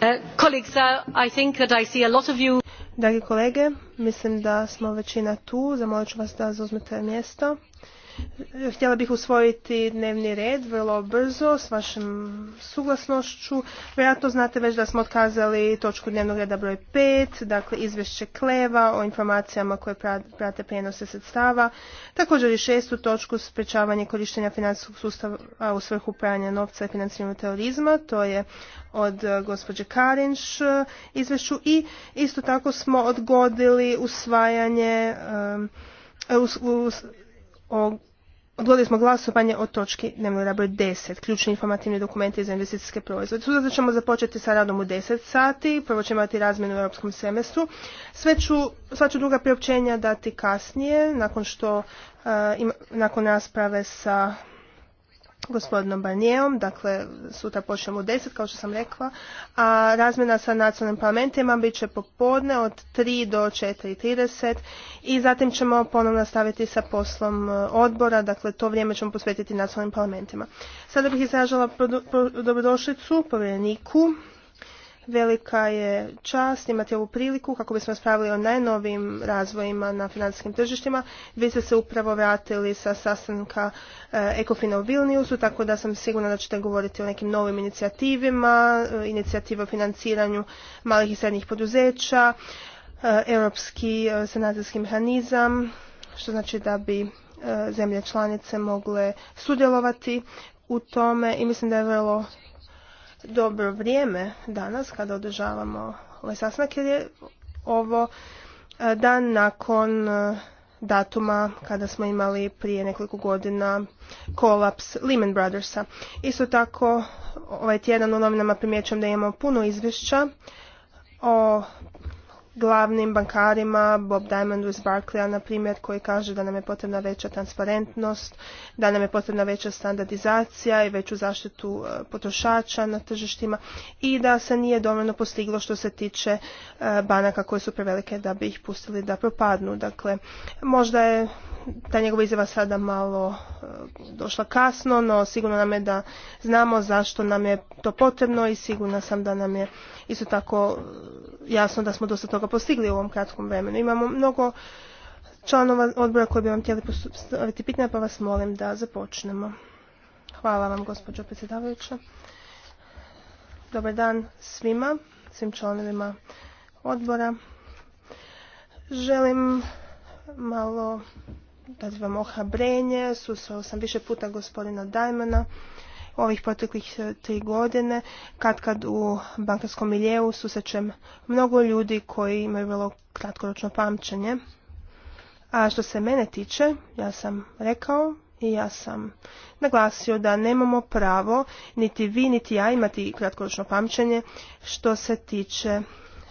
Uh, uh, Dragi kolege, mislim da smo većina tu. Zamolit ću vas da zauzmete mjesto. Htjela bih usvojiti dnevni red vrlo brzo s vašim suglasnošću. Vjerojatno znate već da smo otkazali točku dnevnog reda broj 5, dakle izvješće Kleva o informacijama koje prate prijenose sredstava. Također i šestu točku sprečavanje korištenja financijskog sustava u svrhu pranja novca i financijnog terorizma. To je od eh, gospođe Karinš eh, izvješću i isto tako smo odgodili usvajanje eh, Odgledali smo glasovanje o točki dnevnog broj 10, ključni informativni dokumenti za investicijske proizvode. Sutra ćemo započeti sa radom u 10 sati, prvo ćemo imati razmjenu u europskom semestru. Sve ću, sva ću druga priopćenja dati kasnije, nakon što, eh, nakon rasprave sa gospodinom Barnijevom, dakle sutra počnemo u 10 kao što sam rekla, a razmjena sa nacionalnim parlamentima bit će popodne od 3 do 4.30 i zatim ćemo ponovno nastaviti sa poslom e, odbora, dakle to vrijeme ćemo posvetiti nacionalnim parlamentima. Sada bih izražala dobrodošlicu povjereniku Velika je čast imati ovu priliku kako bismo spravili o najnovijim razvojima na financijskim tržištima. Vi ste se upravo vratili sa sastanka eh, Ekofina u Vilniusu, tako da sam sigurna da ćete govoriti o nekim novim inicijativima, eh, Inicijativa o financiranju malih i srednjih poduzeća, eh, europski sanacijski mehanizam, što znači da bi zemlje članice mogle sudjelovati u tome i mislim da je vrlo dobro vrijeme danas kada održavamo ovaj jer je ovo e, dan nakon e, datuma kada smo imali prije nekoliko godina kolaps Lehman Brothersa. Isto tako ovaj tjedan u novinama primjećujem da imamo puno izvješća o glavnim bankarima, Bob Diamond iz Barclaya, na primjer, koji kaže da nam je potrebna veća transparentnost, da nam je potrebna veća standardizacija i veću zaštitu e, potrošača na tržištima i da se nije dovoljno postiglo što se tiče e, banaka koje su prevelike da bi ih pustili da propadnu. Dakle, možda je ta njegova izjava sada malo e, došla kasno, no sigurno nam je da znamo zašto nam je to potrebno i sigurna sam da nam je isto tako jasno da smo dosta toga postigli u ovom kratkom vremenu. Imamo mnogo članova odbora koji bi vam htjeli postaviti pitanja, pa vas molim da započnemo. Hvala vam, gospođo predsjedavajuća. Dobar dan svima, svim članovima odbora. Želim malo dati vam ohabrenje. Susreo sam više puta gospodina Dajmana ovih proteklih e, tri godine, kad kad u bankarskom miljeu susrećem mnogo ljudi koji imaju vrlo kratkoročno pamćenje. A što se mene tiče, ja sam rekao i ja sam naglasio da nemamo pravo niti vi niti ja imati kratkoročno pamćenje što se tiče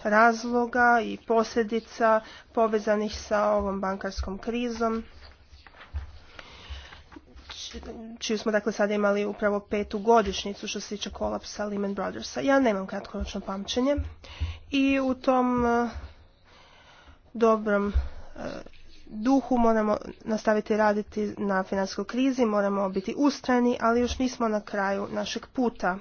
razloga i posljedica povezanih sa ovom bankarskom krizom čiju smo dakle sad imali upravo petu godišnicu što se tiče kolapsa Lehman Brothersa. Ja nemam kratkoročno pamćenje i u tom e, dobrom e, duhu moramo nastaviti raditi na financijskoj krizi, moramo biti ustrajni, ali još nismo na kraju našeg puta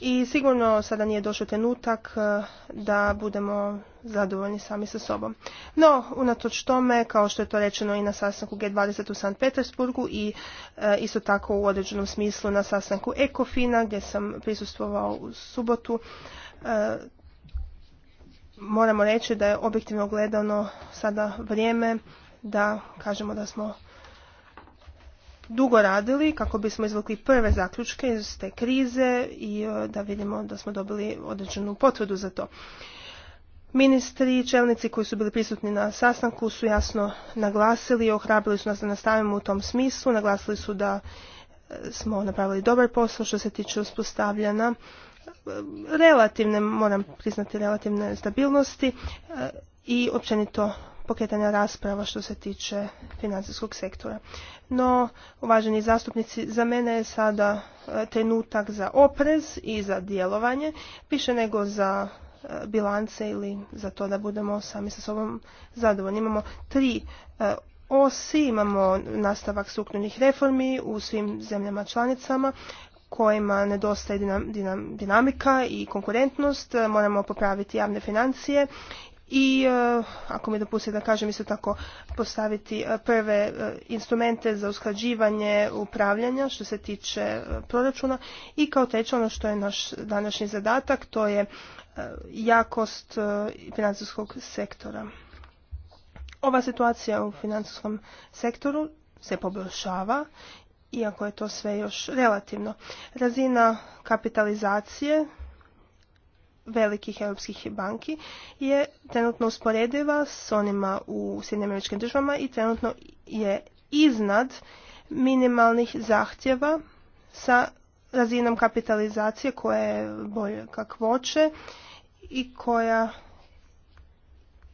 i sigurno sada nije došao trenutak e, da budemo zadovoljni sami sa sobom. No, unatoč tome, kao što je to rečeno i na sastanku G20 u St. Petersburgu i e, isto tako u određenom smislu na sastanku Ekofina gdje sam prisustvovao u subotu, e, moramo reći da je objektivno gledano sada vrijeme da kažemo da smo dugo radili kako bismo izvukli prve zaključke iz te krize i e, da vidimo da smo dobili određenu potvrdu za to. Ministri i čelnici koji su bili prisutni na sastanku su jasno naglasili i ohrabili su nas da nastavimo u tom smislu. Naglasili su da e, smo napravili dobar posao što se tiče uspostavljena e, relativne, moram priznati, relativne stabilnosti i općenito pokretanja rasprava što se tiče financijskog sektora. No, uvaženi zastupnici, za mene je sada e, trenutak za oprez i za djelovanje, više nego za e, bilance ili za to da budemo sami sa sobom zadovoljni. Imamo tri e, osi, imamo nastavak strukturnih reformi u svim zemljama članicama kojima nedostaje dinamika i konkurentnost, moramo popraviti javne financije i e, ako mi dopustite da kažem isto tako postaviti e, prve e, instrumente za usklađivanje upravljanja što se tiče proračuna i kao treće ono što je naš današnji zadatak to je jakost financijskog sektora. Ova situacija u financijskom sektoru se poboljšava iako je to sve još relativno. Razina kapitalizacije velikih europskih banki je trenutno usporediva s onima u Sjedinim američkim državama i trenutno je iznad minimalnih zahtjeva sa razinom kapitalizacije koja je bolje kakvoće i koja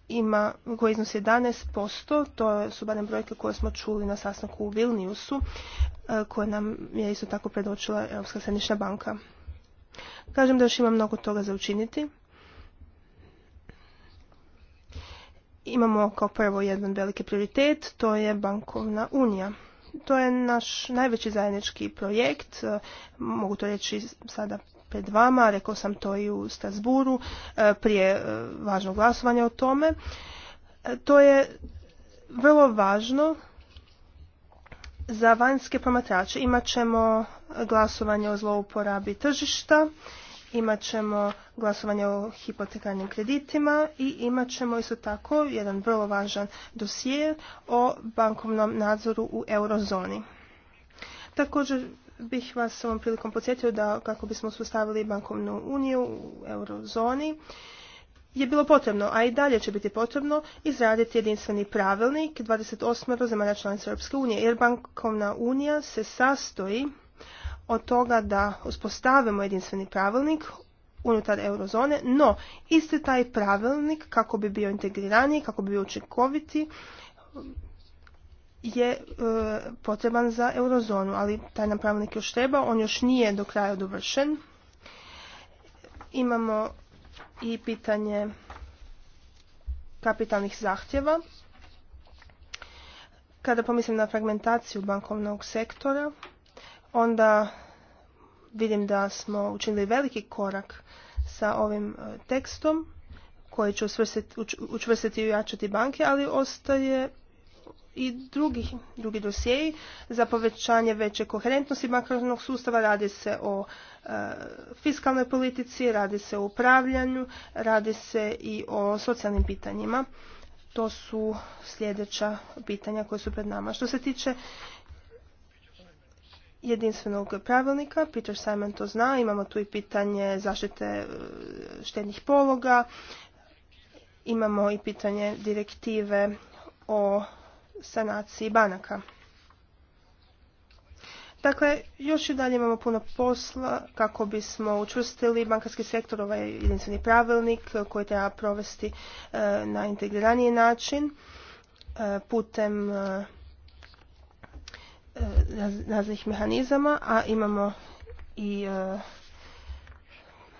ima, koja iznosi 11%, to su barem brojke koje smo čuli na sastanku u Vilniusu, e, koje nam je isto tako predočila Europska središnja banka. Kažem da još ima mnogo toga za učiniti. Imamo kao prvo jedan veliki prioritet, to je bankovna unija. To je naš najveći zajednički projekt, e, mogu to reći sada pred vama, rekao sam to i u Strasburu e, prije e, važnog glasovanja o tome. To je vrlo važno za vanjske promatrače imat ćemo glasovanje o zlouporabi tržišta, imat ćemo glasovanje o hipotekarnim kreditima i imat ćemo isto tako jedan vrlo važan dosije o bankovnom nadzoru u eurozoni. Također bih vas ovom prilikom podsjetio da kako bismo uspostavili bankovnu uniju u eurozoni, je bilo potrebno, a i dalje će biti potrebno izraditi jedinstveni pravilnik 28. zemalja članica Europske unije, jer bankovna unija se sastoji od toga da uspostavimo jedinstveni pravilnik unutar eurozone, no isti taj pravilnik kako bi bio integriraniji, kako bi bio učinkoviti je e, potreban za eurozonu, ali taj nam pravilnik još treba, on još nije do kraja dovršen. Imamo i pitanje kapitalnih zahtjeva. Kada pomislim na fragmentaciju bankovnog sektora, onda vidim da smo učinili veliki korak sa ovim e, tekstom koji će učvrstiti i ojačati banke, ali ostaje i drugi, drugi dosjeji za povećanje veće koherentnosti bankarnog sustava. Radi se o e, fiskalnoj politici, radi se o upravljanju, radi se i o socijalnim pitanjima. To su sljedeća pitanja koja su pred nama. Što se tiče jedinstvenog pravilnika, Peter Simon to zna, imamo tu i pitanje zaštite e, štednih pologa, imamo i pitanje direktive o sanaciji banaka. Dakle, još i dalje imamo puno posla kako bismo učvrstili bankarski sektor, ovaj jedinstveni pravilnik koji treba provesti e, na integriraniji način e, putem e, raznih mehanizama, a imamo i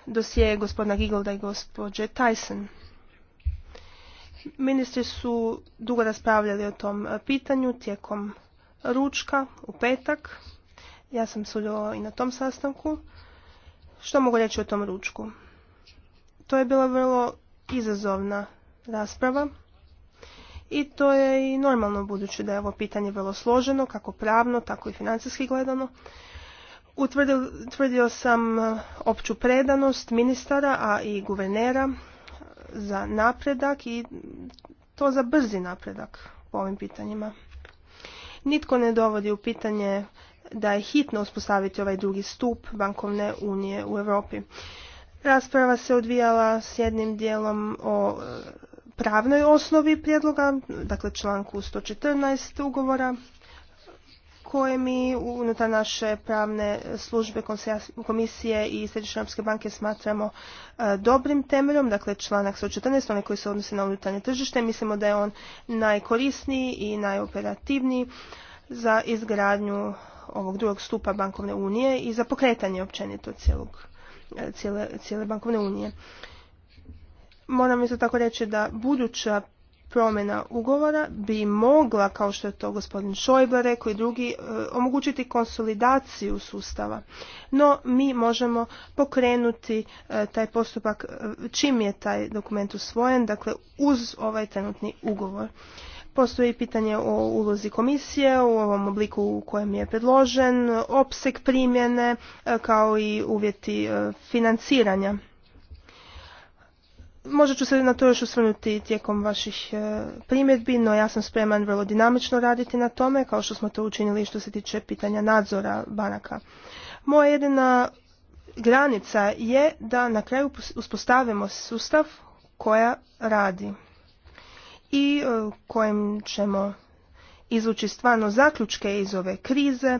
dosije gospodina Gigolda i gospođe Tyson. Ministri su dugo raspravljali o tom e, pitanju tijekom ručka u petak. Ja sam sudjelovao i na tom sastanku. Što mogu reći o tom ručku? To je bila vrlo izazovna rasprava i to je i normalno budući da je ovo pitanje vrlo složeno, kako pravno, tako i financijski gledano. Utvrdio sam e, opću predanost ministara, a i guvernera za napredak i to za brzi napredak po ovim pitanjima. Nitko ne dovodi u pitanje da je hitno uspostaviti ovaj drugi stup bankovne unije u Europi. Rasprava se odvijala s jednim dijelom o e, pravnoj osnovi prijedloga, dakle članku 114 ugovora, koje mi unutar naše pravne službe komisije i Središnje Europske banke smatramo e, dobrim temeljom, dakle članak 114, onaj koji se odnosi na unutarnje tržište, mislimo da je on najkorisniji i najoperativniji za izgradnju ovog drugog stupa bankovne unije i za pokretanje općenito cijelog, e, cijele, cijele bankovne unije. Moram isto tako reći da buduća promjena ugovora bi mogla, kao što je to gospodin Šojba rekao i drugi, e, omogućiti konsolidaciju sustava. No, mi možemo pokrenuti e, taj postupak e, čim je taj dokument usvojen, dakle uz ovaj trenutni ugovor. Postoji pitanje o ulozi komisije u ovom obliku u kojem je predložen, opseg primjene kao i uvjeti financiranja. Možda ću se na to još osvrnuti tijekom vaših e, primjedbi, no ja sam spreman vrlo dinamično raditi na tome, kao što smo to učinili što se tiče pitanja nadzora banaka. Moja jedina granica je da na kraju uspostavimo sustav koja radi i e, kojim ćemo izvući stvarno zaključke iz ove krize e,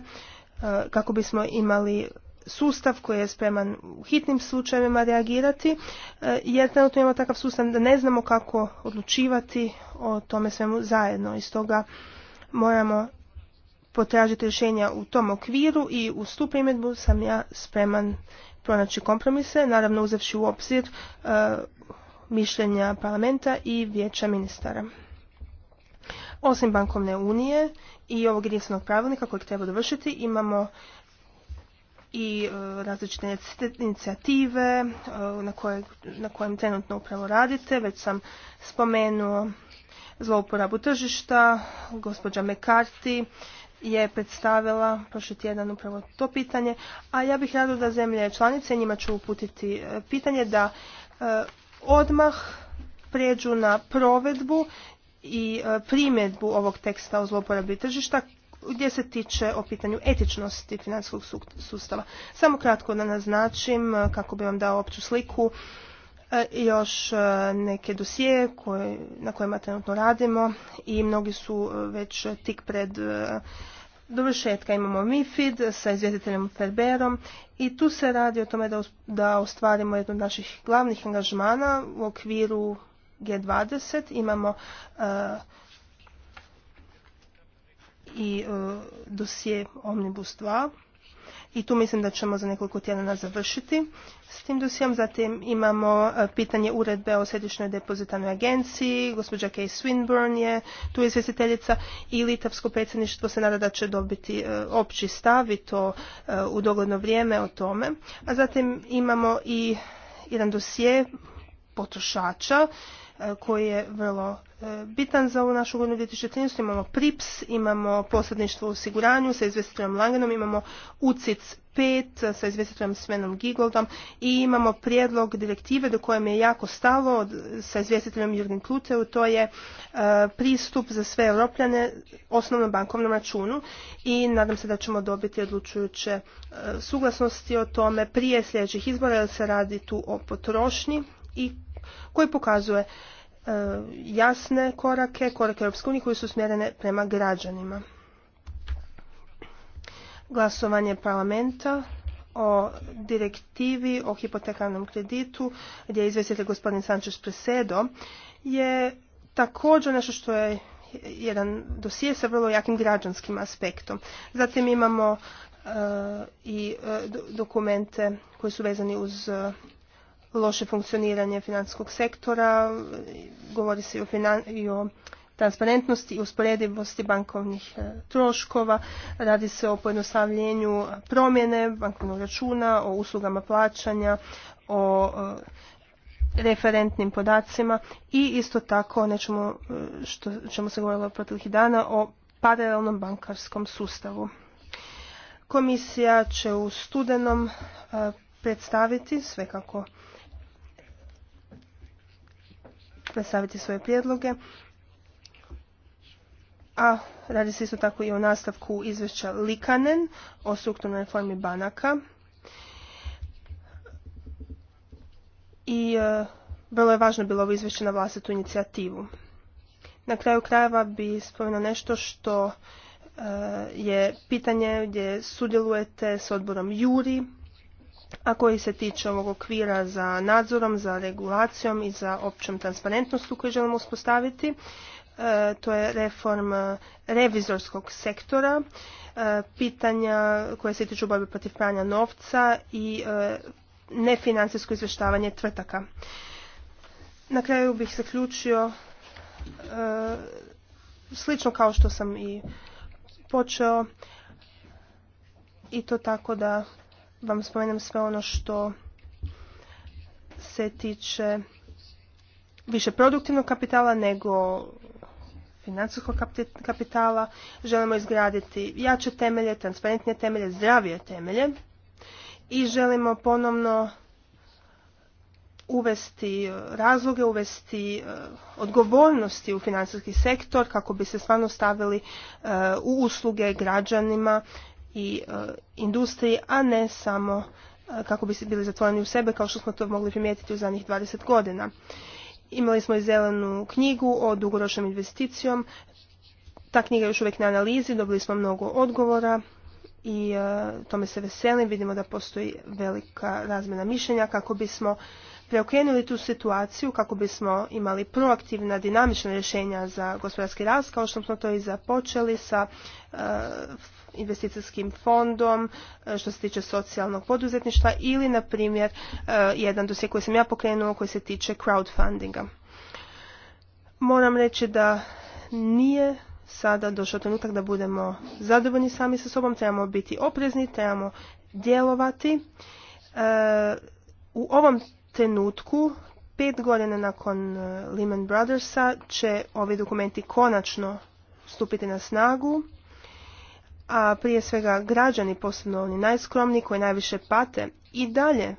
kako bismo imali sustav koji je spreman u hitnim slučajevima reagirati, e, jer trenutno imamo takav sustav da ne znamo kako odlučivati o tome svemu zajedno. I stoga moramo potražiti rješenja u tom okviru i uz tu primjedbu sam ja spreman pronaći kompromise, naravno uzevši u obzir e, mišljenja parlamenta i vijeća ministara. Osim bankovne unije i ovog jedinstvenog pravilnika kojeg treba dovršiti, imamo i e, različite inicijative e, na, koje, kojem trenutno upravo radite. Već sam spomenuo zlouporabu tržišta. Gospođa McCarthy je predstavila prošli tjedan upravo to pitanje. A ja bih rado da zemlje članice, njima ću uputiti e, pitanje, da odmah prijeđu na provedbu i primjedbu ovog teksta o zlouporabi tržišta gdje se tiče o pitanju etičnosti financijskog sustava. Samo kratko da naznačim e, kako bi vam dao opću sliku e, još e, neke dosije koje, na kojima trenutno radimo i mnogi su već tik pred dovršetka. Imamo MIFID sa izvjetiteljem Ferberom i tu se radi o tome da, ostvarimo jednu od naših glavnih angažmana u okviru G20. Imamo i e, dosije Omnibus 2. I tu mislim da ćemo za nekoliko tjedana završiti s tim dosijom. Zatim imamo e, pitanje uredbe o središnjoj depozitarnoj agenciji. Gospođa Kay Swinburne je tu izvjestiteljica i litavsko predsjedništvo se nada da će dobiti e, opći stav i to u dogledno vrijeme o tome. A zatim imamo i jedan dosije potrošača E, koji je vrlo e, bitan za ovu našu godinu 2013. Imamo PRIPS, imamo posredništvo u osiguranju sa izvjestiteljom Langenom, imamo UCIC 5 e, sa izvestiteljom Svenom Gigoldom i imamo prijedlog direktive do kojem je jako stalo sa izvjestiteljem Jurgen Kluteu, to je pristup za sve europljane osnovnom bankovnom računu i nadam se da ćemo dobiti odlučujuće suglasnosti o tome prije sljedećih izbora jer se radi tu o potrošnji i koji pokazuje e, jasne korake, korake Europske unije koji su smjerene prema građanima. Glasovanje parlamenta o direktivi o hipotekarnom kreditu gdje je izvjestitelj gospodin Sanchez Presedo je također nešto što je jedan dosije sa vrlo jakim građanskim aspektom. Zatim imamo e, i e, dokumente koji su vezani uz loše funkcioniranje financijskog sektora, govori se i o, transparentnosti i usporedivosti bankovnih e, troškova, radi se o pojednostavljenju promjene bankovnog računa, o uslugama plaćanja, o e, referentnim podacima i isto tako o nečemu e, što, čemu se govorilo proteklih dana o paralelnom bankarskom sustavu. Komisija će u studenom predstaviti sve kako predstaviti dakle, svoje prijedloge. A radi se isto tako i o nastavku izvješća Likanen o strukturnoj reformi banaka. I e, vrlo je važno bilo ovo izvješće na vlastitu inicijativu. Na kraju krajeva bi spomenuo nešto što e, je pitanje gdje sudjelujete s odborom Juri a koji se tiče ovog okvira za nadzorom, za regulacijom i za općom transparentnostu koju želimo uspostaviti. E, to je reform e, revizorskog sektora, e, pitanja koje se tiču borbe protiv pranja novca i nefinancijsko izvještavanje tvrtaka. Na kraju bih zaključio slično kao što sam i počeo i to tako da vam spomenem sve ono što se tiče više produktivnog kapitala nego financijskog kapitala. Želimo izgraditi jače temelje, transparentnije temelje, zdravije temelje i želimo ponovno uvesti razloge, uvesti e, odgovornosti u financijski sektor kako bi se stvarno stavili e, u usluge građanima i e, industriji, a ne samo e, kako bi se bili zatvoreni u sebe kao što smo to mogli primijetiti u zadnjih 20 godina. Imali smo i zelenu knjigu o dugoročnom investicijom. Ta knjiga je još uvijek na analizi, dobili smo mnogo odgovora i e, tome se veselim. Vidimo da postoji velika razmjena mišljenja kako bismo preokrenuli tu situaciju kako bismo imali proaktivna dinamična rješenja za gospodarski rast, kao što smo to i započeli sa e, investicijskim fondom e, što se tiče socijalnog poduzetništva ili, na primjer, e, jedan dosje koji sam ja pokrenuo koji se tiče crowdfundinga. Moram reći da nije sada došao trenutak da budemo zadovoljni sami sa sobom, trebamo biti oprezni, trebamo djelovati. u ovom trenutku, pet godina nakon e, Lehman Brothersa, će ovi dokumenti konačno stupiti na snagu, a prije svega građani, posebno oni najskromniji koji najviše pate i dalje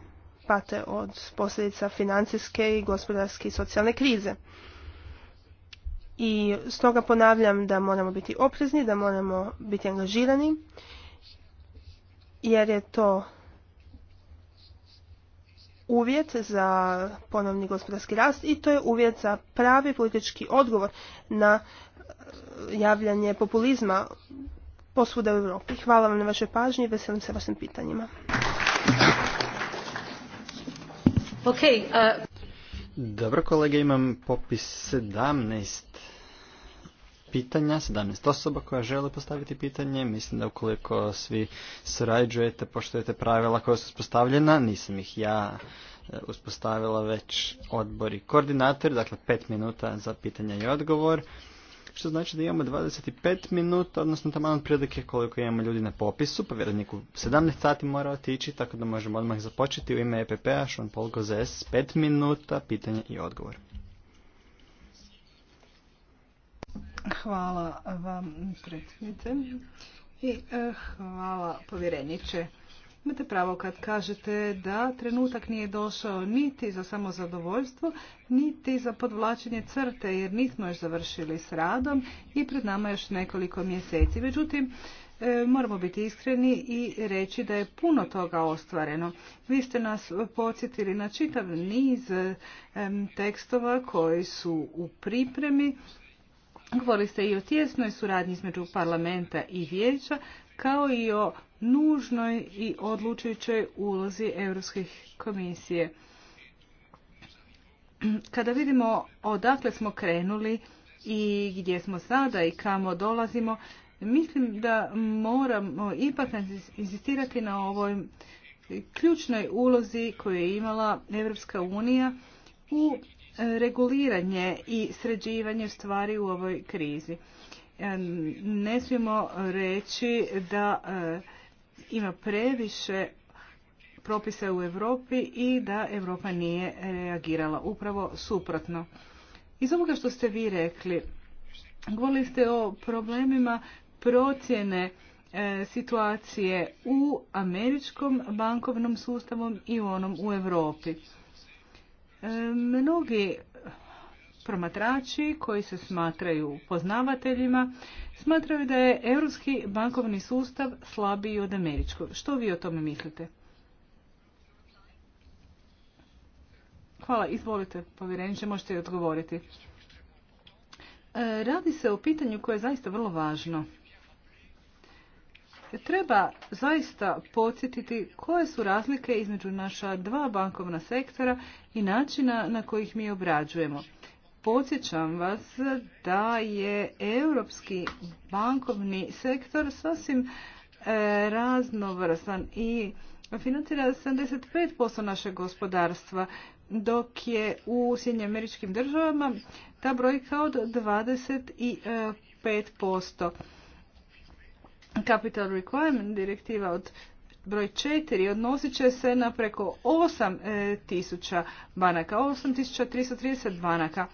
pate od posljedica financijske i gospodarske i socijalne krize. I stoga ponavljam da moramo biti oprezni, da moramo biti angažirani, jer je to uvjet za ponovni gospodarski rast i to je uvjet za pravi politički odgovor na e, javljanje populizma posvuda u Europi. Hvala vam na vašoj pažnji i veselim se vašim pitanjima. E, Dobro kolege, imam popis 17 pitanja, 17 osoba koja žele postaviti pitanje. Mislim da ukoliko svi surađujete, poštujete pravila koja su uspostavljena, nisam ih ja e, uspostavila već odbor i koordinator, dakle 5 minuta za pitanja i odgovor. Što znači da imamo 25 minuta, odnosno tamo prilike koliko imamo ljudi na popisu, povjerenik u 17 sati mora otići, tako da možemo odmah započeti u ime EPP-a, Sean Paul 5 minuta, pitanje i odgovor. Hvala vam, predsjednice. I eh, hvala, povjereniče. Imate pravo kad kažete da trenutak nije došao niti za samozadovoljstvo, niti za podvlačenje crte, jer nismo još završili s radom i pred nama još nekoliko mjeseci. Međutim, eh, moramo biti iskreni i reći da je puno toga ostvareno. Vi ste nas podsjetili na čitav niz eh, tekstova koji su u pripremi Govorili ste i o tjesnoj suradnji između parlamenta i vijeća, kao i o nužnoj i odlučujućoj ulozi Europske komisije. Kada vidimo odakle smo krenuli i gdje smo sada i kamo dolazimo, mislim da moramo ipak insistirati na ovoj ključnoj ulozi koju je imala Europska unija u reguliranje i sređivanje stvari u ovoj krizi. E, ne smijemo reći da e, ima previše propisa u Europi i da Europa nije reagirala. Upravo suprotno. Iz ovoga što ste vi rekli, govorili ste o problemima procjene e, situacije u američkom bankovnom sustavom i u onom u Europi. E, mnogi promatrači koji se smatraju poznavateljima smatraju da je europski bankovni sustav slabiji od američkog. Što vi o tome mislite? Hvala, izvolite povjereniče, možete i odgovoriti. E, radi se o pitanju koje je zaista vrlo važno. Treba zaista podsjetiti koje su razlike između naša dva bankovna sektora i načina na kojih mi obrađujemo. Podsjećam vas da je europski bankovni sektor sasvim e, raznovrsan i financira 75% našeg gospodarstva, dok je u Sjedinjim američkim državama ta brojka od 25%. Capital Requirement direktiva od broj 4 odnosit će se na preko 8000 e, banaka, 8330 banaka,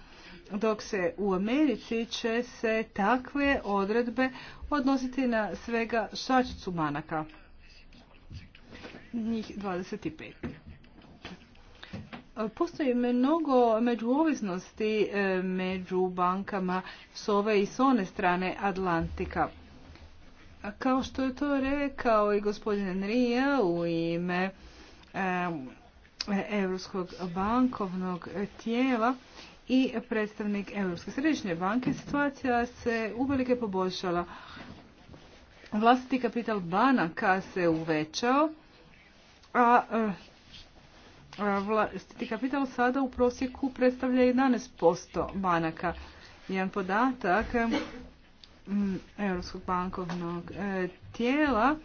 dok se u Americi će se takve odredbe odnositi na svega šačicu banaka, njih 25. Postoji mnogo međuovisnosti e, među bankama s ove i s one strane Atlantika. Kao što je to rekao i gospodin Rija u ime Europskog bankovnog tijela i predstavnik Europske središnje banke, situacija se uvelike poboljšala. Vlastiti kapital banaka se uvećao, a e, vlastiti kapital sada u prosjeku predstavlja 11% banaka. Jedan podatak Mm, Europskog bankovnog e, tijela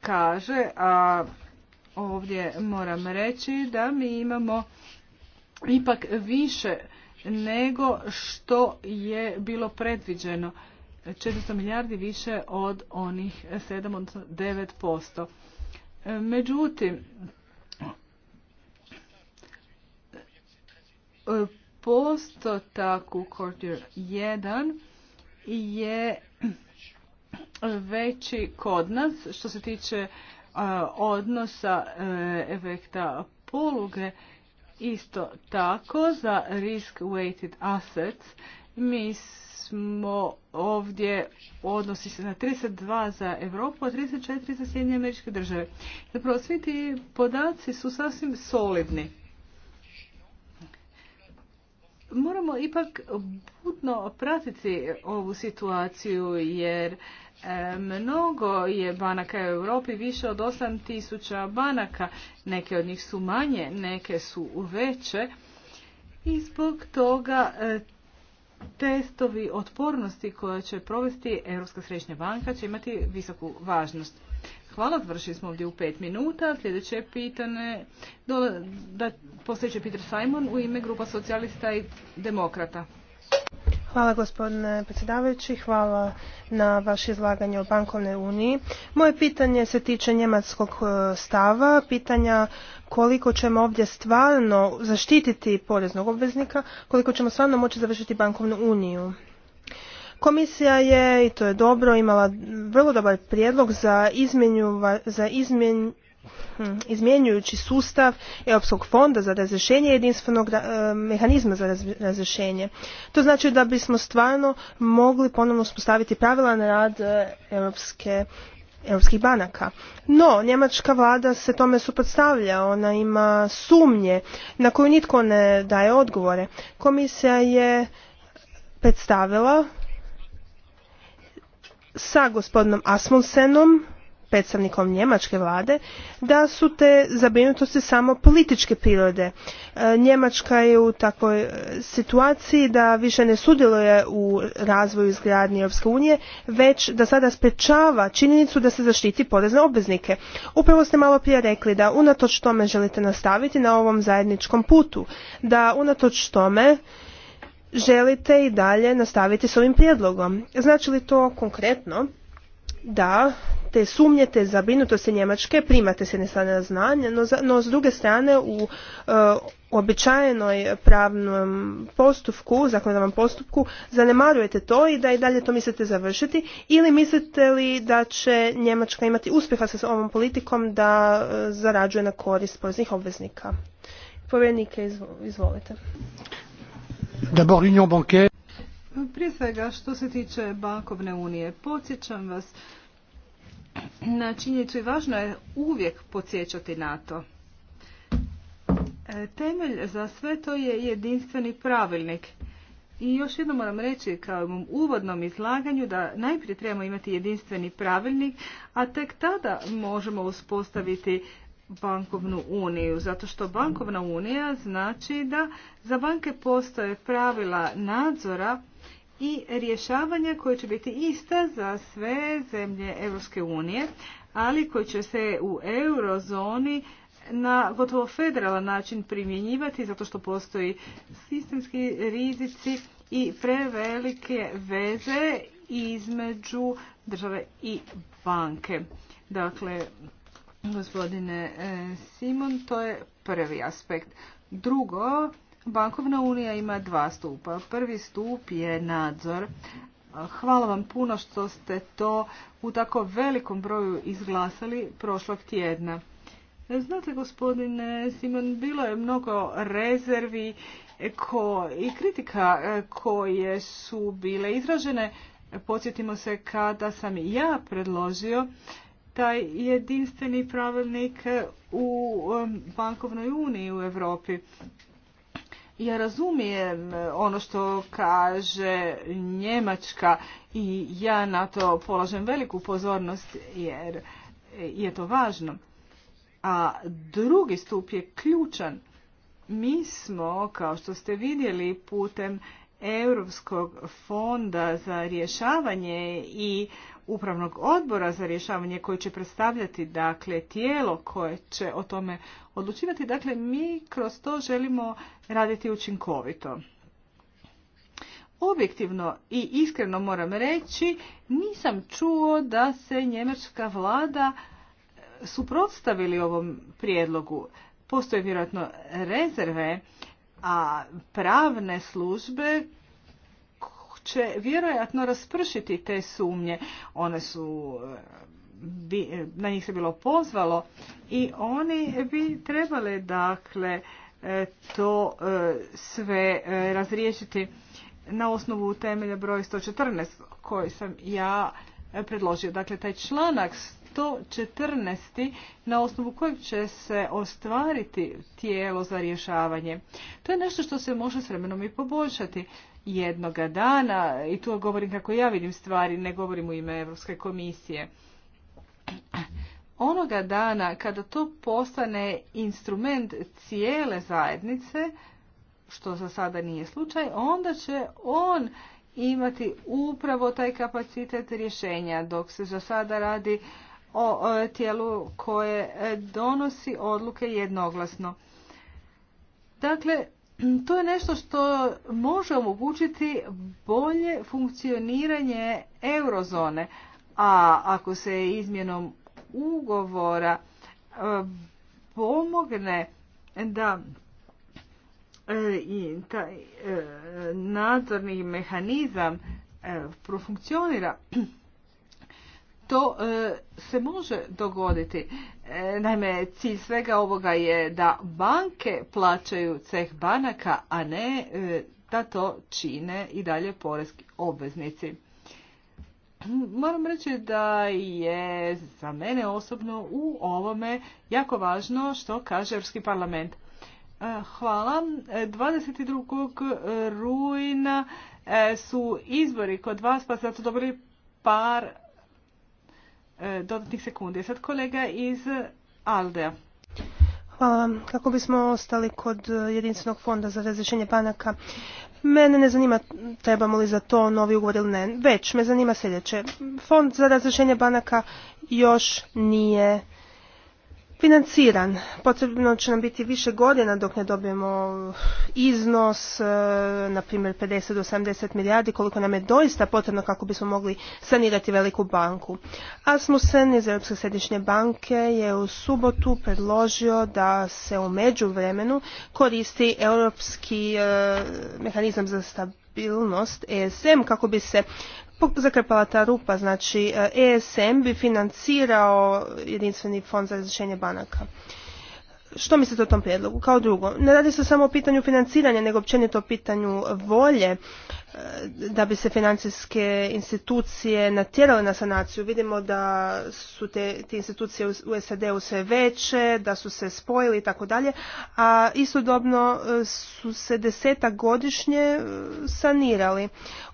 kaže, a ovdje moram reći da mi imamo ipak više nego što je bilo predviđeno. 400 milijardi više od onih 7 od 9%. Međutim, e, postotak u kvartir 1 je veći kod nas što se tiče e, odnosa e, efekta poluge isto tako za risk weighted assets mi smo ovdje odnosi se na 32 za Europu, a 34 za Sjedinje američke države. Zapravo svi ti podaci su sasvim solidni moramo ipak putno pratiti ovu situaciju jer e, mnogo je banaka u Europi, više od 8000 banaka, neke od njih su manje, neke su veće i zbog toga e, testovi otpornosti koje će provesti Europska središnja banka će imati visoku važnost. Hvala, završili smo ovdje u pet minuta. Sljedeće pitanje, da postojeće Peter Simon u ime grupa socijalista i demokrata. Hvala gospodine predsjedavajući, hvala na vaše izlaganje o bankovnoj uniji. Moje pitanje se tiče njemačkog e, stava, pitanja koliko ćemo ovdje stvarno zaštititi poreznog obveznika, koliko ćemo stvarno moći završiti bankovnu uniju. Komisija je, i to je dobro, imala vrlo dobar prijedlog za, za hm, izmjenjujući sustav Europskog fonda za razrješenje jedinstvenog e, mehanizma za razrješenje. To znači da bismo stvarno mogli ponovno uspostaviti pravila na rad e, Europske europskih banaka. No, njemačka vlada se tome suprotstavlja, ona ima sumnje na koju nitko ne daje odgovore. Komisija je predstavila sa gospodinom Asmunsenom, predstavnikom njemačke vlade, da su te zabrinutosti samo političke prirode. E, Njemačka je u takvoj e, situaciji da više ne sudjeluje u razvoju izgradnje Europske unije, već da sada sprečava činjenicu da se zaštiti porezne obveznike. Upravo ste malo prije rekli da unatoč tome želite nastaviti na ovom zajedničkom putu, da unatoč tome želite i dalje nastaviti s ovim prijedlogom. Znači li to konkretno da te sumnje, te zabrinutosti Njemačke primate s jedne strane na znanje, no, s druge strane u e, uh, običajenoj pravnom postupku, zakonodavnom postupku, zanemarujete to i da i dalje to mislite završiti ili mislite li da će Njemačka imati uspjeha sa ovom politikom da e, zarađuje na korist poreznih obveznika? Povjerenike, izvolite. D'abord l'union bancaire. Prije svega što se tiče bankovne unije, podsjećam vas na činjenicu i važno je uvijek podsjećati na to. E, temelj za sve to je jedinstveni pravilnik. I još jednom moram reći kao u uvodnom izlaganju da najprije trebamo imati jedinstveni pravilnik, a tek tada možemo uspostaviti bankovnu uniju, zato što bankovna unija znači da za banke postoje pravila nadzora i rješavanja koje će biti ista za sve zemlje Europske unije, ali koje će se u eurozoni na gotovo federalan način primjenjivati zato što postoji sistemski rizici i prevelike veze između države i banke. Dakle, Gospodine e, Simon, to je prvi aspekt. Drugo, bankovna unija ima dva stupa. Prvi stup je nadzor. Hvala vam puno što ste to u tako velikom broju izglasali prošlog tjedna. Znate, gospodine Simon, bilo je mnogo rezervi i kritika e, koje su bile izražene. Podsjetimo se kada sam ja predložio taj jedinstveni pravilnik u um, bankovnoj uniji u Europi. Ja razumijem e, ono što kaže Njemačka i ja na to polažem veliku pozornost jer je to važno. A drugi stup je ključan. Mi smo, kao što ste vidjeli putem Europskog fonda za rješavanje i upravnog odbora za rješavanje koji će predstavljati dakle tijelo koje će o tome odlučivati. Dakle, mi kroz to želimo raditi učinkovito. Objektivno i iskreno moram reći, nisam čuo da se njemačka vlada suprotstavili ovom prijedlogu. Postoje vjerojatno rezerve, a pravne službe će vjerojatno raspršiti te sumnje. One su e, e, na njih se bilo pozvalo i oni bi trebali dakle e, to sve razriješiti na osnovu temelja broj 114 koji sam ja predložio. Dakle, taj članak 114. na osnovu kojeg će se ostvariti tijelo za rješavanje. To je nešto što se može s vremenom i poboljšati jednoga dana i tu govorim kako ja vidim stvari, ne govorim u ime Europske komisije. Onoga dana kada to postane instrument cijele zajednice, što za sada nije slučaj, onda će on imati upravo taj kapacitet rješenja, dok se za sada radi o tijelu koje e, donosi odluke jednoglasno. Dakle, to je nešto što može omogućiti bolje funkcioniranje eurozone, a ako se izmjenom ugovora e, pomogne da e, i taj nadzorni mehanizam profunkcionira to e, se može dogoditi. E, naime, cilj svega ovoga je da banke plaćaju ceh banaka, a ne e, da to čine i dalje porezki obveznici. Moram reći da je za mene osobno u ovome jako važno što kaže Europski parlament. Hvala. 22. rujna su izbori kod vas, pa su dobili par E, dodatnih sekundi. Sad kolega iz Aldea. Hvala vam. Kako bismo ostali kod e, jedinstvenog fonda za razrješenje banaka, mene ne zanima trebamo li za to novi ugovor ili ne, već me zanima sljedeće. Fond za razrješenje banaka još nije financiran. Potrebno će nam biti više godina dok ne dobijemo iznos, e, na primjer 50 do 70 milijardi, koliko nam je doista potrebno kako bismo mogli sanirati veliku banku. Asmussen iz Europske središnje banke je u subotu predložio da se u međuvremenu koristi europski e, mehanizam za stabilnost ESM kako bi se zakrpala ta rupa. Znači ESM e bi financirao jedinstveni fond za razrješenje banaka. Što mislite o tom prijedlogu? Kao drugo, ne radi se samo o pitanju financiranja, nego općenito o pitanju volje e, da bi se financijske institucije natjerale na sanaciju. Vidimo da su te, te institucije u SAD-u sve veće, da su se spojili i tako dalje, a istodobno e, su se desetak godišnje sanirali.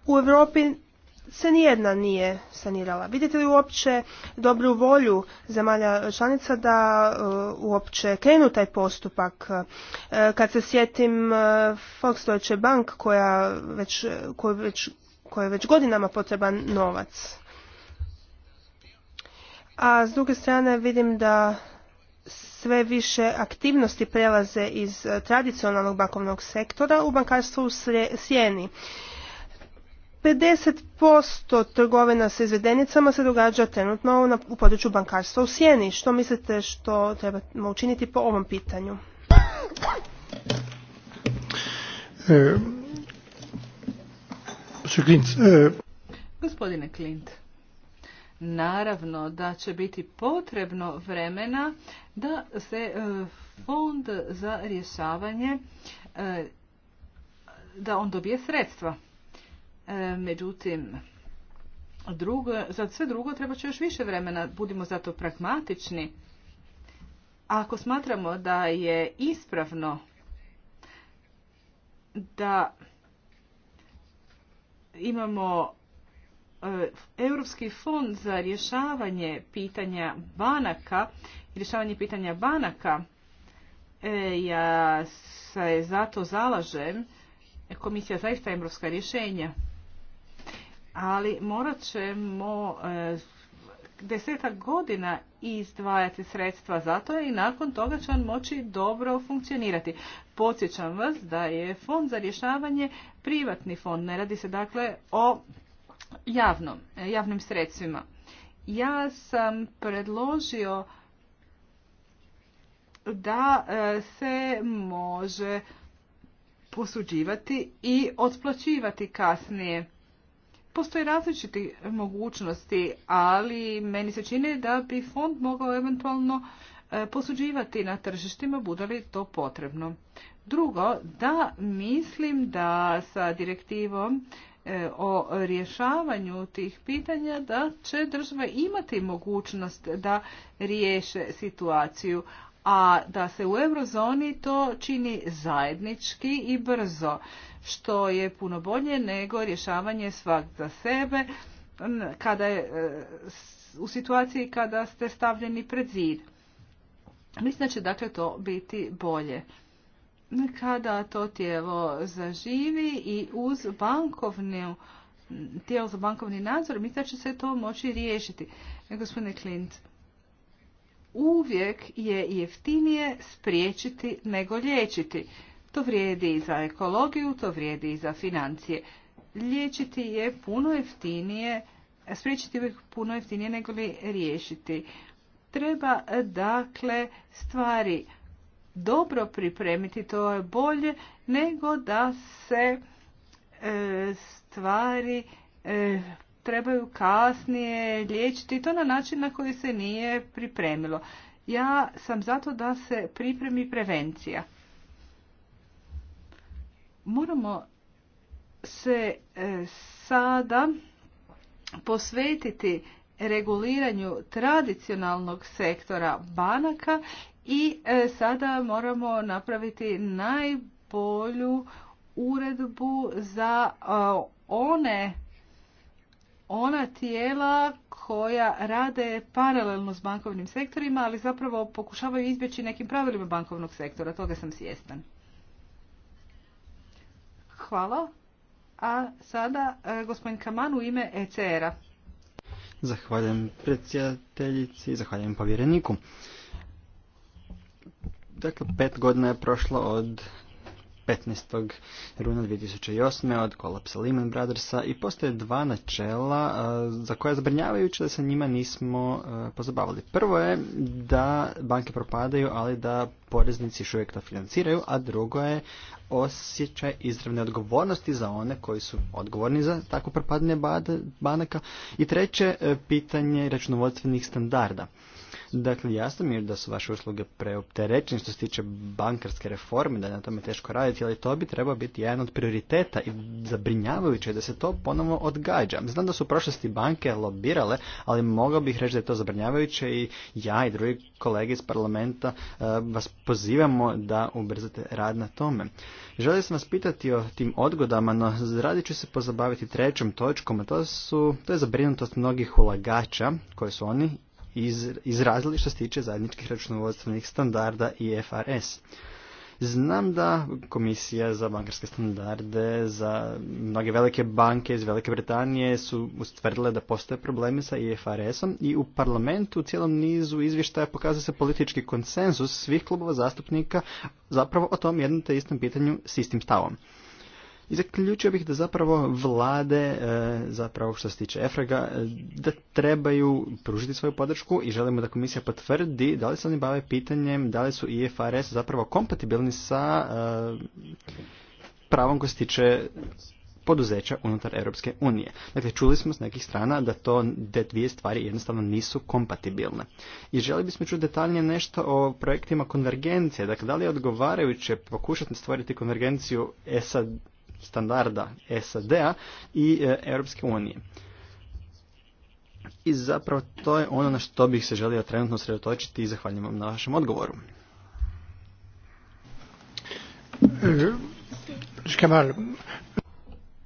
U Europi se nijedna nije sanirala. Vidite li uopće dobru volju zemalja članica da uh, uopće krenu taj postupak? Uh, kad se sjetim uh, Volksdeutsche Bank koja već, kojoj već, koja već godinama potreban novac. A s druge strane vidim da sve više aktivnosti prelaze iz tradicionalnog bankovnog sektora u bankarstvu u sjeni. 50% trgovina sa izvedenicama se događa trenutno u području bankarstva u Sjeni. Što mislite što trebamo učiniti po ovom pitanju? E, e. Gospodine Klint, naravno da će biti potrebno vremena da se e, fond za rješavanje da on dobije sredstva. E, međutim, drugo, za sve drugo treba će još više vremena, budimo zato pragmatični. Ako smatramo da je ispravno da imamo e, Europski fond za rješavanje pitanja banaka rješavanje pitanja banaka e, ja se zato zalažem komisija zaista europska rješenja ali morat ćemo e, desetak godina izdvajati sredstva za to i nakon toga će on moći dobro funkcionirati. Podsjećam vas da je fond za rješavanje privatni fond, ne radi se dakle o javnom, e, javnim sredstvima. Ja sam predložio da e, se može posuđivati i otplaćivati kasnije. Postoje različiti mogućnosti, ali meni se čini da bi fond mogao eventualno e, posuđivati na tržištima, bude li to potrebno. Drugo, da mislim da sa direktivom e, o rješavanju tih pitanja da će država imati mogućnost da riješe situaciju, a da se u eurozoni to čini zajednički i brzo, što je puno bolje nego rješavanje svak za sebe kada je, e, u situaciji kada ste stavljeni pred zid. Mislim da će dakle to biti bolje. Kada to tijelo zaživi i uz bankovnu tijelo za bankovni nadzor, mislim da će se to moći riješiti. E, gospodine Klint, uvijek je jeftinije spriječiti nego liječiti. To vrijedi i za ekologiju, to vrijedi i za financije. Liječiti je puno jeftinije, spriječiti je puno jeftinije nego li riješiti. Treba dakle stvari dobro pripremiti, to je bolje nego da se e, stvari e, trebaju kasnije liječiti to na način na koji se nije pripremilo. Ja sam zato da se pripremi prevencija. Moramo se e, sada posvetiti reguliranju tradicionalnog sektora banaka i e, sada moramo napraviti najbolju uredbu za e, one ona tijela koja rade paralelno s bankovnim sektorima, ali zapravo pokušavaju izbjeći nekim pravilima bankovnog sektora. Toga sam svjestan. Hvala. A sada e, gospodin Kaman u ime ECR-a. Zahvaljujem predsjedateljici i zahvaljujem povjereniku. Dakle, pet godina je prošlo od 15. runa 2008. od kolapsa Lehman Brothersa i postoje dva načela e, za koja zabrinjavajuće da se njima nismo e, pozabavili. Prvo je da banke propadaju, ali da poreznici još uvijek to financiraju, a drugo je osjećaj izravne odgovornosti za one koji su odgovorni za takvo propadanje banaka i treće e, pitanje računovodstvenih standarda. Dakle, jasno mi je da su vaše usluge preopterećene što se tiče bankarske reforme, da je na tome teško raditi, ali to bi trebao biti jedan od prioriteta i zabrinjavajuće da se to ponovo odgađa. Znam da su u prošlosti banke lobirale, ali mogao bih reći da je to zabrinjavajuće i ja i drugi kolege iz parlamenta e, vas pozivamo da ubrzate rad na tome. Želio sam vas pitati o tim odgodama, no radit ću se pozabaviti trećom točkom, a to, su, to je zabrinutost mnogih ulagača koje su oni izrazili što se tiče zajedničkih računovodstvenih standarda IFRS. Znam da Komisija za bankarske standarde, za mnoge velike banke iz Velike Britanije su ustvrdile da postoje problemi sa IFRS-om i u parlamentu u cijelom nizu izvještaja pokazuje se politički konsenzus svih klubova zastupnika zapravo o tom jednom te istom pitanju s istim stavom. I zaključio bih da zapravo vlade, e, zapravo što se tiče Efraga, e, da trebaju pružiti svoju podršku i želimo da komisija potvrdi da li se oni bave pitanjem da li su IFRS zapravo kompatibilni sa e, pravom koji se tiče poduzeća unutar Europske unije. Dakle, čuli smo s nekih strana da to te dvije stvari jednostavno nisu kompatibilne. I želi bismo čuti detaljnije nešto o projektima konvergencije. Dakle, da li je odgovarajuće pokušati stvoriti konvergenciju SAD, standarda SAD-a i e, Europske unije. I zapravo to je ono na što bih se želio trenutno sredotočiti i zahvaljujem vam na vašem odgovoru. Eh,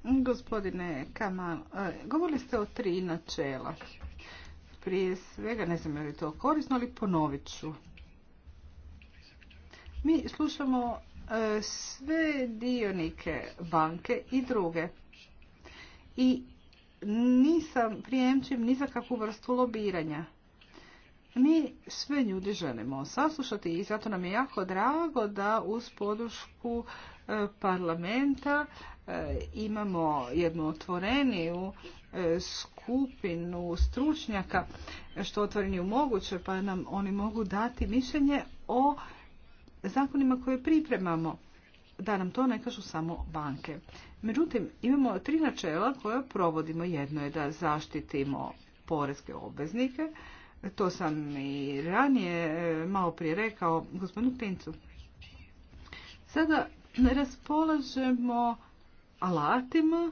Gospodine Kamal, e, govorili ste o tri načela. Prije svega, ne znam je li to korisno, ali ponovit ću. Mi slušamo E, sve dionike banke i druge. I nisam prijemčim ni za kakvu vrstu lobiranja. Mi sve ljudi želimo saslušati i zato nam je jako drago da uz podušku e, parlamenta e, imamo jednu otvoreniju skupinu stručnjaka što otvoreniju moguće pa nam oni mogu dati mišljenje o zakonima koje pripremamo, da nam to ne kažu samo banke. Međutim, imamo tri načela koja provodimo. Jedno je da zaštitimo porezke obveznike. To sam i ranije e, malo prije rekao gospodinu Pincu. Sada raspolažemo alatima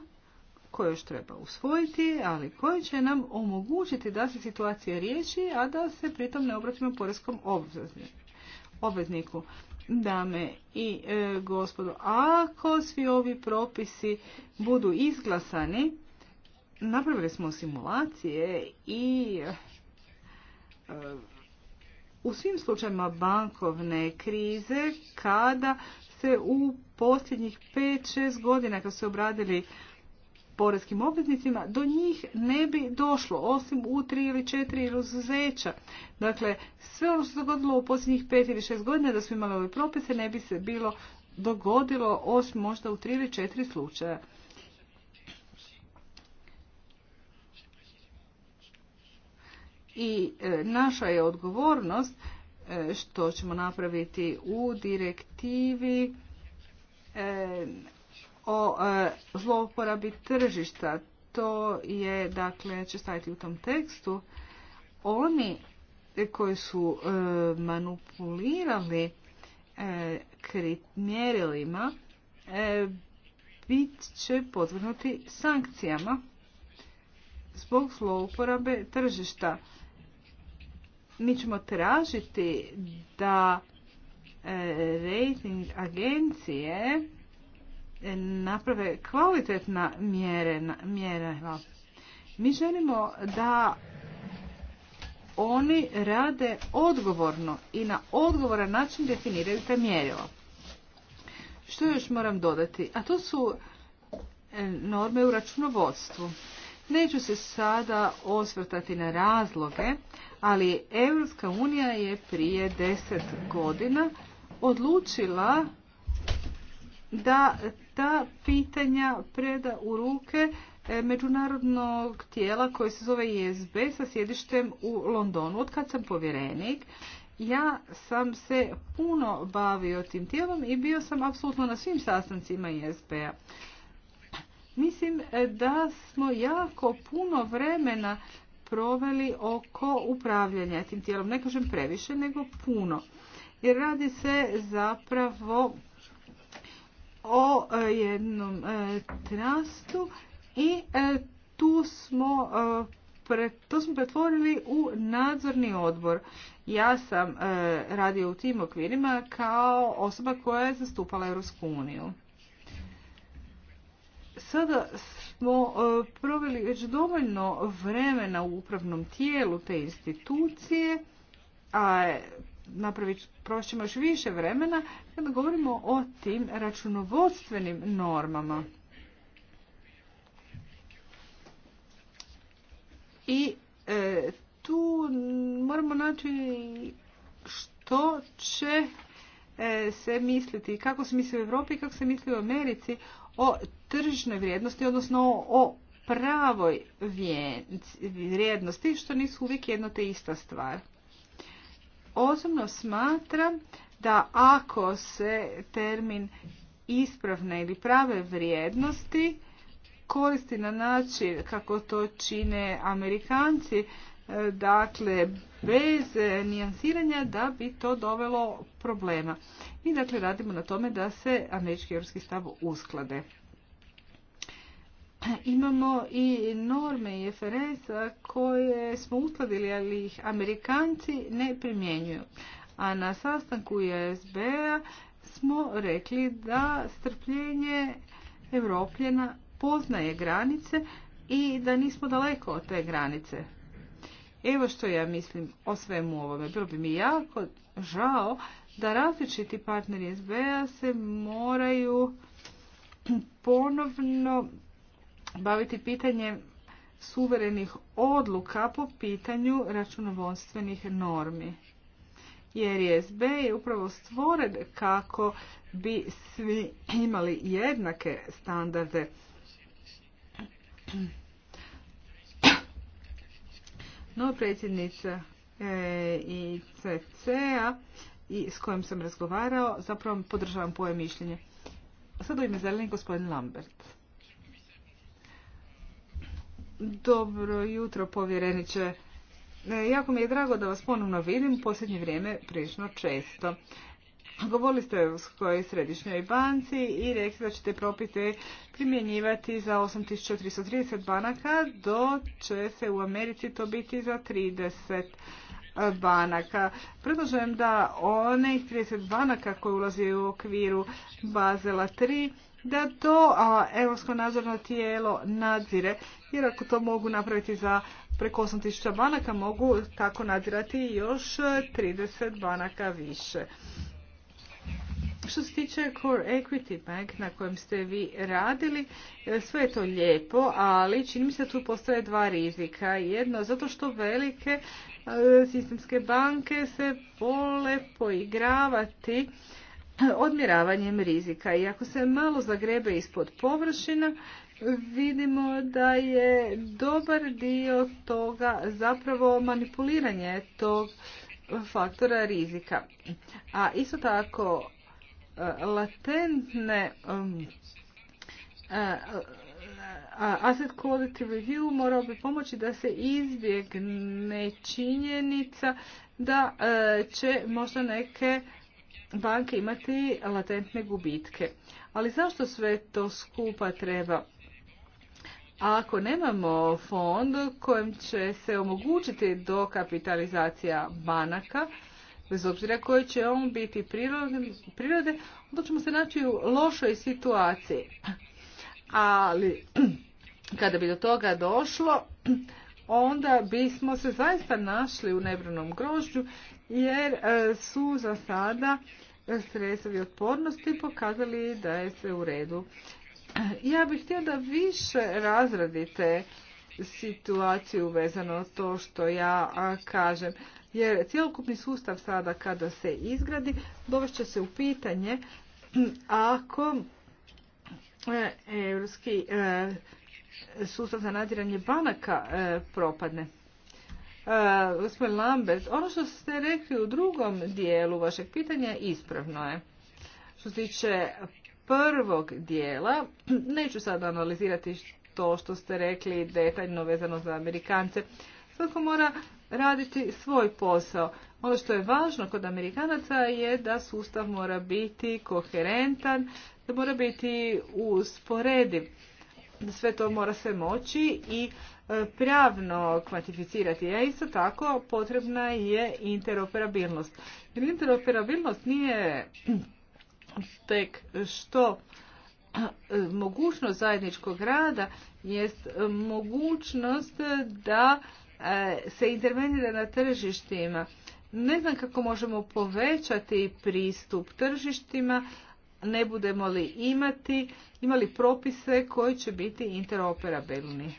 koje još treba usvojiti, ali koje će nam omogućiti da se situacija riješi, a da se pritom ne obratimo poreskom obvezniku obvezniku. Dame i e, gospodo, ako svi ovi propisi budu izglasani, napravili smo simulacije i e, u svim slučajima bankovne krize kada se u posljednjih 5-6 godina kad su obradili porezkim obveznicima, do njih ne bi došlo, osim u tri ili četiri izuzeća. Dakle, sve ono što se dogodilo u posljednjih pet ili šest godina da su imali ove propise ne bi se bilo dogodilo, osim možda u tri ili četiri slučaja. I e, naša je odgovornost e, što ćemo napraviti u direktivi e, o e, zlouporabi tržišta. To je, dakle, će staviti u tom tekstu. Oni koji su e, manipulirali e, mjerilima bit će podvrnuti sankcijama zbog zlouporabe tržišta. Mi ćemo tražiti da rating agencije E, naprave kvalitetna mjera. Mi želimo da oni rade odgovorno i na odgovoran način definiraju te mjerila. Što još moram dodati? A to su e, norme u računovodstvu. Neću se sada osvrtati na razloge, ali Europska unija je prije deset godina odlučila da ta pitanja preda u ruke e, međunarodnog tijela koje se zove ISB sa sjedištem u Londonu. Od kad sam povjerenik, ja sam se puno bavio tim tijelom i bio sam apsolutno na svim sastancima ISB-a. Mislim e, da smo jako puno vremena proveli oko upravljanja tim tijelom. Ne kažem previše, nego puno. Jer radi se zapravo o e, jednom e, trastu i e, tu smo to smo pretvorili u nadzorni odbor. Ja sam radio u tim okvirima kao osoba koja je zastupala Europsku uniju. Sada smo proveli već dovoljno vremena u upravnom tijelu te institucije, a napraviti, prošćemo još više vremena kada govorimo o tim računovodstvenim normama. I e, tu moramo naći što će e, se misliti, kako se misli u Europi i kako se misli u Americi o tržišnoj vrijednosti, odnosno o, o pravoj vrijednosti, što nisu uvijek jedno te ista stvar. Osobno smatram da ako se termin ispravne ili prave vrijednosti koristi na način kako to čine Amerikanci, e, dakle bez nijansiranja da bi to dovelo problema. Mi dakle radimo na tome da se američki i europski stav usklade. Imamo i norme i frs koje smo uskladili, ali ih Amerikanci ne primjenjuju. A na sastanku ISB-a smo rekli da strpljenje Evropljena poznaje granice i da nismo daleko od te granice. Evo što ja mislim o svemu ovome. Bilo bi mi jako žao da različiti partneri SBA se moraju ponovno baviti pitanjem suverenih odluka po pitanju računovodstvenih normi. Jer SB je upravo stvoren kako bi svi imali jednake standarde. No, predsjednica e, i a i s kojom sam razgovarao, zapravo podržavam poje mišljenje. Sada u ime zeleni gospodin Lambert. Dobro jutro, povjereniče. E, jako mi je drago da vas ponovno vidim, u posljednje vrijeme prilično često. Govorili ste o Europskoj središnjoj banci i rekli da ćete propite primjenjivati za 8330 banaka, do će se u Americi to biti za 30 e, banaka. Predlažem da one 30 banaka koje ulazi u okviru Bazela 3 da to a, Europsko nadzorno tijelo nadzire, jer ako to mogu napraviti za preko 8000 banaka, mogu tako nadzirati još 30 banaka više. Što se tiče Core Equity Bank na kojem ste vi radili, e, sve je to lijepo, ali čini mi se da tu postoje dva rizika. Jedno, zato što velike e, sistemske banke se vole poigravati odmjeravanjem rizika. I ako se malo zagrebe ispod površina, vidimo da je dobar dio toga zapravo manipuliranje tog faktora rizika. A isto tako e, latentne e, asset quality review morao bi pomoći da se izbjegne činjenica da e, će možda neke banke imati latentne gubitke. Ali zašto sve to skupa treba? ako nemamo fond kojem će se omogućiti dokapitalizacija banaka, bez obzira koji će on biti prirode, onda ćemo se naći u lošoj situaciji. Ali kada bi do toga došlo, onda bismo se zaista našli u nebranom grožđu jer e, su za sada stresovi otpornosti pokazali da je sve u redu. Ja bih htjela da više razradite situaciju vezano to što ja kažem. Jer cijelokupni sustav sada kada se izgradi dovešće se u pitanje ako e, europski e, sustav za nadiranje banaka propadne. E, gospodin Lambert, ono što ste rekli u drugom dijelu vašeg pitanja ispravno je. Što se tiče prvog dijela, neću sad analizirati to što ste rekli detaljno vezano za Amerikance. Svako mora raditi svoj posao. Ono što je važno kod Amerikanaca je da sustav mora biti koherentan, da mora biti usporediv. Sve to mora se moći i pravno kvantificirati, a isto tako potrebna je interoperabilnost. Jer interoperabilnost nije tek što mogućnost zajedničkog rada jest mogućnost da e, se intervenira na tržištima. Ne znam kako možemo povećati pristup tržištima, ne budemo li imati, imali propise koji će biti interoperabilni.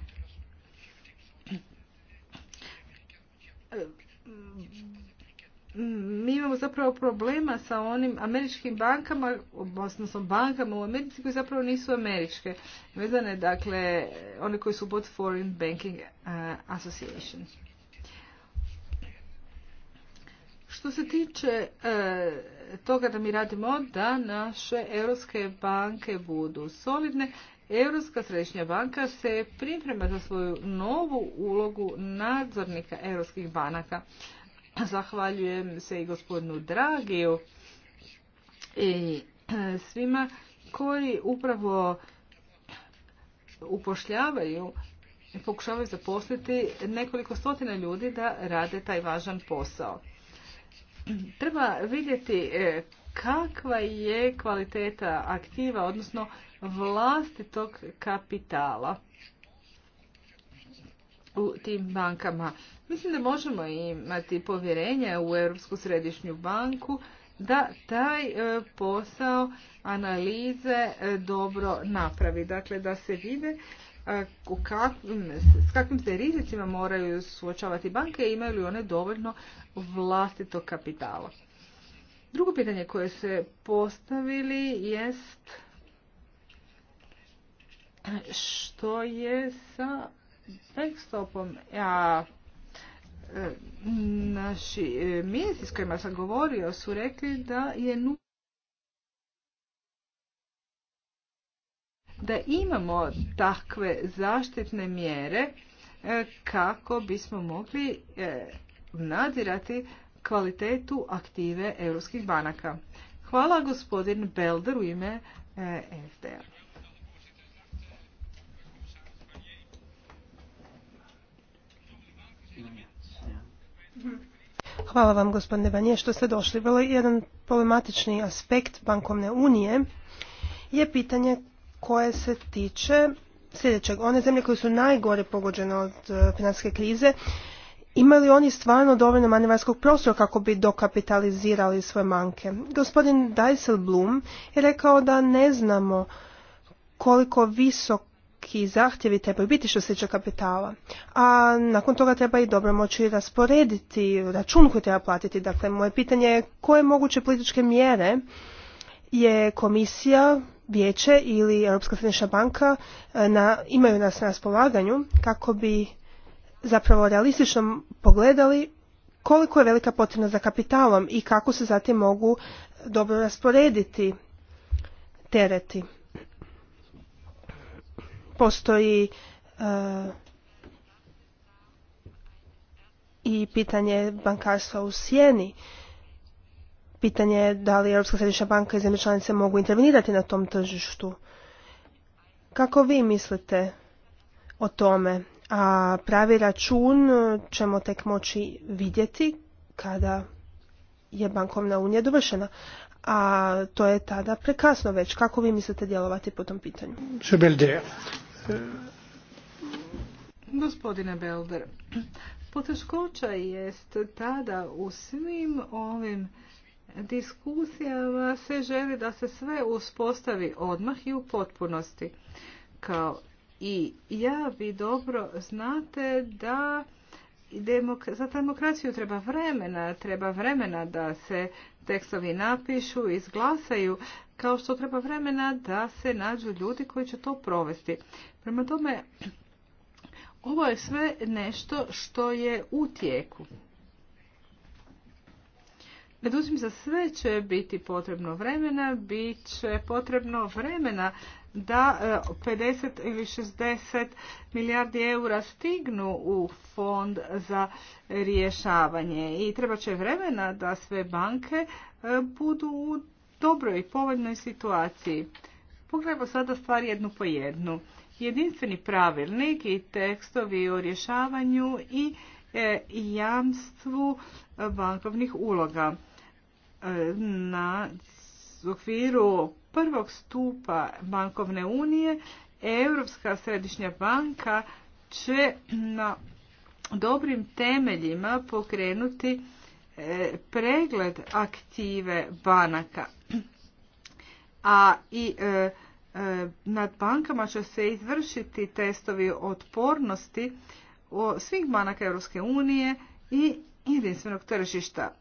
mi imamo zapravo problema sa onim američkim bankama, odnosno bankama u Americi koji zapravo nisu američke. Vezane, dakle, one koji su pod Foreign Banking eh, Association. Što se tiče eh, toga da mi radimo da naše europske banke budu solidne, Europska središnja banka se priprema za svoju novu ulogu nadzornika europskih banaka. Zahvaljujem se i gospodinu Dragiju i e, svima koji upravo upošljavaju i pokušavaju zaposliti nekoliko stotina ljudi da rade taj važan posao. Treba vidjeti e, kakva je kvaliteta aktiva, odnosno vlastitog kapitala u tim bankama. Mislim da možemo imati povjerenje u Europsku središnju banku da taj e, posao analize e, dobro napravi. Dakle, da se vide e, s kakvim se rizicima moraju suočavati banke i imaju li one dovoljno vlastitog kapitala. Drugo pitanje koje se postavili jest što je sa backstopom. Ja, e, naši e, ministri s kojima sam govorio su rekli da je nužno da imamo takve zaštitne mjere e, kako bismo mogli nadzirati kvalitetu aktive europskih banaka. Hvala gospodin Belder u ime FDR. Hvala vam gospodine Banije što ste došli. jedan problematični aspekt bankovne unije je pitanje koje se tiče sljedećeg. One zemlje koje su najgore pogođene od e, financijske krize, imaju li oni stvarno dovoljno manevarskog prostora kako bi dokapitalizirali svoje manke? Gospodin Dijsselblum je rekao da ne znamo koliko visok i zahtjevi trebaju biti što se tiče kapitala, a nakon toga treba i dobro moći rasporediti račun koji treba platiti. Dakle, moje pitanje je koje moguće političke mjere je komisija, vijeće ili Europska središnja banka e, na, imaju nas na raspolaganju kako bi zapravo realistično pogledali koliko je velika potrebna za kapitalom i kako se zatim mogu dobro rasporediti tereti. Postoji e, i pitanje bankarstva u sjeni. Pitanje je da li Europska središnja banka i zemlje članice mogu intervenirati na tom tržištu. Kako vi mislite o tome? A pravi račun ćemo tek moći vidjeti kada je bankovna unija dovršena. A to je tada prekasno već. Kako vi mislite djelovati po tom pitanju? Gospodine Belder, poteškoća jest tada u svim ovim diskusijama se želi da se sve uspostavi odmah i u potpunosti. Kao i ja vi dobro znate da za demokraciju treba vremena, treba vremena da se tekstovi napišu, izglasaju, kao što treba vremena da se nađu ljudi koji će to provesti. Prema tome, ovo je sve nešto što je u tijeku. Međutim, za sve će biti potrebno vremena, bit će potrebno vremena da 50 e, ili 60 milijardi eura stignu u fond za rješavanje i treba će vremena da sve banke e, budu dobroj i povoljnoj situaciji. Pogledajmo sada stvari jednu po jednu. Jedinstveni pravilnik i tekstovi o rješavanju i e, jamstvu bankovnih uloga. E, na okviru prvog stupa bankovne unije Europska središnja banka će na dobrim temeljima pokrenuti pregled aktive banaka. A i e, e, nad bankama će se izvršiti testovi otpornosti svih banaka Europske unije i jedinstvenog tržišta.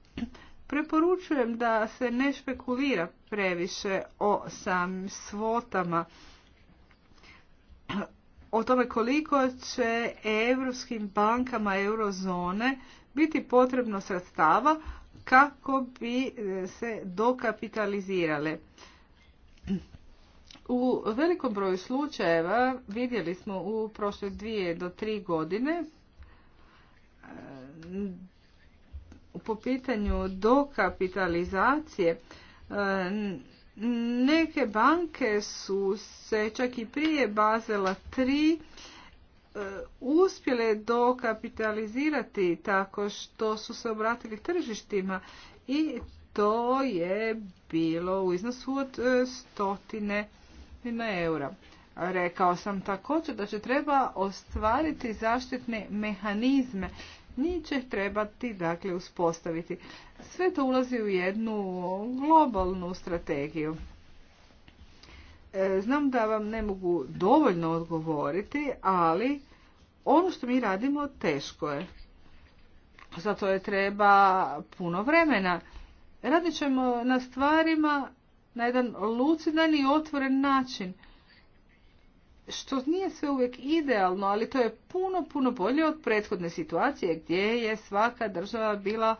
Preporučujem da se ne špekulira previše o samim svotama, o tome koliko će europskim bankama eurozone biti potrebno sredstava kako bi e, se dokapitalizirale. U velikom broju slučajeva vidjeli smo u prošle dvije do tri godine e, po pitanju dokapitalizacije e, neke banke su se čak i prije Bazela tri. E, uspjele dokapitalizirati tako što su se obratili tržištima i to je bilo u iznosu od e, stotine na eura. Rekao sam također da će treba ostvariti zaštitne mehanizme. Njih će trebati dakle uspostaviti. Sve to ulazi u jednu globalnu strategiju. E, znam da vam ne mogu dovoljno odgovoriti, ali ono što mi radimo teško je. Zato je treba puno vremena. Radit ćemo na stvarima na jedan lucidan i otvoren način. Što nije sve uvijek idealno, ali to je puno, puno bolje od prethodne situacije gdje je svaka država bila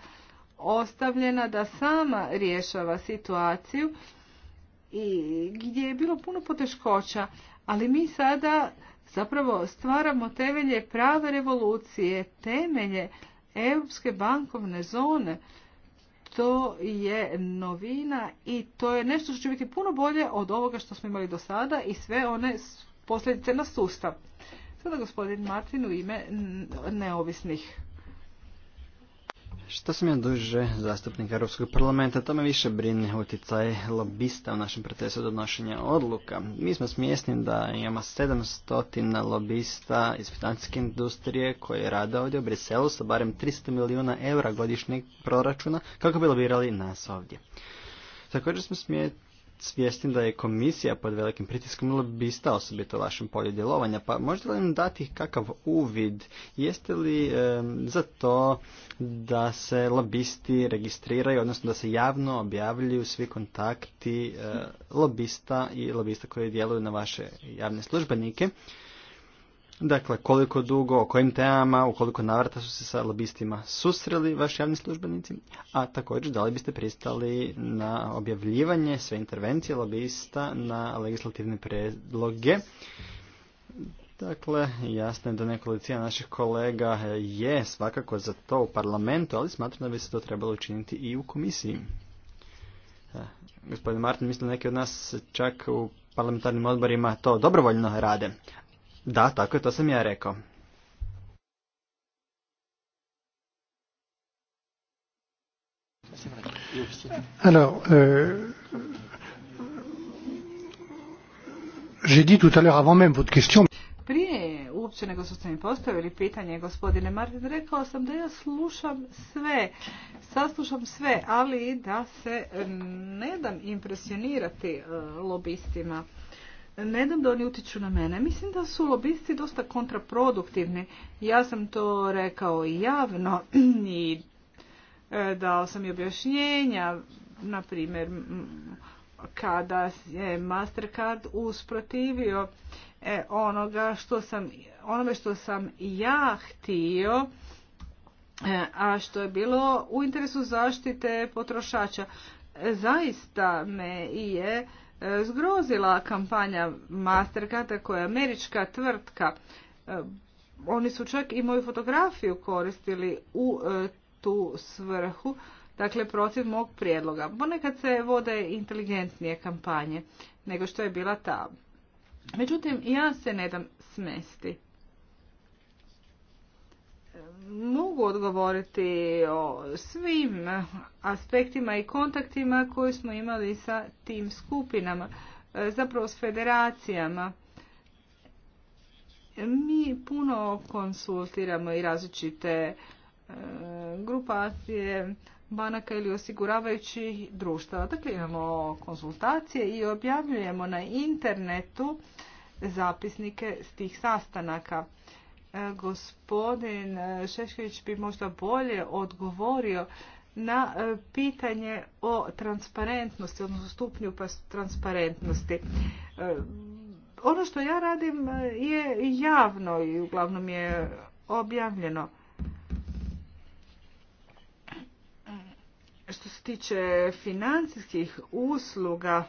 ostavljena da sama rješava situaciju i gdje je bilo puno poteškoća. Ali mi sada Zapravo stvaramo temelje prave revolucije, temelje Europske bankovne zone. To je novina i to je nešto što će biti puno bolje od ovoga što smo imali do sada i sve one posljedice na sustav. Sada gospodin Martin u ime neovisnih. Što sam ja duže zastupnik Europskog parlamenta, to me više brine utjecaj lobista u našem procesu donošenja odluka. Mi smo smjesni da imamo 700 lobista iz financijske industrije koji rade ovdje u Briselu sa barem 300 milijuna eura godišnjeg proračuna kako bi lobirali nas ovdje. Također smo svjesni da je komisija pod velikim pritiskom lobista, osobito u vašem polju djelovanja, pa možete li nam dati kakav uvid? Jeste li za to da se lobisti registriraju, odnosno da se javno objavljuju svi kontakti eh, lobista i lobista koji djeluju na vaše javne službenike? Dakle, koliko dugo, o kojim temama, u koliko navrata su se sa lobistima susreli vaši javni službenici, a također da li biste pristali na objavljivanje sve intervencije lobista na legislativne predloge. Dakle, jasno je da nekolicija naših kolega je svakako za to u parlamentu, ali smatram da bi se to trebalo učiniti i u komisiji. E, gospodin Martin, mislim neki od nas čak u parlamentarnim odborima to dobrovoljno rade. Da, tako je, to sam ja rekao. Alors, eh, je Prije uopće nego što ste mi postavili pitanje, gospodine Martin, rekao sam da ja slušam sve, saslušam sve, ali da se ne dam impresionirati eh, lobistima ne dam da oni utiču na mene. Mislim da su lobisti dosta kontraproduktivni. Ja sam to rekao javno i e, dao sam i objašnjenja, na primjer, kada je Mastercard usprotivio e, onoga što sam, onome što sam ja htio, e, a što je bilo u interesu zaštite potrošača. Zaista me je zgrozila kampanja Mastercarda koja je američka tvrtka. E, oni su čak i moju fotografiju koristili u e, tu svrhu, dakle protiv mog prijedloga. Ponekad se vode inteligentnije kampanje nego što je bila ta. Međutim, ja se ne dam smesti mogu odgovoriti o svim aspektima i kontaktima koje smo imali sa tim skupinama, e, zapravo s federacijama. Mi puno konsultiramo i različite e, grupacije banaka ili osiguravajućih društava. Dakle, imamo konsultacije i objavljujemo na internetu zapisnike s tih sastanaka. Gospodin e, Šešković bi možda bolje odgovorio na e, pitanje o transparentnosti, odnosno stupnju pa transparentnosti. E, ono što ja radim je javno i uglavnom je objavljeno. Što se tiče financijskih usluga,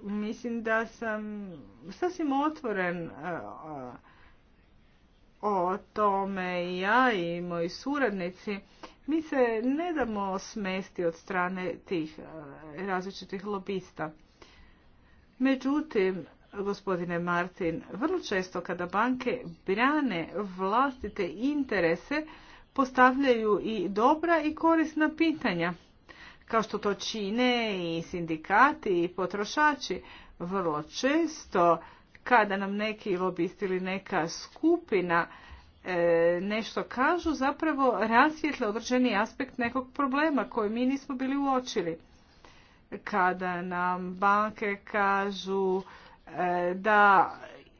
mislim da sam sasvim otvoren e, e, o tome i ja i moji suradnici. Mi se ne damo smesti od strane tih e, različitih lobista. Međutim, gospodine Martin, vrlo često kada banke brane vlastite interese, postavljaju i dobra i korisna pitanja kao što to čine i sindikati i potrošači. Vrlo često kada nam neki lobisti ili neka skupina e, nešto kažu, zapravo rasvijetle određeni aspekt nekog problema koji mi nismo bili uočili. Kada nam banke kažu e, da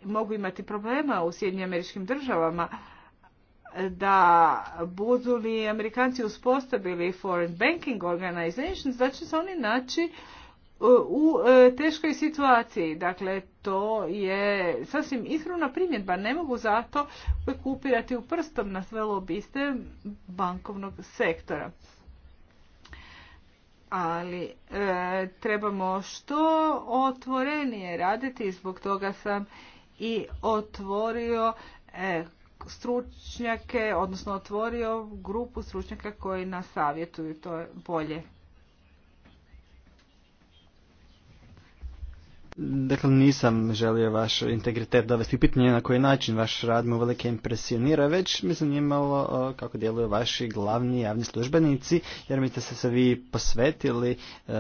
mogu imati problema u Sjedinjim američkim državama, da budu li Amerikanci uspostavili Foreign Banking Organizations, da će se oni naći e, u e, teškoj situaciji. Dakle, to je sasvim iskrena primjedba. Ne mogu zato kupirati u prstom na sve lobiste bankovnog sektora. Ali e, trebamo što otvorenije raditi i zbog toga sam i otvorio e, stručnjake, odnosno otvorio grupu stručnjaka koji nas savjetuju, to je bolje. Dakle, nisam želio vaš integritet dovesti u pitanje na koji način vaš rad me velike impresionira, već me zanimalo kako djeluju vaši glavni javni službenici, jer mi ste se vi posvetili e,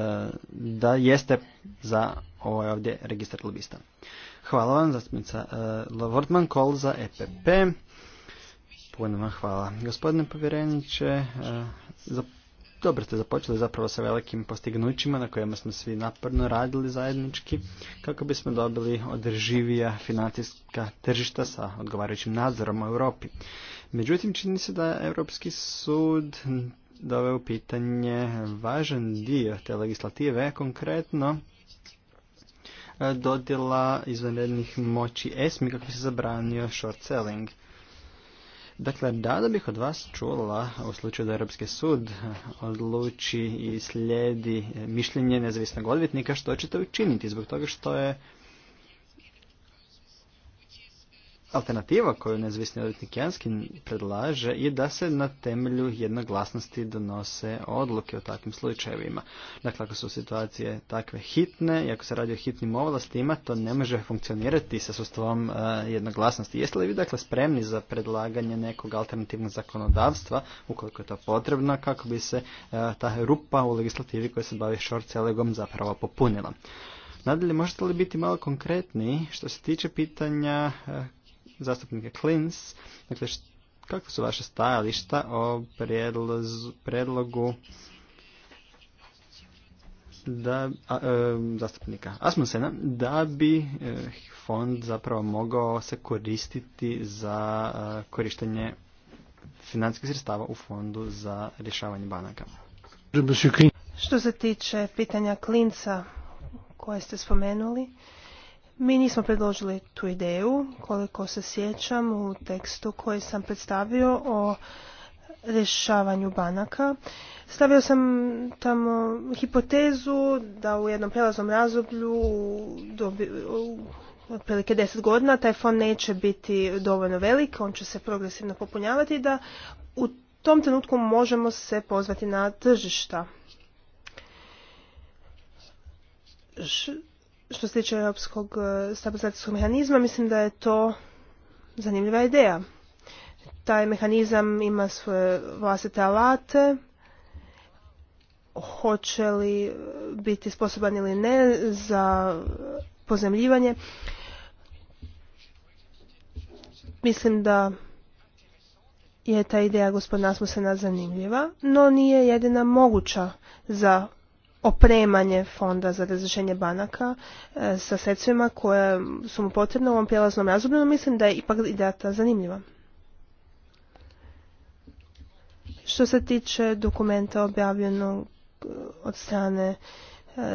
da jeste za ovaj ovdje registar lobista. Hvala vam, zastupnica e, Lovortman, kol za EPP puno hvala. Gospodine povjereniče, e, dobro ste započeli zapravo sa velikim postignućima na kojima smo svi naporno radili zajednički kako bismo dobili održivija financijska tržišta sa odgovarajućim nadzorom u Europi. Međutim, čini se da Europski sud dove u pitanje važan dio te legislative, konkretno e, dodjela izvanrednih moći ESMI kako bi se zabranio short selling. Dakle, da bih od vas čula u slučaju da Europski sud odluči i slijedi mišljenje nezavisnog odvjetnika što ćete učiniti zbog toga što je Alternativa koju nezavisni odvjetnik Janski predlaže je da se na temelju jednoglasnosti donose odluke o takvim slučajevima. Dakle, ako su situacije takve hitne i ako se radi o hitnim ovlastima, to ne može funkcionirati sa sustavom e, jednoglasnosti. Jeste li vi dakle spremni za predlaganje nekog alternativnog zakonodavstva, ukoliko je to potrebno, kako bi se e, ta rupa u legislativi koja se bavi short sellingom zapravo popunila? Nadalje, možete li biti malo konkretni što se tiče pitanja e, Zastupnike Klins. Dakle, kako su vaše stajališta o predlogu da, a, e, zastupnika Asmusena da bi e, fond zapravo mogao se koristiti za e, korištenje financijskih sredstava u fondu za rješavanje banaka. Što se tiče pitanja Klinca koje ste spomenuli, mi nismo predložili tu ideju, koliko se sjećam u tekstu koji sam predstavio o rješavanju banaka. Stavio sam tamo hipotezu da u jednom prelaznom razdoblju u otprilike deset godina taj fond neće biti dovoljno velik, on će se progresivno popunjavati i da u tom trenutku možemo se pozvati na tržišta. Što se tiče europskog e, stabilizacijskog mehanizma, mislim da je to zanimljiva ideja. Taj mehanizam ima svoje vlastite alate, hoće li biti sposoban ili ne za pozemljivanje. Mislim da je ta ideja gospodina Asmusena zanimljiva, no nije jedina moguća za opremanje fonda za razrešenje banaka e, sa sredstvima koje su mu potrebne u ovom prijelaznom razdoblju, mislim da je ipak ideja zanimljiva. Što se tiče dokumenta objavljenog e, od strane e,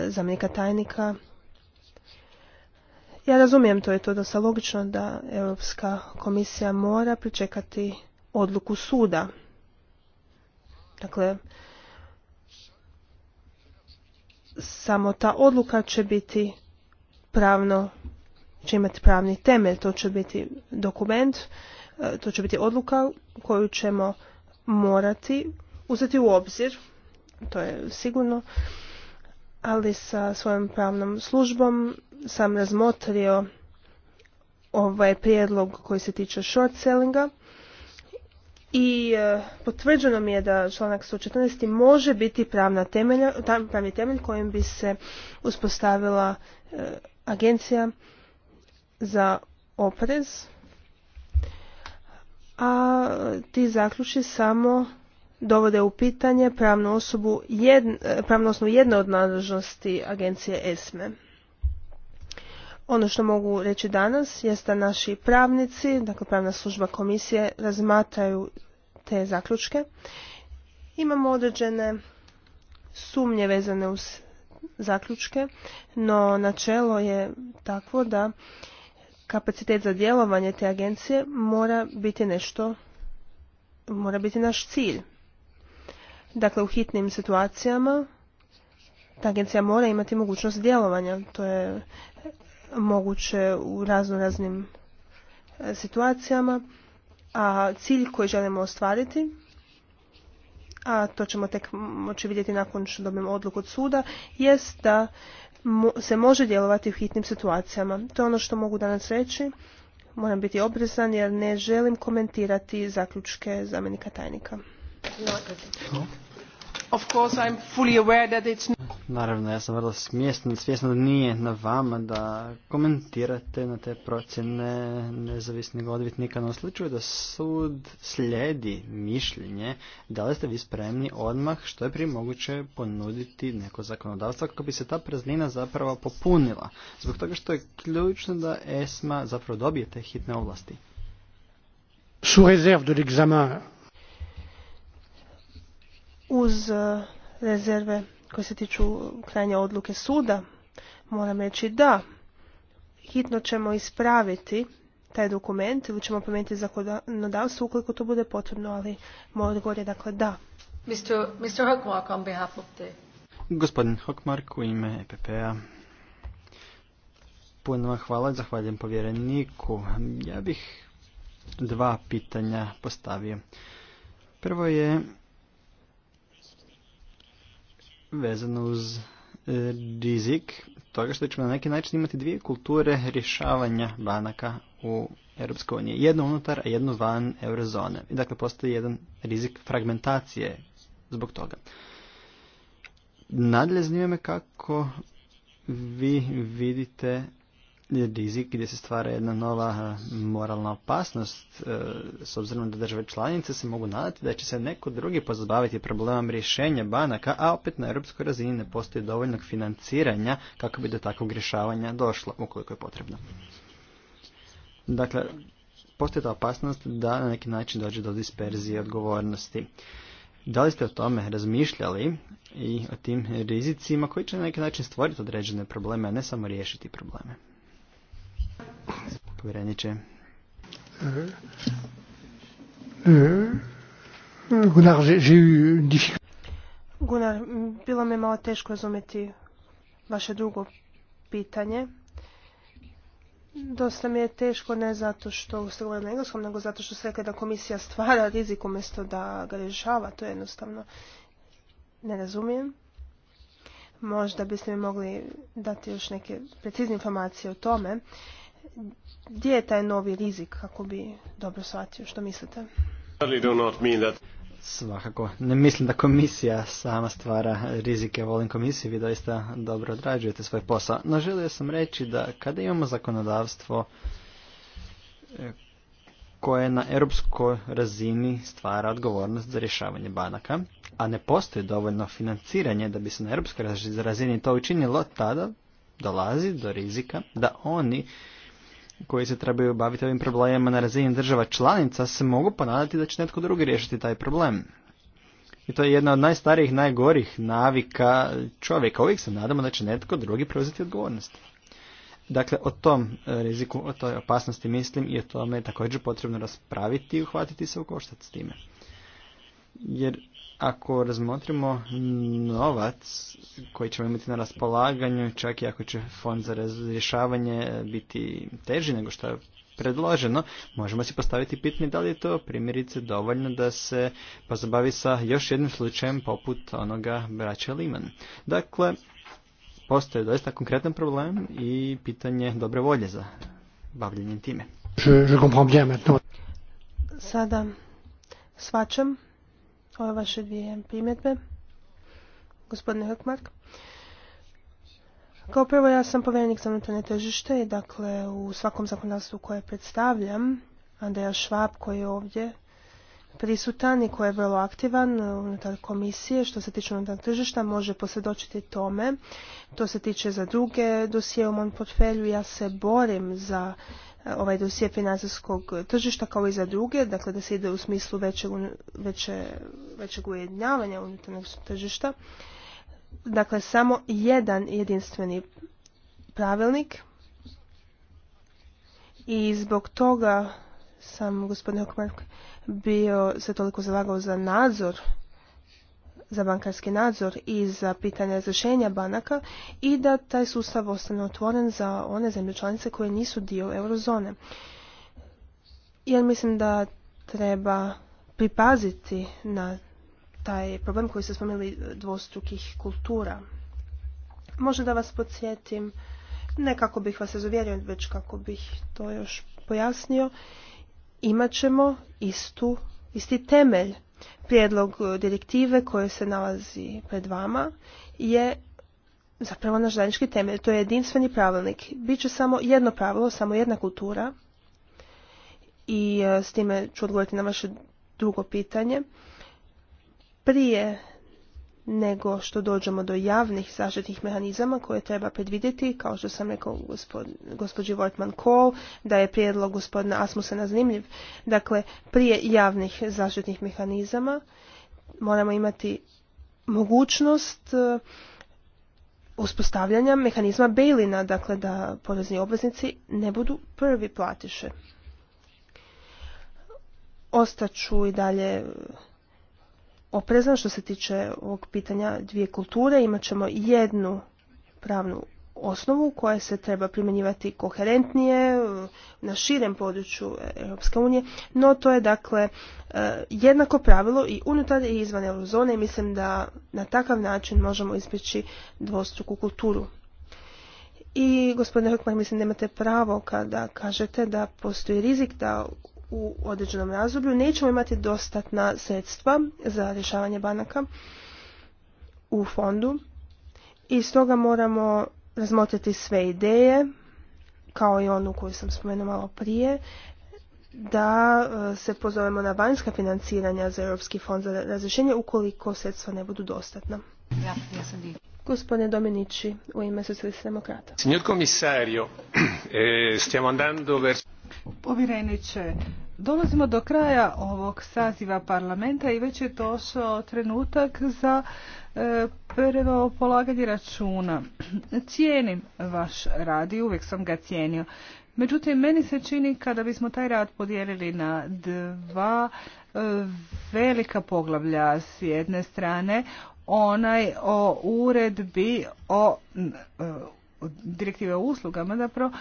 zamjenika tajnika, ja razumijem to je to dosta logično da Europska komisija mora pričekati odluku suda. Dakle, samo ta odluka će biti pravno, će imati pravni temelj, to će biti dokument, e, to će biti odluka koju ćemo morati uzeti u obzir, to je sigurno, ali sa svojom pravnom službom sam razmotrio ovaj prijedlog koji se tiče short sellinga i e, potvrđeno mi je da članak 114. može biti pravna temelja, pravni temelj kojim bi se uspostavila e, agencija za oprez, a ti zaključi samo dovode u pitanje pravnu, osobu e, pravnu osnovu jedne od nadležnosti agencije ESME. Ono što mogu reći danas jeste da naši pravnici, dakle pravna služba komisije, razmatraju te zaključke. Imamo određene sumnje vezane uz zaključke, no načelo je takvo da kapacitet za djelovanje te agencije mora biti nešto, mora biti naš cilj. Dakle, u hitnim situacijama ta agencija mora imati mogućnost djelovanja. To je moguće u raznoraznim e, situacijama, a cilj koji želimo ostvariti, a to ćemo tek moći vidjeti nakon što dobijemo odluku od suda, jest da se može djelovati u hitnim situacijama. To je ono što mogu danas reći. Moram biti obrezan jer ne želim komentirati zaključke zamjenika tajnika. Naravno, ja sam vrlo smjesna, da nije na vama da komentirate na te procjene nezavisnih odvjetnika, no sličuje da sud slijedi mišljenje, da li ste vi spremni odmah što je prije moguće ponuditi neko zakonodavstvo kako bi se ta praznina zapravo popunila, zbog toga što je ključno da ESMA zapravo dobije te hitne ovlasti. Sous réserve de l'examen uz e, rezerve koje se tiču krajnje odluke suda, moram reći da hitno ćemo ispraviti taj dokument ili ćemo promijeniti zakonodavstvo ukoliko to bude potrebno, ali moj odgovor je dakle da. Mr. Gospodin Hockmark u ime EPP-a. Puno vam hvala zahvaljujem povjereniku. Ja bih dva pitanja postavio. Prvo je vezano uz e, rizik toga što ćemo na neki način imati dvije kulture rješavanja banaka u EU. uniji. Jedno unutar, a jedno van eurozone. I dakle, postoji jedan rizik fragmentacije zbog toga. Nadalje zanima me kako vi vidite rizik gdje se stvara jedna nova e, moralna opasnost e, s obzirom da države članice se mogu nadati da će se neko drugi pozabaviti problemom rješenja banaka, a opet na europskoj razini ne postoji dovoljnog financiranja kako bi do takvog rješavanja došlo ukoliko je potrebno. Dakle, postoji ta opasnost da na neki način dođe do disperzije odgovornosti. Da li ste o tome razmišljali i o tim rizicima koji će na neki način stvoriti određene probleme, a ne samo riješiti probleme? Povjereniče. Gunar, j'ai eu bilo mi malo teško razumjeti vaše drugo pitanje. Dosta mi je teško ne zato što ste govorili na engleskom, nego zato što ste rekli da komisija stvara rizik umjesto da ga rješava. To je jednostavno ne razumijem. Možda biste mi mogli dati još neke precizne informacije o tome. Gdje je taj novi rizik, kako bi dobro shvatio? Što mislite? Svakako. Ne mislim da komisija sama stvara rizike. Volim komisiju, vi doista dobro odrađujete svoj posao. No želio sam reći da kada imamo zakonodavstvo e, koje na europskoj razini stvara odgovornost za rješavanje banaka, a ne postoji dovoljno financiranje da bi se na europskoj razini to učinilo, tada dolazi do rizika da oni koji se trebaju baviti ovim problemima na razini država članica se mogu ponadati da će netko drugi riješiti taj problem. I to je jedna od najstarijih, najgorih navika čovjeka. Uvijek se nadamo da će netko drugi preuzeti odgovornost. Dakle, o tom e, riziku, o toj opasnosti mislim i o tome je također potrebno raspraviti i uhvatiti se u koštac s time. Jer ako razmotrimo novac koji ćemo imati na raspolaganju, čak i ako će fond za razrješavanje e, biti teži nego što je predloženo, možemo si postaviti pitanje da li je to primjerice dovoljno da se pozabavi sa još jednim slučajem poput onoga braća Liman. Dakle, Postoje doista konkretan problem i pitanje dobre volje za bavljenje time. Sada svačam ove vaše dvije primjetbe. Gospodine Hrkmark. Kao prvo ja sam povjerenik za unutarnje tržište i dakle u svakom zakonodavstvu koje predstavljam, Andreja Švab koji je ovdje prisutan i koji je vrlo aktivan e, unutar komisije što se tiče unutar tržišta može posvjedočiti tome. To se tiče za druge dosije u mom portfelju. Ja se borim za e, ovaj dosije financijskog tržišta kao i za druge, dakle da se ide u smislu većeg, veće, većeg ujednjavanja unutarnog tržišta. Dakle, samo jedan jedinstveni pravilnik i zbog toga sam, gospodine Hokmarko bio se toliko zalagao za nadzor za bankarski nadzor i za pitanje razrešenja banaka i da taj sustav ostane otvoren za one zemlje članice koje nisu dio eurozone. Jer mislim da treba pripaziti na taj problem koji se spomenuli dvostrukih kultura. Možda da vas podsjetim, ne kako bih vas razuvjerio, već kako bih to još pojasnio, imat ćemo istu, isti temelj. Prijedlog e, direktive koje se nalazi pred vama je zapravo naš zajednički temelj. To je jedinstveni pravilnik. Biće samo jedno pravilo, samo jedna kultura. I e, s time ću odgovoriti na vaše drugo pitanje. Prije nego što dođemo do javnih zaštitnih mehanizama koje treba predvidjeti, kao što sam rekao gospođi Wortman Kohl, da je prijedlog gospodina Asmusena zanimljiv. Dakle, prije javnih zaštitnih mehanizama moramo imati mogućnost e, uspostavljanja mehanizma bailina, dakle da porezni obveznici ne budu prvi platiše. Ostaću i dalje oprezan što se tiče ovog pitanja dvije kulture. Imat ćemo jednu pravnu osnovu koja se treba primjenjivati koherentnije e, na širem području Europske unije, no to je dakle e, jednako pravilo i unutar i izvan eurozone i mislim da na takav način možemo izbjeći dvostruku kulturu. I gospodine Hökmar, mislim da imate pravo kada kažete da postoji rizik da u određenom razdoblju nećemo imati dostatna sredstva za rješavanje banaka u fondu i stoga moramo razmotriti sve ideje kao i onu koju sam spomenula malo prije da e, se pozovemo na vanjska financiranja za Europski fond za razrješenje ukoliko sredstva ne budu dostatna. Ja, sam Gospodine Dominici, u ime socijalista demokrata. Signor commissario, eh, stiamo andando verso Povjereniče, dolazimo do kraja ovog saziva parlamenta i već je došao trenutak za e, prvo polaganje računa. Cijenim vaš rad i uvijek sam ga cijenio. Međutim, meni se čini kada bismo taj rad podijelili na dva e, velika poglavlja s jedne strane, onaj o uredbi o e, direktive o uslugama zapravo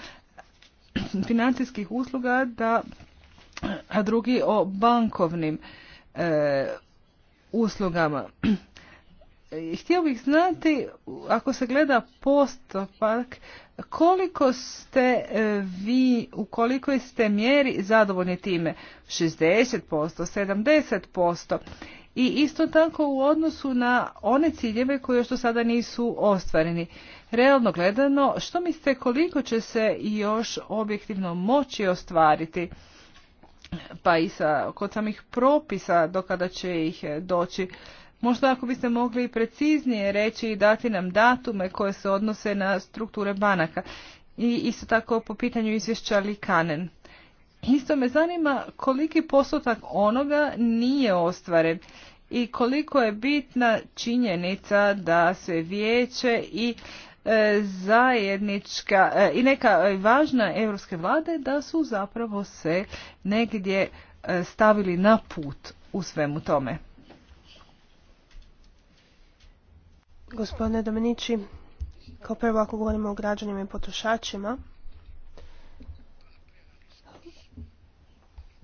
financijskih usluga, da, a drugi o bankovnim e, uslugama. Htio bih znati, ako se gleda postupak, koliko ste e, vi, u kolikoj ste mjeri zadovoljni time? 60%, 70%. I isto tako u odnosu na one ciljeve koje još sada nisu ostvareni realno gledano, što mislite koliko će se još objektivno moći ostvariti? pa i sa, kod samih propisa do kada će ih doći. Možda ako biste mogli preciznije reći i dati nam datume koje se odnose na strukture banaka. I isto tako po pitanju izvješća Likanen. Isto me zanima koliki postotak onoga nije ostvaren i koliko je bitna činjenica da se vijeće i E, zajednička e, i neka e, važna europske vlade da su zapravo se negdje stavili na put u svemu tome. Gospodine Domenici, kao prvo ako govorimo o građanima i potrošačima,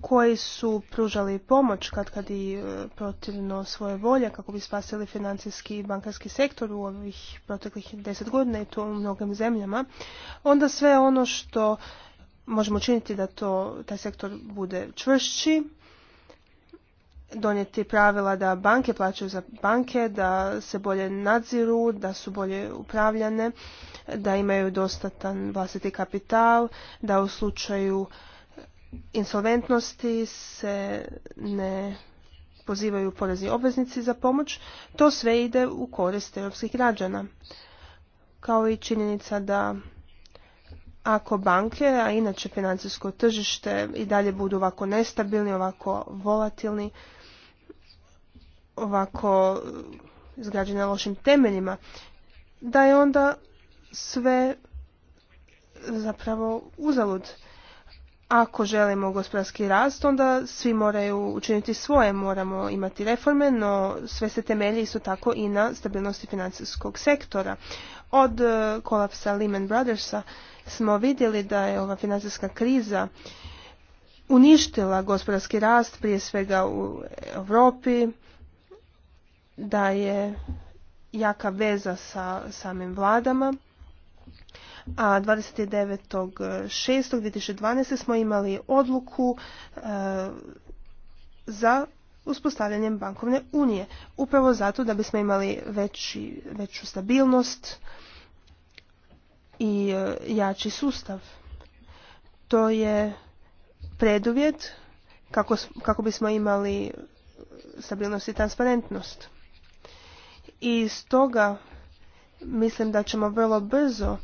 koji su pružali pomoć kad kad i e, protivno svoje volje kako bi spasili financijski i bankarski sektor u ovih proteklih deset godina i to u mnogim zemljama, onda sve ono što možemo učiniti da to, taj sektor bude čvršći, donijeti pravila da banke plaćaju za banke, da se bolje nadziru, da su bolje upravljane, da imaju dostatan vlastiti kapital, da u slučaju insolventnosti se ne pozivaju porezni obveznici za pomoć, to sve ide u korist europskih građana. Kao i činjenica da ako banke, a inače financijsko tržište i dalje budu ovako nestabilni, ovako volatilni, ovako izgrađene lošim temeljima, da je onda sve zapravo uzalud ako želimo gospodarski rast, onda svi moraju učiniti svoje, moramo imati reforme, no sve se temelji isto tako i na stabilnosti financijskog sektora. Od e, kolapsa Lehman Brothersa smo vidjeli da je ova financijska kriza uništila gospodarski rast prije svega u Europi, da je jaka veza sa samim vladama a 29.6.2012. smo imali odluku e, za uspostavljanjem bankovne unije. Upravo zato da bismo imali veću stabilnost i e, jači sustav. To je preduvjet kako, kako bismo imali stabilnost i transparentnost. I stoga mislim da ćemo vrlo brzo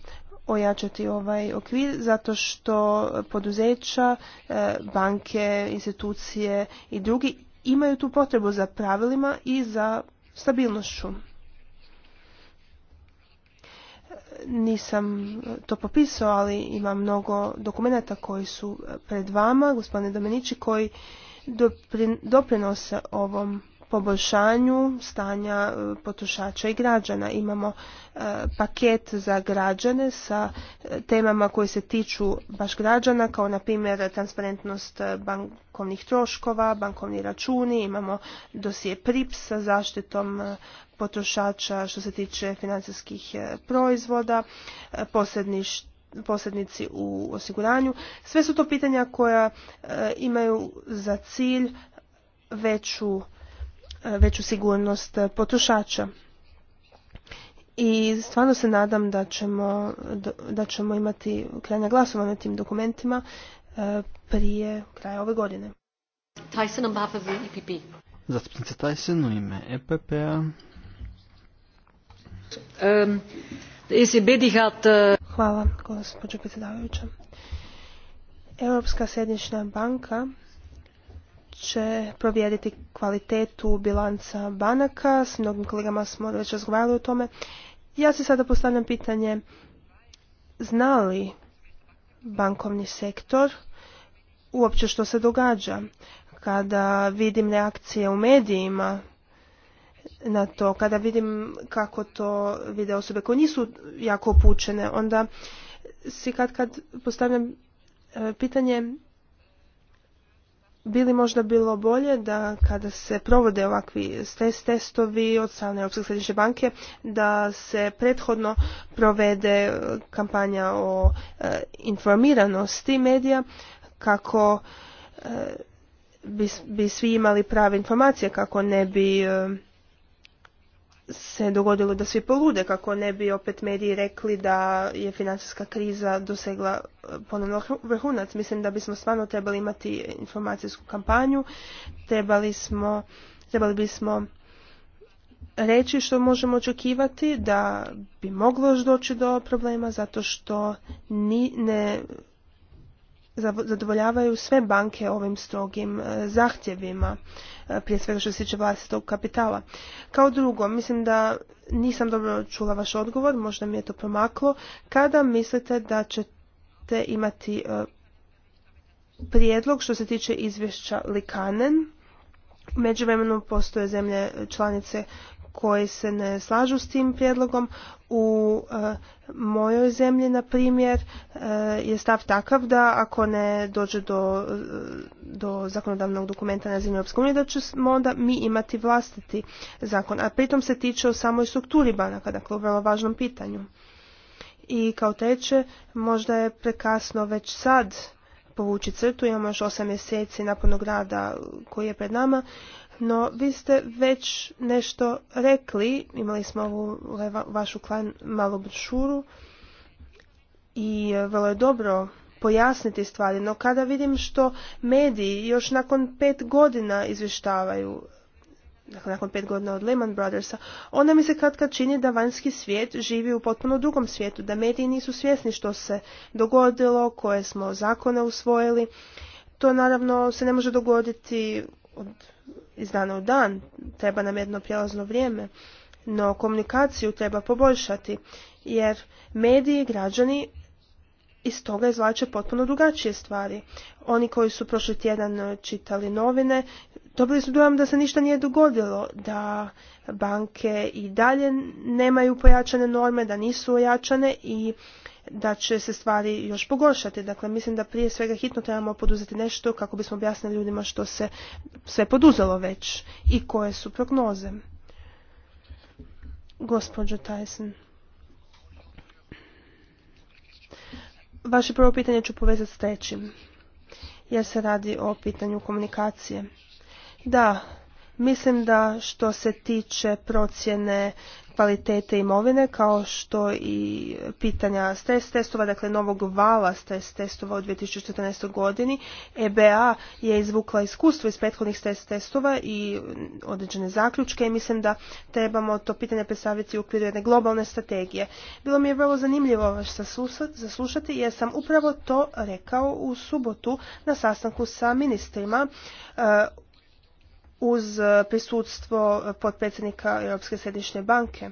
ojačati ovaj okvir zato što poduzeća, e, banke, institucije i drugi imaju tu potrebu za pravilima i za stabilnošću. Nisam to popisao, ali ima mnogo dokumenta koji su pred vama, gospodine Domenići, koji doprinose ovom poboljšanju stanja e, potrošača i građana. Imamo e, paket za građane sa e, temama koje se tiču baš građana, kao na primjer transparentnost bankovnih troškova, bankovni računi, imamo dosije PRIPS sa zaštitom potrošača što se tiče financijskih proizvoda, posrednici u osiguranju. Sve su to pitanja koja imaju za cilj veću veću sigurnost potrošača. I stvarno se nadam da ćemo, da ćemo imati krajnja glasovanja na tim dokumentima e, prije kraja ove godine. Tyson on behalf EPP. E Zastupnica Tyson u ime EPP-a. Um, e uh, Hvala, gospođo predsjedavajuća. Europska središnja banka će provjeriti kvalitetu bilanca banaka. S mnogim kolegama smo već razgovarali o tome. Ja se sada postavljam pitanje zna li bankovni sektor uopće što se događa kada vidim reakcije u medijima na to, kada vidim kako to vide osobe koje nisu jako opučene, onda si kad kad postavljam e, pitanje bili možda bilo bolje da kada se provode ovakvi test testovi od strane Europske središnje banke da se prethodno provede e, kampanja o e, informiranosti medija kako e, bi, svi imali prave informacije kako ne bi se dogodilo da svi polude kako ne bi opet mediji rekli da je financijska kriza dosegla e, ponovno vrhunac. Mislim da bismo stvarno trebali imati informacijsku kampanju, trebali, smo, trebali bismo reći što možemo očekivati da bi moglo još doći do problema zato što ni, ne zadovoljavaju sve banke ovim strogim e, zahtjevima, e, prije svega što se tiče vlastitog kapitala. Kao drugo, mislim da nisam dobro čula vaš odgovor, možda mi je to promaklo, kada mislite da ćete imati e, prijedlog što se tiče izvješća Likanen, međuvremenu postoje zemlje članice koji se ne slažu s tim prijedlogom. U e, mojoj zemlji, na primjer, e, je stav takav da ako ne dođe do, e, zakonodavnog dokumenta na zemlji Europske unije, da ćemo onda mi imati vlastiti zakon. A pritom se tiče o samoj strukturi banaka, dakle o vrlo važnom pitanju. I kao treće, možda je prekasno već sad povući crtu, imamo još osam mjeseci napornog rada koji je pred nama, no, vi ste već nešto rekli, imali smo ovu ovaj, vašu klan malu brošuru i e, vrlo je dobro pojasniti stvari, no kada vidim što mediji još nakon pet godina izvještavaju dakle nakon pet godina od Lehman Brothersa, onda mi se kratka čini da vanjski svijet živi u potpuno drugom svijetu, da mediji nisu svjesni što se dogodilo, koje smo zakone usvojili. To naravno se ne može dogoditi od, iz dana u dan, treba nam jedno prijelazno vrijeme, no komunikaciju treba poboljšati, jer mediji i građani iz toga izvlače potpuno drugačije stvari. Oni koji su prošli tjedan e, čitali novine, dobili su dojam da se ništa nije dogodilo, da banke i dalje nemaju pojačane norme, da nisu ojačane i da će se stvari još pogoršati. Dakle, mislim da prije svega hitno trebamo poduzeti nešto kako bismo objasnili ljudima što se sve poduzelo već i koje su prognoze. Gospođo Tyson. Vaše prvo pitanje ću povezati s trećim, jer se radi o pitanju komunikacije. Da, mislim da što se tiče procjene kvalitete imovine kao što i pitanja stres testova, dakle novog vala stres testova u 2014. godini. EBA je izvukla iskustvo iz prethodnih stres testova i određene zaključke i mislim da trebamo to pitanje predstaviti u okviru jedne globalne strategije. Bilo mi je vrlo zanimljivo vaš zaslušati jer sam upravo to rekao u subotu na sastanku sa ministrima e, uz e, prisutstvo e, potpredsjednika Europske središnje banke.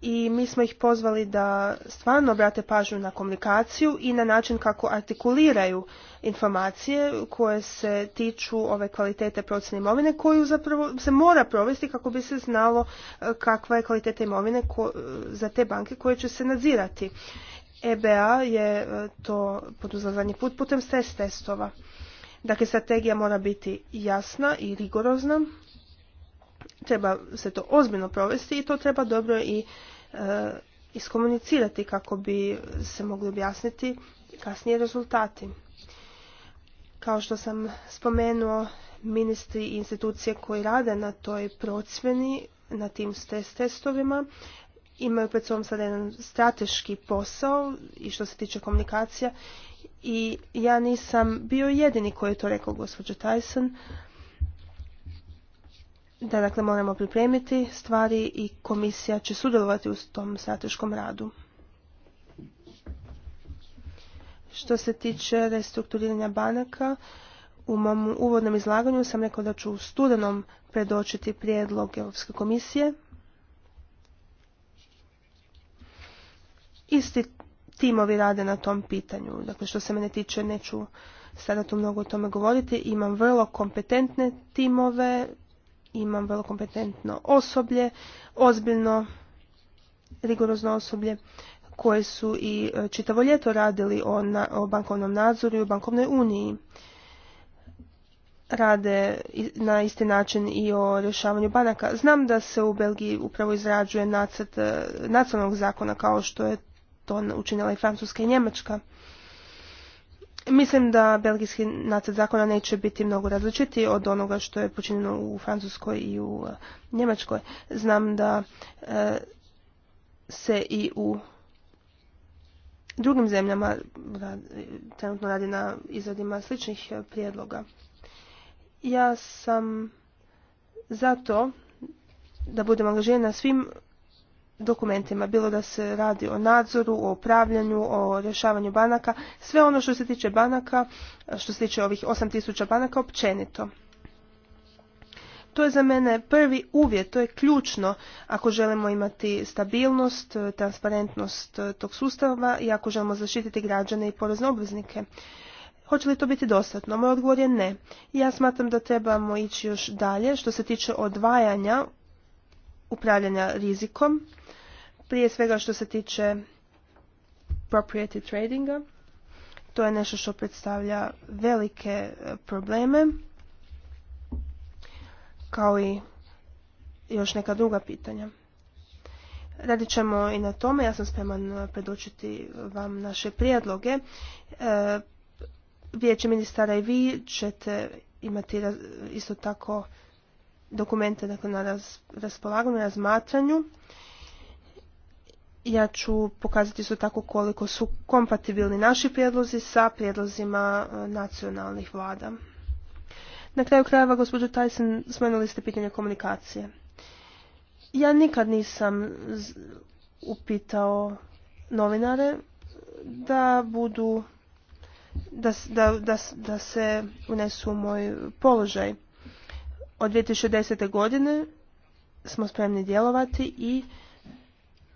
I mi smo ih pozvali da stvarno obrate pažnju na komunikaciju i na način kako artikuliraju informacije koje se tiču ove kvalitete procjene imovine koju zapravo se mora provesti kako bi se znalo e, kakva je kvaliteta imovine za te banke koje će se nadzirati. EBA je to poduzla put putem stres testova. Dakle, strategija mora biti jasna i rigorozna. Treba se to ozbiljno provesti i to treba dobro i e, iskomunicirati kako bi se mogli objasniti kasnije rezultati. Kao što sam spomenuo, ministri i institucije koji rade na toj procjeni, na tim stres testovima, imaju pred sobom sada jedan strateški posao i što se tiče komunikacija i ja nisam bio jedini koji je to rekao gospođo Tyson da dakle moramo pripremiti stvari i komisija će sudjelovati u tom strateškom radu. Što se tiče restrukturiranja banaka, u mom uvodnom izlaganju sam rekao da ću u studenom predočiti prijedlog Europske komisije. Isti timovi rade na tom pitanju. Dakle, što se mene tiče, neću sada tu mnogo o tome govoriti. Imam vrlo kompetentne timove, imam vrlo kompetentno osoblje, ozbiljno, rigorozno osoblje koje su i e, čitavo ljeto radili o, na, bankovnom nadzoru i o bankovnoj uniji. Rade na isti način i o rješavanju banaka. Znam da se u Belgiji upravo izrađuje nacrt e, nacionalnog zakona kao što je to učinila i Francuska i Njemačka. Mislim da belgijski nacrt zakona neće biti mnogo različiti od onoga što je počinjeno u Francuskoj i u e, Njemačkoj. Znam da e, se i u drugim zemljama trenutno radi na izradima sličnih e, prijedloga. Ja sam zato da budem angažirana svim dokumentima, bilo da se radi o nadzoru, o upravljanju, o rješavanju banaka, sve ono što se tiče banaka, što se tiče ovih 8000 banaka općenito. To je za mene prvi uvjet, to je ključno ako želimo imati stabilnost, transparentnost tog sustava i ako želimo zaštititi građane i porezne obveznike. Hoće li to biti dostatno? Moj odgovor je ne. Ja smatram da trebamo ići još dalje što se tiče odvajanja upravljanja rizikom, prije svega što se tiče propriety tradinga. To je nešto što predstavlja velike e, probleme, kao i još neka druga pitanja. Radit ćemo i na tome, ja sam spreman e, predočiti vam naše prijedloge. E, vijeće ministara i vi ćete imati isto tako dokumente dakle, na raspolaganju, na razmatranju. Ja ću pokazati su tako koliko su kompatibilni naši prijedlozi sa prijedlozima e, nacionalnih vlada. Na kraju krajeva, gospođo Tyson, spomenuli ste pitanje komunikacije. Ja nikad nisam upitao novinare da budu da, da, da, da se unesu u moj položaj. Od 2010. godine smo spremni djelovati i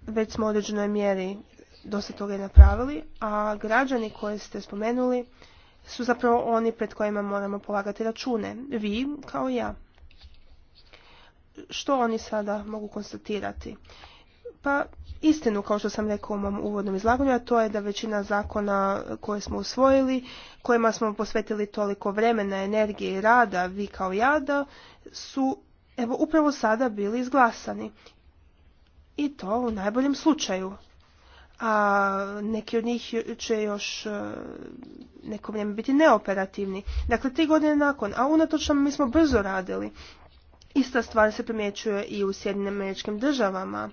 već smo u određenoj mjeri dosta toga i napravili, a građani koje ste spomenuli su zapravo oni pred kojima moramo polagati račune, vi kao ja. Što oni sada mogu konstatirati? Pa istinu, kao što sam rekao u mom uvodnom izlaganju, a to je da većina zakona koje smo usvojili, kojima smo posvetili toliko vremena, energije i rada, vi kao ja, da su evo upravo sada bili izglasani. I to u najboljem slučaju. A neki od njih će još e, neko vrijeme biti neoperativni. Dakle, tri godine nakon, a unatoč mi smo brzo radili. Ista stvar se primjećuje i u Sjedinim američkim državama.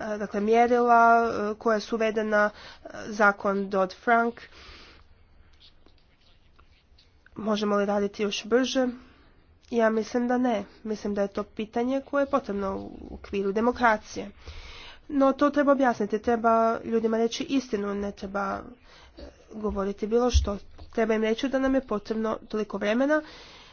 E, dakle, mjerila e, koja su uvedena zakon Dodd-Frank. Možemo li raditi još brže? Ja mislim da ne. Mislim da je to pitanje koje je potrebno u okviru demokracije. No to treba objasniti, treba ljudima reći istinu, ne treba e, govoriti bilo što. Treba im reći da nam je potrebno toliko vremena,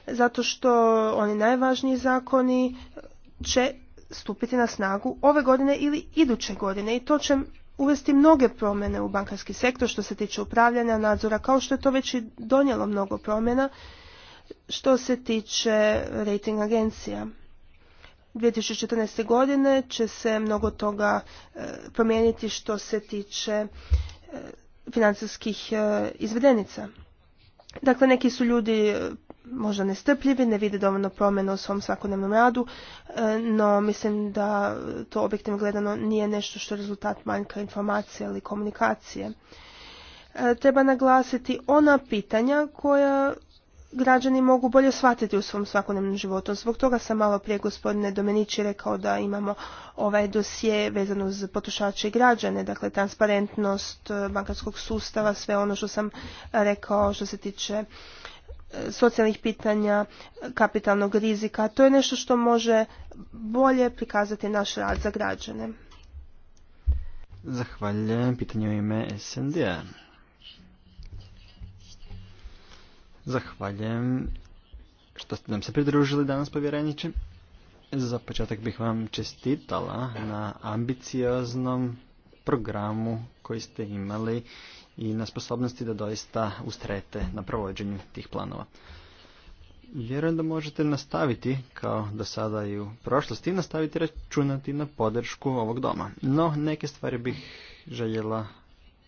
zato što oni najvažniji zakoni e, će stupiti na snagu ove godine ili iduće godine i to će uvesti mnoge promjene u bankarski sektor što se tiče upravljanja, nadzora, kao što je to već i donijelo mnogo promjena što se tiče rating agencija, 2014. godine će se mnogo toga e, promijeniti što se tiče e, financijskih e, izvedenica. Dakle, neki su ljudi možda nestrpljivi, ne vide dovoljno promjena u svom svakodnevnom radu, no mislim da to objektivno gledano nije nešto što je rezultat manjka informacije ili komunikacije. Treba naglasiti ona pitanja koja građani mogu bolje shvatiti u svom svakodnevnom životu. Zbog toga sam malo prije gospodine Domenići rekao da imamo ovaj dosje vezano uz potrošače i građane, dakle transparentnost eh, bankarskog sustava, sve ono što sam rekao što se tiče eh, socijalnih pitanja, kapitalnog rizika. To je nešto što može bolje prikazati naš rad za građane. Zahvaljujem. Pitanje u ime a Zahvaljujem što ste nam se pridružili danas, povjereniče. Za početak bih vam čestitala na ambicioznom programu koji ste imali i na sposobnosti da doista ustrete na provođenju tih planova. Vjerujem da možete nastaviti, kao do sada i u prošlosti, nastaviti računati na podršku ovog doma. No, neke stvari bih željela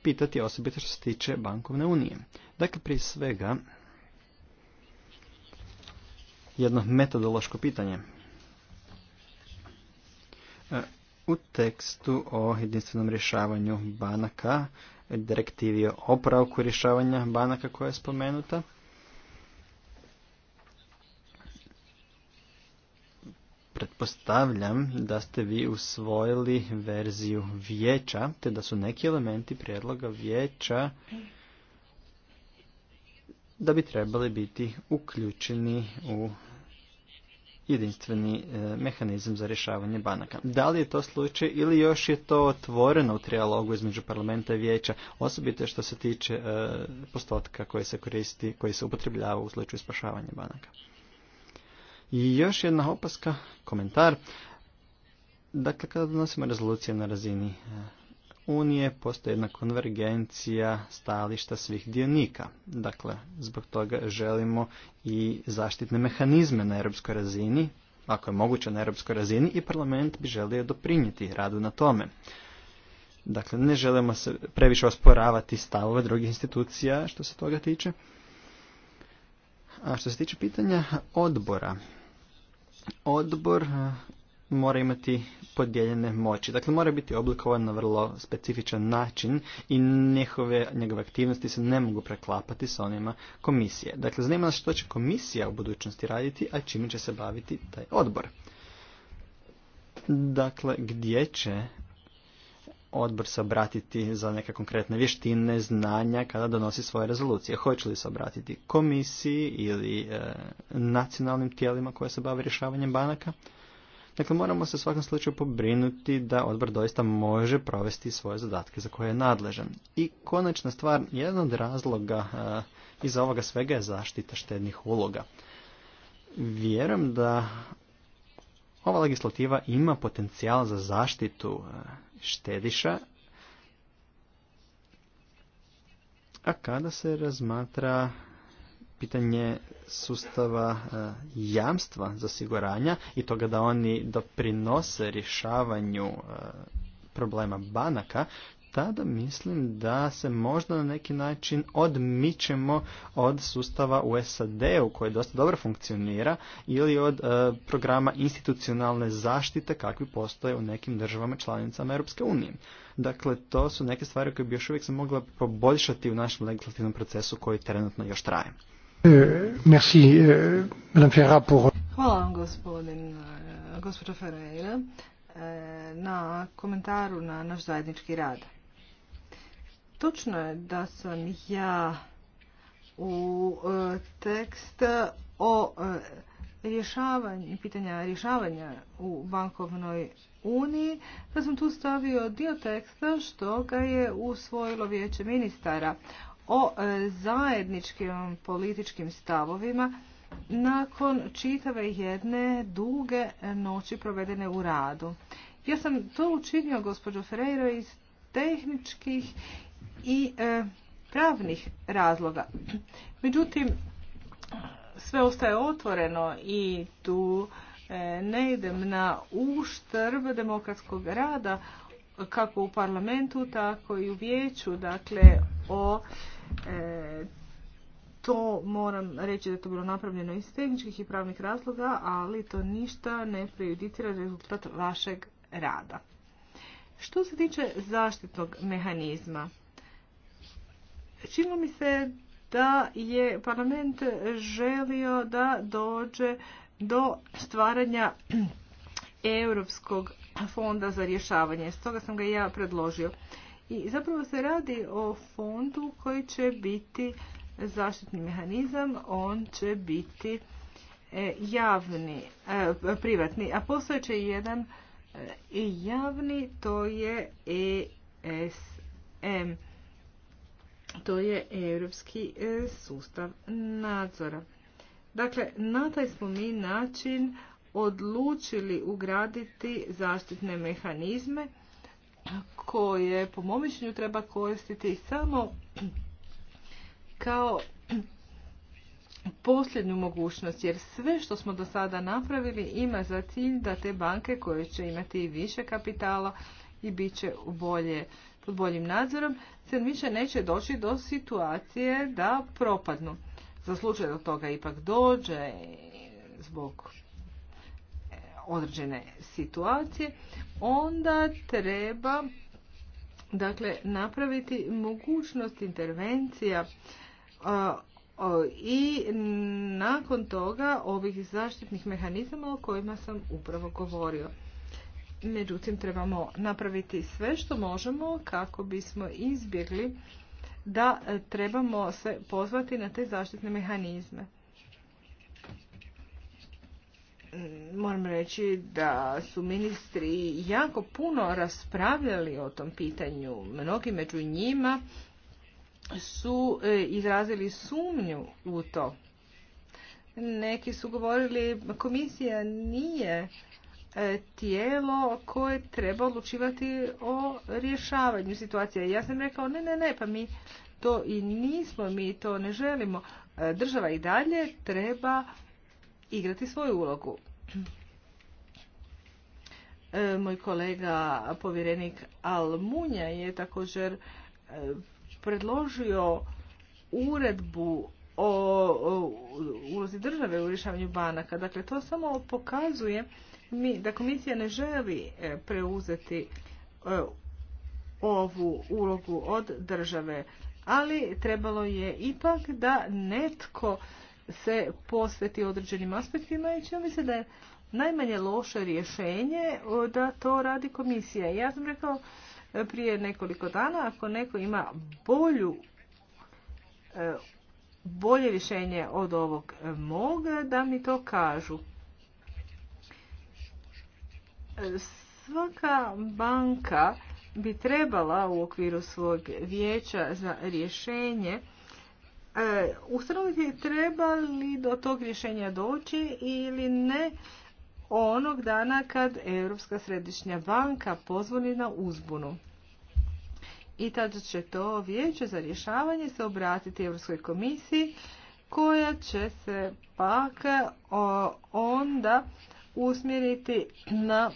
pitati osobito što se tiče bankovne unije. Dakle, prije svega, jedno metodološko pitanje. E, u tekstu o jedinstvenom rješavanju banaka, direktivi o opravku rješavanja banaka koja je spomenuta, pretpostavljam da ste vi usvojili verziju vijeća, te da su neki elementi prijedloga vijeća da bi trebali biti uključeni u jedinstveni e, mehanizam za rješavanje banaka. Da li je to slučaj ili još je to otvoreno u trijalogu između parlamenta i vijeća, osobito što se tiče e, postotka koji se koristi, koji se upotrebljava u slučaju spašavanja banaka. I još jedna opaska, komentar. Dakle, kada donosimo rezolucije na razini e, unije postoji jedna konvergencija stajališta svih dionika. Dakle, zbog toga želimo i zaštitne mehanizme na europskoj razini, ako je moguće na europskoj razini, i parlament bi želio doprinijeti radu na tome. Dakle, ne želimo se previše osporavati stavove drugih institucija što se toga tiče. A što se tiče pitanja odbora, odbor mora imati podijeljene moći. Dakle, mora biti oblikovan na vrlo specifičan način i njegove aktivnosti se ne mogu preklapati sa onima komisije. Dakle, zanima nas što će komisija u budućnosti raditi, a čime će se baviti taj odbor. Dakle, gdje će odbor se obratiti za neke konkretne vještine, znanja kada donosi svoje rezolucije. Hoće li se obratiti komisiji ili e, nacionalnim tijelima koje se bave rješavanjem banaka? Dakle, moramo se u svakom slučaju pobrinuti da odbor doista može provesti svoje zadatke za koje je nadležan. I konačna stvar, jedan od razloga e, iza ovoga svega je zaštita štednih uloga. Vjerujem da ova legislativa ima potencijal za zaštitu e, štediša, a kada se razmatra pitanje sustava e, jamstva za osiguranja i toga da oni doprinose rješavanju e, problema banaka, tada mislim da se možda na neki način odmičemo od sustava u SAD-u koji dosta dobro funkcionira ili od e, programa institucionalne zaštite kakvi postoje u nekim državama članicama Europske unije. Dakle, to su neke stvari koje bi još uvijek se mogla poboljšati u našem legislativnom procesu koji trenutno još traje. Euh, euh, Hvala vam gospodin, eh, gospođo Ferreira eh, na komentaru na naš zajednički rad. Točno je da sam ja u eh, tekst o rješavanju, pitanja rješavanja u bankovnoj uniji, da sam tu stavio dio teksta što ga je usvojilo vijeće ministara o e, zajedničkim političkim stavovima nakon čitave jedne duge noći provedene u radu. Ja sam to učinio, gospođo Ferreiro, iz tehničkih i e, pravnih razloga. Međutim, sve ostaje otvoreno i tu e, ne idem na uštrb demokratskog rada kako u parlamentu, tako i u vijeću, dakle o E, to moram reći da je to bilo napravljeno iz tehničkih i pravnih razloga, ali to ništa ne prejudicira rezultat vašeg rada. Što se tiče zaštitnog mehanizma, čini mi se da je parlament želio da dođe do stvaranja Europskog fonda za rješavanje. Stoga sam ga i ja predložio. I zapravo se radi o fondu koji će biti zaštitni mehanizam, on će biti e, javni, e, privatni, a postojeće jedan i e, javni, to je ESM. To je europski sustav nadzora. Dakle, na taj smo mi način odlučili ugraditi zaštitne mehanizme koje po mom mišljenju treba koristiti samo kao posljednju mogućnost, jer sve što smo do sada napravili ima za cilj da te banke koje će imati više kapitala i bit će bolje, pod boljim nadzorom, se više neće doći do situacije da propadnu. Za slučaj da toga ipak dođe zbog e, određene situacije, onda treba dakle napraviti mogućnost intervencija i nakon toga ovih zaštitnih mehanizama o kojima sam upravo govorio. Međutim, trebamo napraviti sve što možemo kako bismo izbjegli da e, trebamo se pozvati na te zaštitne mehanizme moram reći da su ministri jako puno raspravljali o tom pitanju. Mnogi među njima su e, izrazili sumnju u to. Neki su govorili komisija nije e, tijelo koje treba odlučivati o rješavanju situacije. Ja sam rekao ne, ne, ne, pa mi to i nismo, mi to ne želimo. E, država i dalje treba igrati svoju ulogu. E, moj kolega povjerenik Almunja je također e, predložio uredbu o, ulozi države u rješavanju banaka. Dakle, to samo pokazuje mi, da komisija ne želi e, preuzeti ovu ulogu od države, ali trebalo je ipak da netko se posveti određenim aspektima i čini mi se da je najmanje loše rješenje da to radi komisija. Ja sam rekao e, prije nekoliko dana, ako neko ima bolju e, bolje rješenje od ovog mog, da mi to kažu. E, svaka banka bi trebala u okviru svog vijeća za rješenje E, ustanoviti treba li do tog rješenja doći ili ne onog dana kad Europska središnja banka pozvoni na uzbunu. I tada će to vijeće za rješavanje se obratiti Europskoj komisiji koja će se pak onda usmjeriti na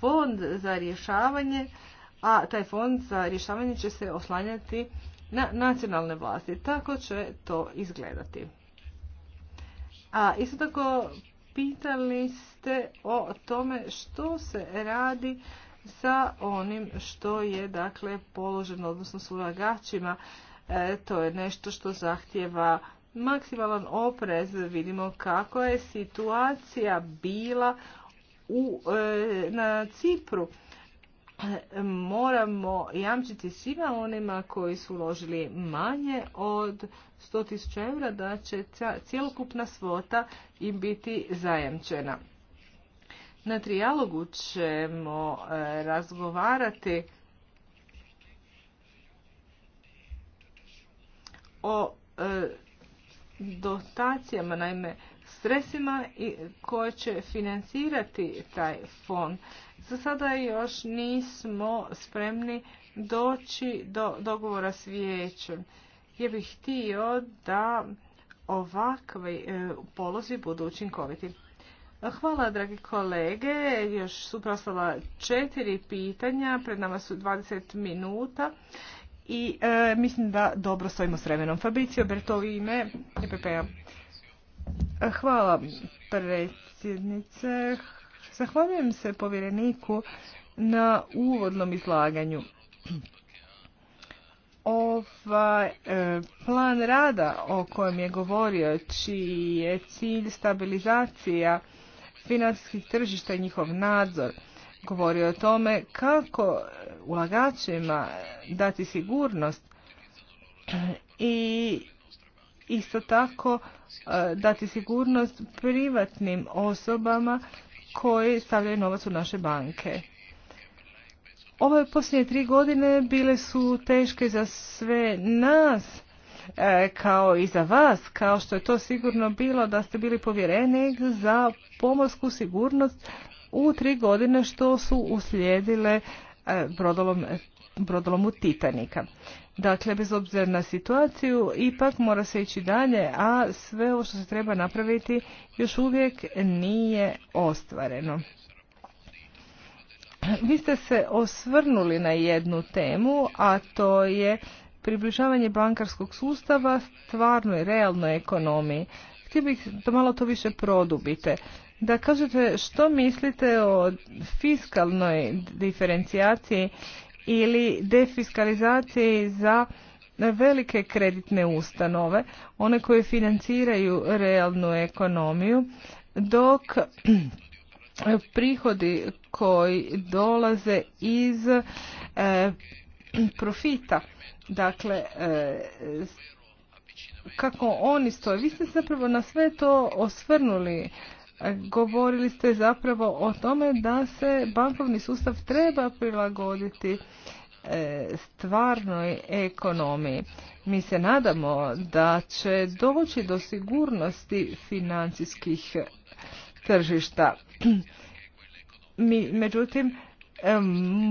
fond za rješavanje, a taj fond za rješavanje će se oslanjati na nacionalne vlasti. Tako će to izgledati. A isto tako pitali ste o tome što se radi sa onim što je dakle položeno, odnosno s ulagačima. E, to je nešto što zahtjeva maksimalan oprez. Vidimo kako je situacija bila u, e, na Cipru pa, moramo jamčiti svima onima koji su uložili manje od 100.000 eura da će cjelokupna svota im biti zajamčena. Na trijalogu ćemo e, razgovarati o e, dotacijama, naime sredstvima koje će financirati taj fond. Za sada još nismo spremni doći do dogovora s vijećem. Ja bih htio da ovakvi e, polozi budu učinkoviti. Hvala, dragi kolege. Još su prostala četiri pitanja. Pred nama su 20 minuta i e, mislim da dobro stojimo s vremenom. Fabricio Bertovi ime EPP-a. Hvala predsjednice. Zahvaljujem se povjereniku na uvodnom izlaganju. Ovaj e, plan rada o kojem je govorio, čiji je cilj stabilizacija financijskih tržišta i njihov nadzor, govorio o tome kako ulagačima dati sigurnost i isto tako e, dati sigurnost privatnim osobama koji stavljaju novac u naše banke. Ove posljednje tri godine bile su teške za sve nas, e, kao i za vas, kao što je to sigurno bilo da ste bili povjerenik za pomorsku sigurnost u tri godine što su uslijedile e, brodolom, brodolomu Titanika. Dakle, bez obzira na situaciju, ipak mora se ići dalje, a sve ovo što se treba napraviti još uvijek nije ostvareno. Vi ste se osvrnuli na jednu temu, a to je približavanje bankarskog sustava stvarnoj, realnoj ekonomiji. Htio bih da malo to više produbite. Da kažete što mislite o fiskalnoj diferencijaciji ili defiskalizacije za velike kreditne ustanove, one koje financiraju realnu ekonomiju, dok prihodi koji dolaze iz e, profita, dakle e, kako oni stoje. Vi ste zapravo na sve to osvrnuli govorili ste zapravo o tome da se bankovni sustav treba prilagoditi e, stvarnoj ekonomiji. Mi se nadamo da će doći do sigurnosti financijskih tržišta. Mi, međutim, e,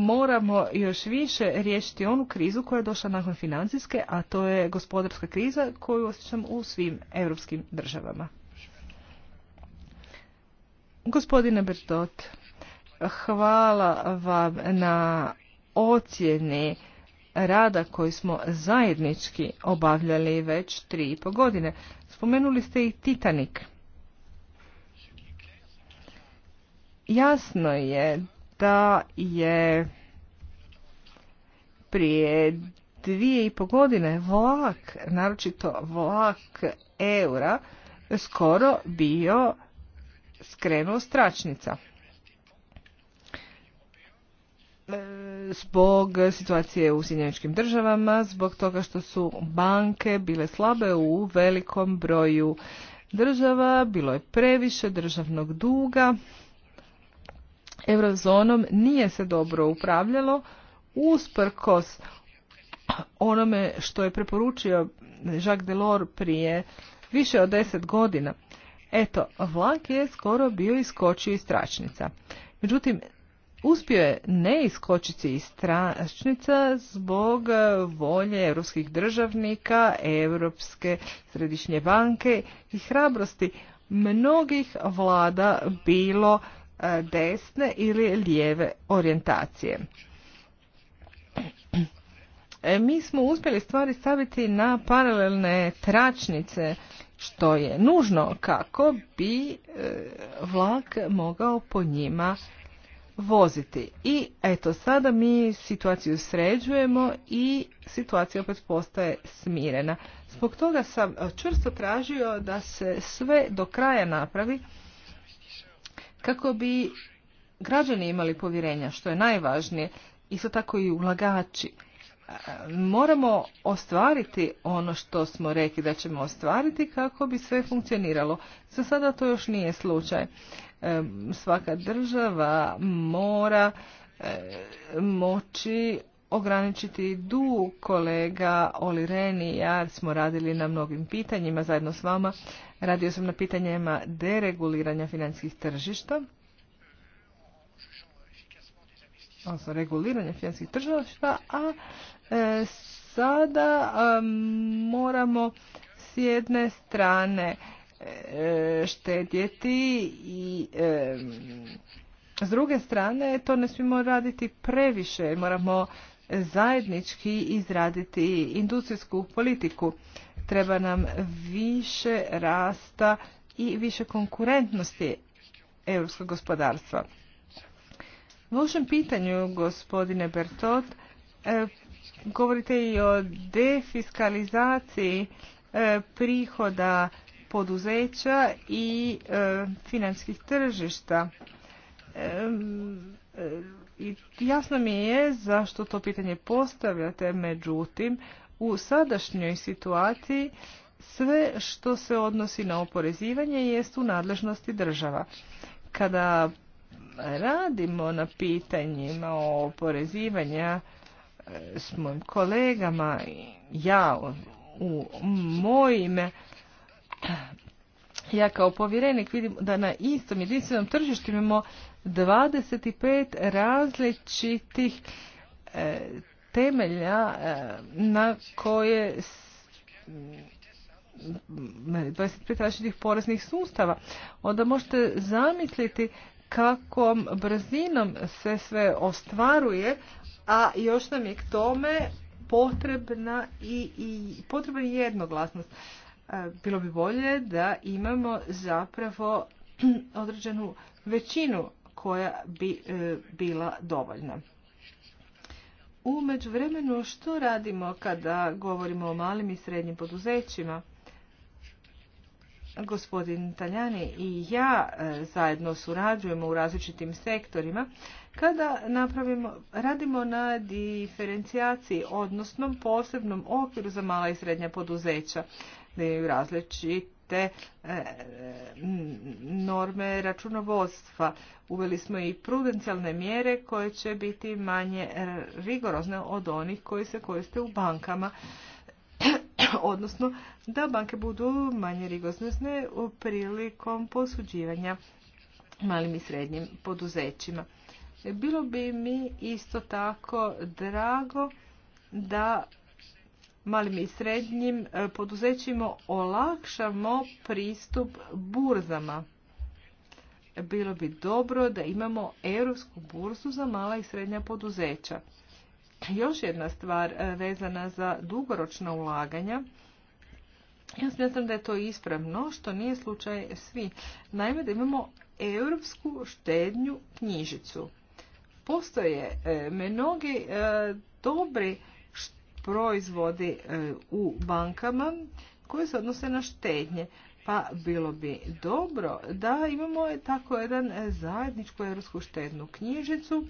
moramo još više riješiti onu krizu koja je došla nakon financijske, a to je gospodarska kriza koju osjećam u svim europskim državama. Gospodine Bertot, hvala vam na ocjeni rada koji smo zajednički obavljali već tri i po godine. Spomenuli ste i Titanik. Jasno je da je prije dvije i po godine vlak, naročito vlak eura, skoro bio skrenuo stračnica. E, zbog situacije u sinjeničkim državama, zbog toga što su banke bile slabe u velikom broju država, bilo je previše državnog duga. Eurozonom nije se dobro upravljalo usprkos onome što je preporučio Jacques Delors prije više od deset godina. Eto, vlak je skoro bio iskočio iz tračnica. Međutim, uspio je ne iskočiti iz tračnica zbog e, volje europskih državnika, Europske središnje banke i hrabrosti mnogih vlada bilo e, desne ili lijeve orijentacije. E, mi smo uspjeli stvari staviti na paralelne tračnice što je nužno kako bi e, vlak mogao po njima voziti. I eto, sada mi situaciju sređujemo i situacija opet postaje smirena. Zbog toga sam e, čvrsto tražio da se sve do kraja napravi kako bi građani imali povjerenja, što je najvažnije, isto tako i ulagači moramo ostvariti ono što smo rekli da ćemo ostvariti kako bi sve funkcioniralo. Za sada to još nije slučaj. E, svaka država mora e, moći ograničiti dug kolega Oli Reni i ja smo radili na mnogim pitanjima zajedno s vama. Radio sam na pitanjima dereguliranja financijskih tržišta odnosno reguliranje financijskih tržišta, a e, sada moramo s jedne strane e, štedjeti i e, s druge strane to ne smijemo raditi previše, moramo zajednički izraditi industrijsku politiku. Treba nam više rasta i više konkurentnosti europskog gospodarstva. U vašem pitanju, gospodine Bertot, e, govorite i o defiskalizaciji e, prihoda poduzeća i e, financijskih tržišta. Jasno mi je zašto to pitanje postavljate, međutim, u sadašnjoj situaciji sve što se odnosi na oporezivanje jest u nadležnosti država. Kada radimo na pitanjima o porezivanja e, s mojim kolegama, ja u ime ja kao povjerenik vidim da na istom jedinstvenom tržištu imamo 25 različitih e, temelja e, na koje 25 različitih poreznih sustava. Onda možete zamisliti kakvom brzinom se sve ostvaruje, a još nam je k tome potrebna i, i potrebna jednoglasnost. E, bilo bi bolje da imamo zapravo određenu većinu koja bi e, bila dovoljna. U međuvremenu što radimo kada govorimo o malim i srednjim poduzećima? gospodin Taljani i ja e, zajedno surađujemo u različitim sektorima kada napravimo, radimo na diferencijaciji, odnosno posebnom okviru za mala i srednja poduzeća, da imaju različite e, norme računovodstva. Uveli smo i prudencijalne mjere koje će biti manje rigorozne od onih koji se koriste u bankama. odnosno da banke budu manje rigoznosne u prilikom posuđivanja malim i srednjim poduzećima. Bilo bi mi isto tako drago da malim i srednjim e, poduzećima olakšamo pristup burzama. Bilo bi dobro da imamo europsku burzu za mala i srednja poduzeća. Još jedna stvar e, vezana za dugoročna ulaganja. Ja smatram da je to ispravno, što nije slučaj svi. Naime, da imamo europsku štednju knjižicu. Postoje e, mnogi e, dobri proizvodi u bankama koji se odnose na štednje. Pa bilo bi dobro da imamo tako jedan zajedničku europsku štednu knjižicu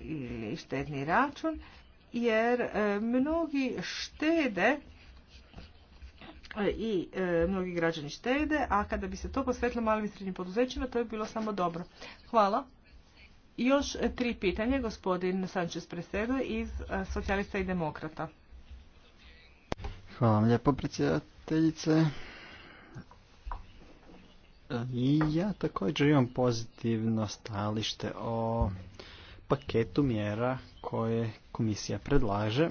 ili e, štedni račun jer e, mnogi štede e, i mnogi građani štede, a kada bi se to posvetilo malim i srednjim poduzećima, to je bilo samo dobro. Hvala. Još tri pitanja, gospodin Sanchez Presedo iz Socijalista i Demokrata. Hvala vam lijepo, predsjedateljice. I ja također imam pozitivno stajalište o paketu mjera koje komisija predlaže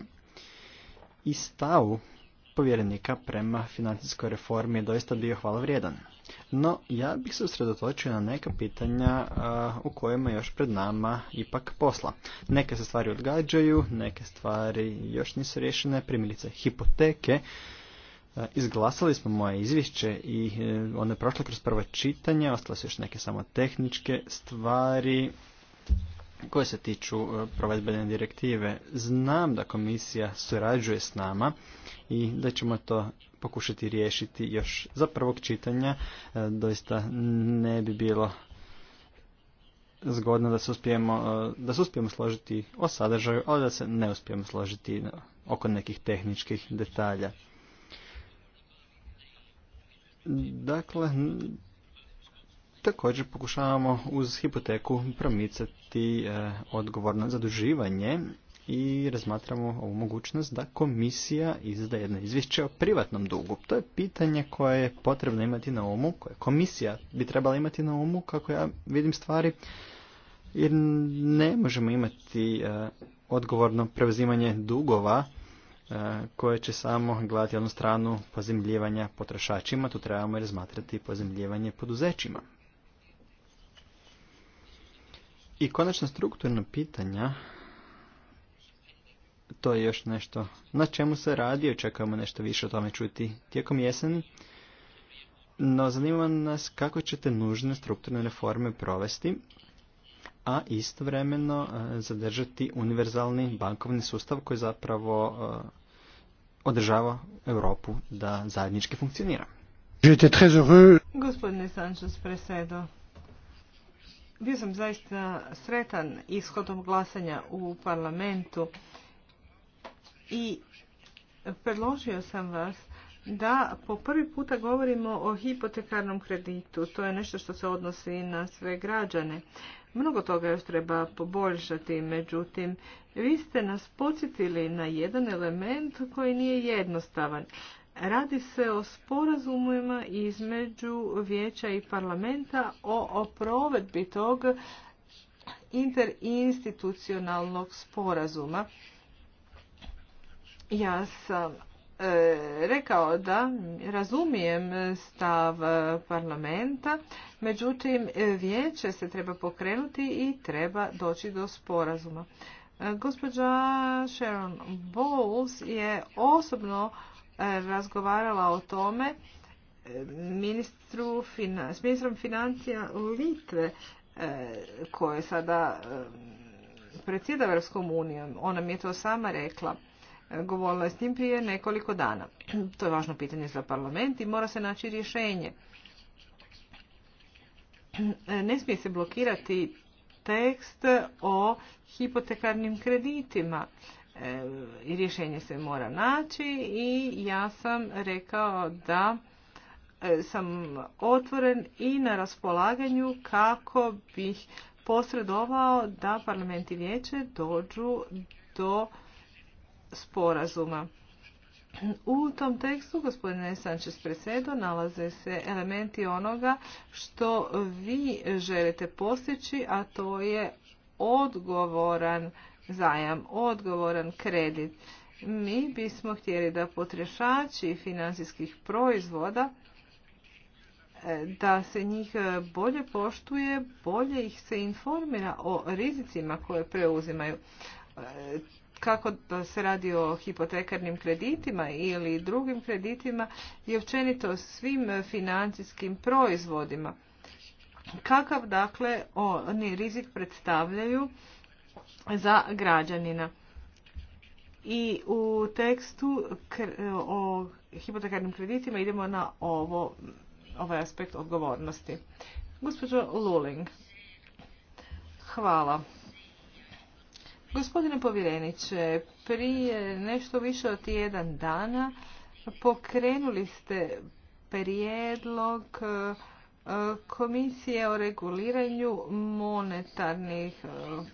i stavu povjerenika prema financijskoj reformi je doista bio hvala vrijedan. No, ja bih se usredotočio na neka pitanja u kojima još pred nama ipak posla. Neke se stvari odgađaju, neke stvari još nisu riješene, primjerice hipoteke. izglasali smo moje izvješće i e, ono je prošlo kroz prvo čitanje, ostale su još neke samo tehničke stvari, koje se tiču e, provedbene direktive. Znam da komisija surađuje s nama i da ćemo to pokušati riješiti još za prvog čitanja. E, doista ne bi bilo zgodno da se uspijemo, e, da se uspijemo složiti o sadržaju, ali da se ne uspijemo složiti oko nekih tehničkih detalja. Dakle, Također pokušavamo uz hipoteku promicati e, odgovorno zaduživanje i razmatramo ovu mogućnost da komisija izda jedno izvješće o privatnom dugu. To je pitanje koje je potrebno imati na umu, koje komisija bi trebala imati na umu kako ja vidim stvari, jer ne možemo imati e, odgovorno preuzimanje dugova e, koje će samo gledati jednu stranu pozemljivanja potrošačima, tu trebamo i razmatrati pozemljivanje poduzećima. I konačno strukturna pitanja, to je još nešto na čemu se radi, očekujemo nešto više o tome čuti tijekom jeseni. No zanima nas kako ćete nužne strukturne reforme provesti, a istovremeno e, zadržati univerzalni bankovni sustav koji zapravo e, održava Europu da zajednički funkcionira. Gospodine Sanchez Presedo, bio sam zaista sretan ishodom glasanja u parlamentu i predložio sam vas da po prvi puta govorimo o hipotekarnom kreditu. To je nešto što se odnosi na sve građane. Mnogo toga još treba poboljšati, međutim, vi ste nas podsjetili na jedan element koji nije jednostavan. Radi se o sporazumima između vijeća i parlamenta o, o provedbi tog interinstitucionalnog sporazuma. Ja sam e, rekao da razumijem stav parlamenta, međutim vijeće se treba pokrenuti i treba doći do sporazuma. E, gospođa Sharon Bowles je osobno E, razgovarala o tome e, s ministrom financija Litve e, koje sada predsjeda Europskom unijom. Ona mi je to sama rekla. Govorila je s njim prije nekoliko dana. To je važno pitanje za parlament i mora se naći rješenje. Ne smije se blokirati tekst o hipotekarnim kreditima. E, i rješenje se mora naći i ja sam rekao da e, sam otvoren i na raspolaganju kako bih posredovao da parlament i vijeće dođu do sporazuma. U tom tekstu, gospodine Sanchez Presedo, nalaze se elementi onoga što vi želite postići, a to je odgovoran zajam, odgovoran kredit. Mi bismo htjeli da potrešači financijskih proizvoda e, da se njih bolje poštuje, bolje ih se informira o rizicima koje preuzimaju. E, kako da se radi o hipotekarnim kreditima ili drugim kreditima i općenito svim financijskim proizvodima. Kakav dakle oni rizik predstavljaju za građanina. I u tekstu o hipotekarnim kreditima idemo na ovo, ovaj aspekt odgovornosti. Gospođo Luling, hvala. Gospodine povjereniče, prije nešto više od jedan dana pokrenuli ste prijedlog komisije o reguliranju monetarnih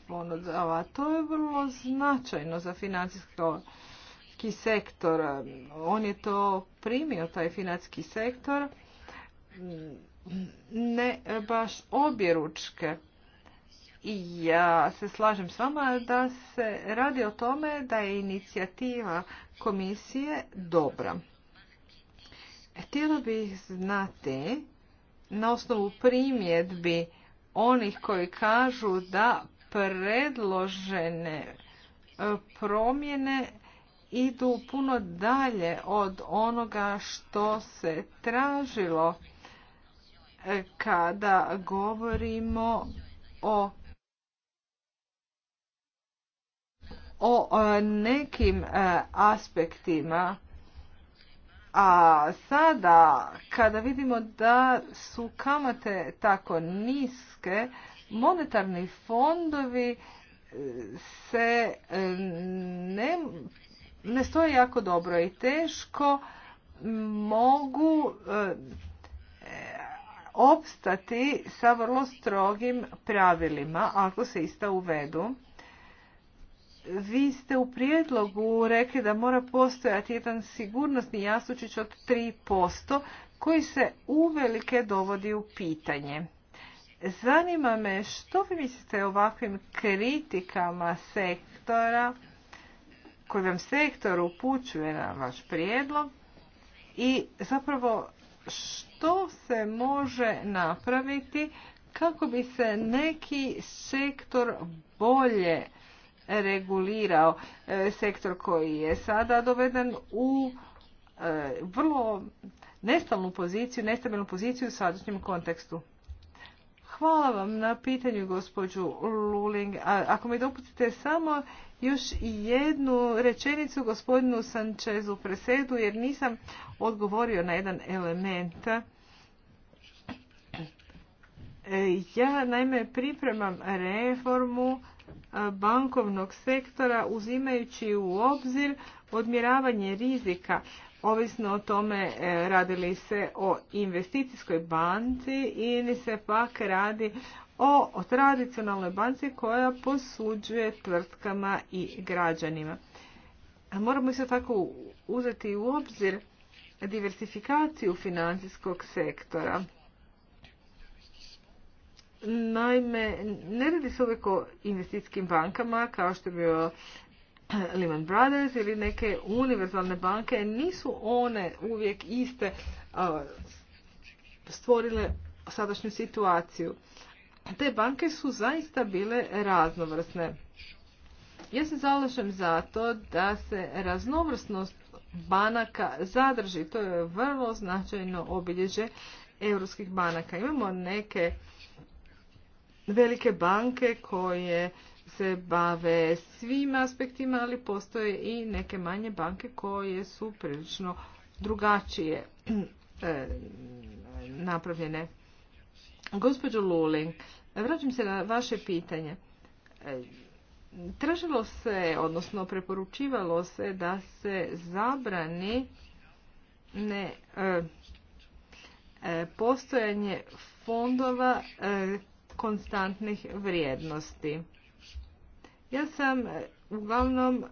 ponudava. E, to je vrlo značajno za financijski sektor. On je to primio, taj financijski sektor, ne baš objeručke. I ja se slažem s vama da se radi o tome da je inicijativa komisije dobra. Htjela bih znati na osnovu primjedbi onih koji kažu da predložene e, promjene idu puno dalje od onoga što se tražilo e, kada govorimo o o e, nekim aspektima a sada, kada vidimo da su kamate tako niske, monetarni fondovi e, se e, ne, ne stoje jako dobro i teško mogu e, opstati sa vrlo strogim pravilima ako se ista uvedu vi ste u prijedlogu rekli da mora postojati jedan sigurnosni jastučić od 3% koji se uvelike dovodi u pitanje. Zanima me što vi mislite o ovakvim kritikama sektora koji vam sektor upućuje na vaš prijedlog i zapravo što se može napraviti kako bi se neki sektor bolje regulirao e, sektor koji je sada doveden u e, vrlo nestalnu poziciju, nestabilnu poziciju u sadašnjem kontekstu. Hvala vam na pitanju, gospođu Luling. ako mi dopustite samo još jednu rečenicu gospodinu Sančezu presedu, jer nisam odgovorio na jedan element. E, ja naime pripremam reformu bankovnog sektora uzimajući u obzir odmjeravanje rizika ovisno o tome e, radili se o investicijskoj banci ili se pak radi o, o tradicionalnoj banci koja posuđuje tvrtkama i građanima. Moramo se tako uzeti u obzir diversifikaciju financijskog sektora. Naime, ne radi se uvijek o investicijskim bankama kao što je bio eh, Lehman Brothers ili neke univerzalne banke. Nisu one uvijek iste eh, stvorile sadašnju situaciju. Te banke su zaista bile raznovrsne. Ja se zalažem za to da se raznovrsnost banaka zadrži. To je vrlo značajno obilježje europskih banaka. Imamo neke velike banke koje se bave svim aspektima, ali postoje i neke manje banke koje su prilično drugačije e, napravljene. Gospođo Luling, vraćam se na vaše pitanje. E, tražilo se, odnosno preporučivalo se da se zabrani ne, e, postojanje fondova konstantnih vrijednosti. Ja sam e, uglavnom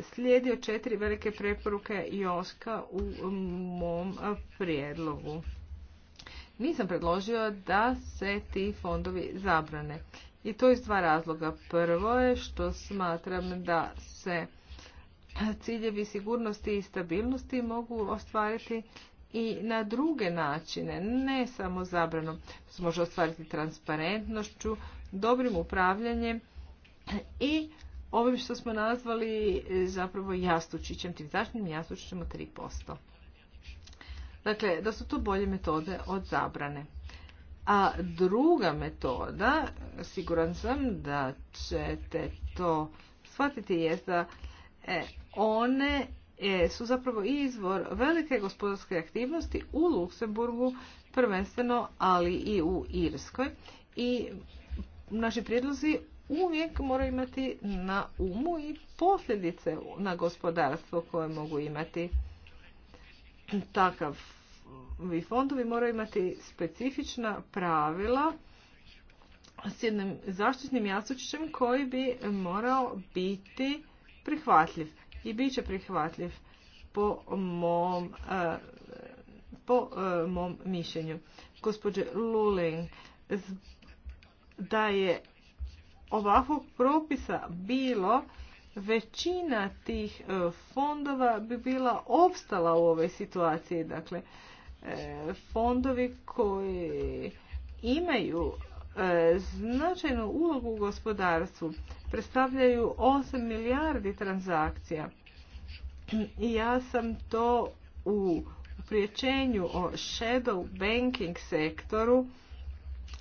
slijedio četiri velike preporuke Joska u e, mom e, prijedlogu. Nisam predložio da se ti fondovi zabrane. I to iz dva razloga. Prvo je što smatram da se ciljevi sigurnosti i stabilnosti mogu ostvariti i na druge načine, ne samo zabranom. Se može ostvariti transparentnošću, dobrim upravljanjem i ovim što smo nazvali e, zapravo jastučićem, tim zaštitnim jastučićem od 3%. Dakle, da su to bolje metode od zabrane. A druga metoda, siguran sam da ćete to shvatiti, je da e, one E, su zapravo izvor velike gospodarske aktivnosti u Luksemburgu prvenstveno, ali i u Irskoj. I naši prijedlozi uvijek moraju imati na umu i posljedice na gospodarstvo koje mogu imati takav fondovi moraju imati specifična pravila s jednim zaštitnim jasučićem koji bi morao biti prihvatljiv i bit će prihvatljiv po mom, eh, po eh, mom mišljenju. Gospođe Luling, da je ovakvog propisa bilo, većina tih eh, fondova bi bila opstala u ovoj situaciji. Dakle, fondovi koji imaju E, značajnu ulogu u gospodarstvu. Predstavljaju 8 milijardi transakcija. I ja sam to u priječenju o shadow banking sektoru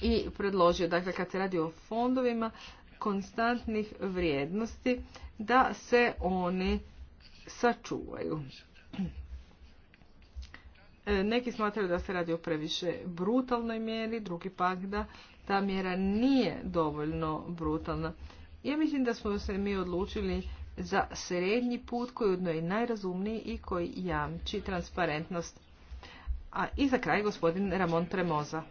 i predložio, dakle kad se radi o fondovima konstantnih vrijednosti, da se oni sačuvaju. E, neki smatraju da se radi o previše brutalnoj mjeri, drugi pak da ta mjera nije dovoljno brutalna. Ja mislim da smo se mi odlučili za srednji put koji je najrazumniji i koji jamči transparentnost. A i za kraj gospodin Ramon Premoza.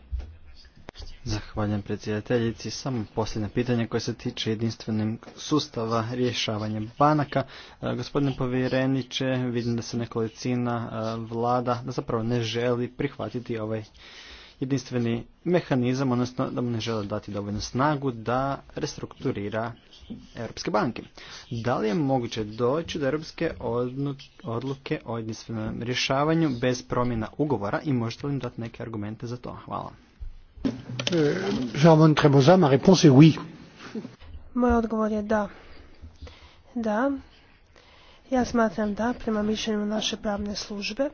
Zahvaljam predsjedateljici. Samo posljednje pitanje koje se tiče jedinstvenog sustava rješavanja banaka. E, gospodine povjereniče, vidim da se nekolicina e, vlada zapravo ne želi prihvatiti ovaj jedinstveni mehanizam, odnosno da mu ne žele dati dovoljnu snagu da restrukturira europske banke. Da li je moguće doći do europske odluke o jedinstvenom rješavanju bez promjena ugovora i možete li im dati neke argumente za to? Hvala. Eh, Moj odgovor je da. Da. Ja smatram da, prema mišljenju naše pravne službe,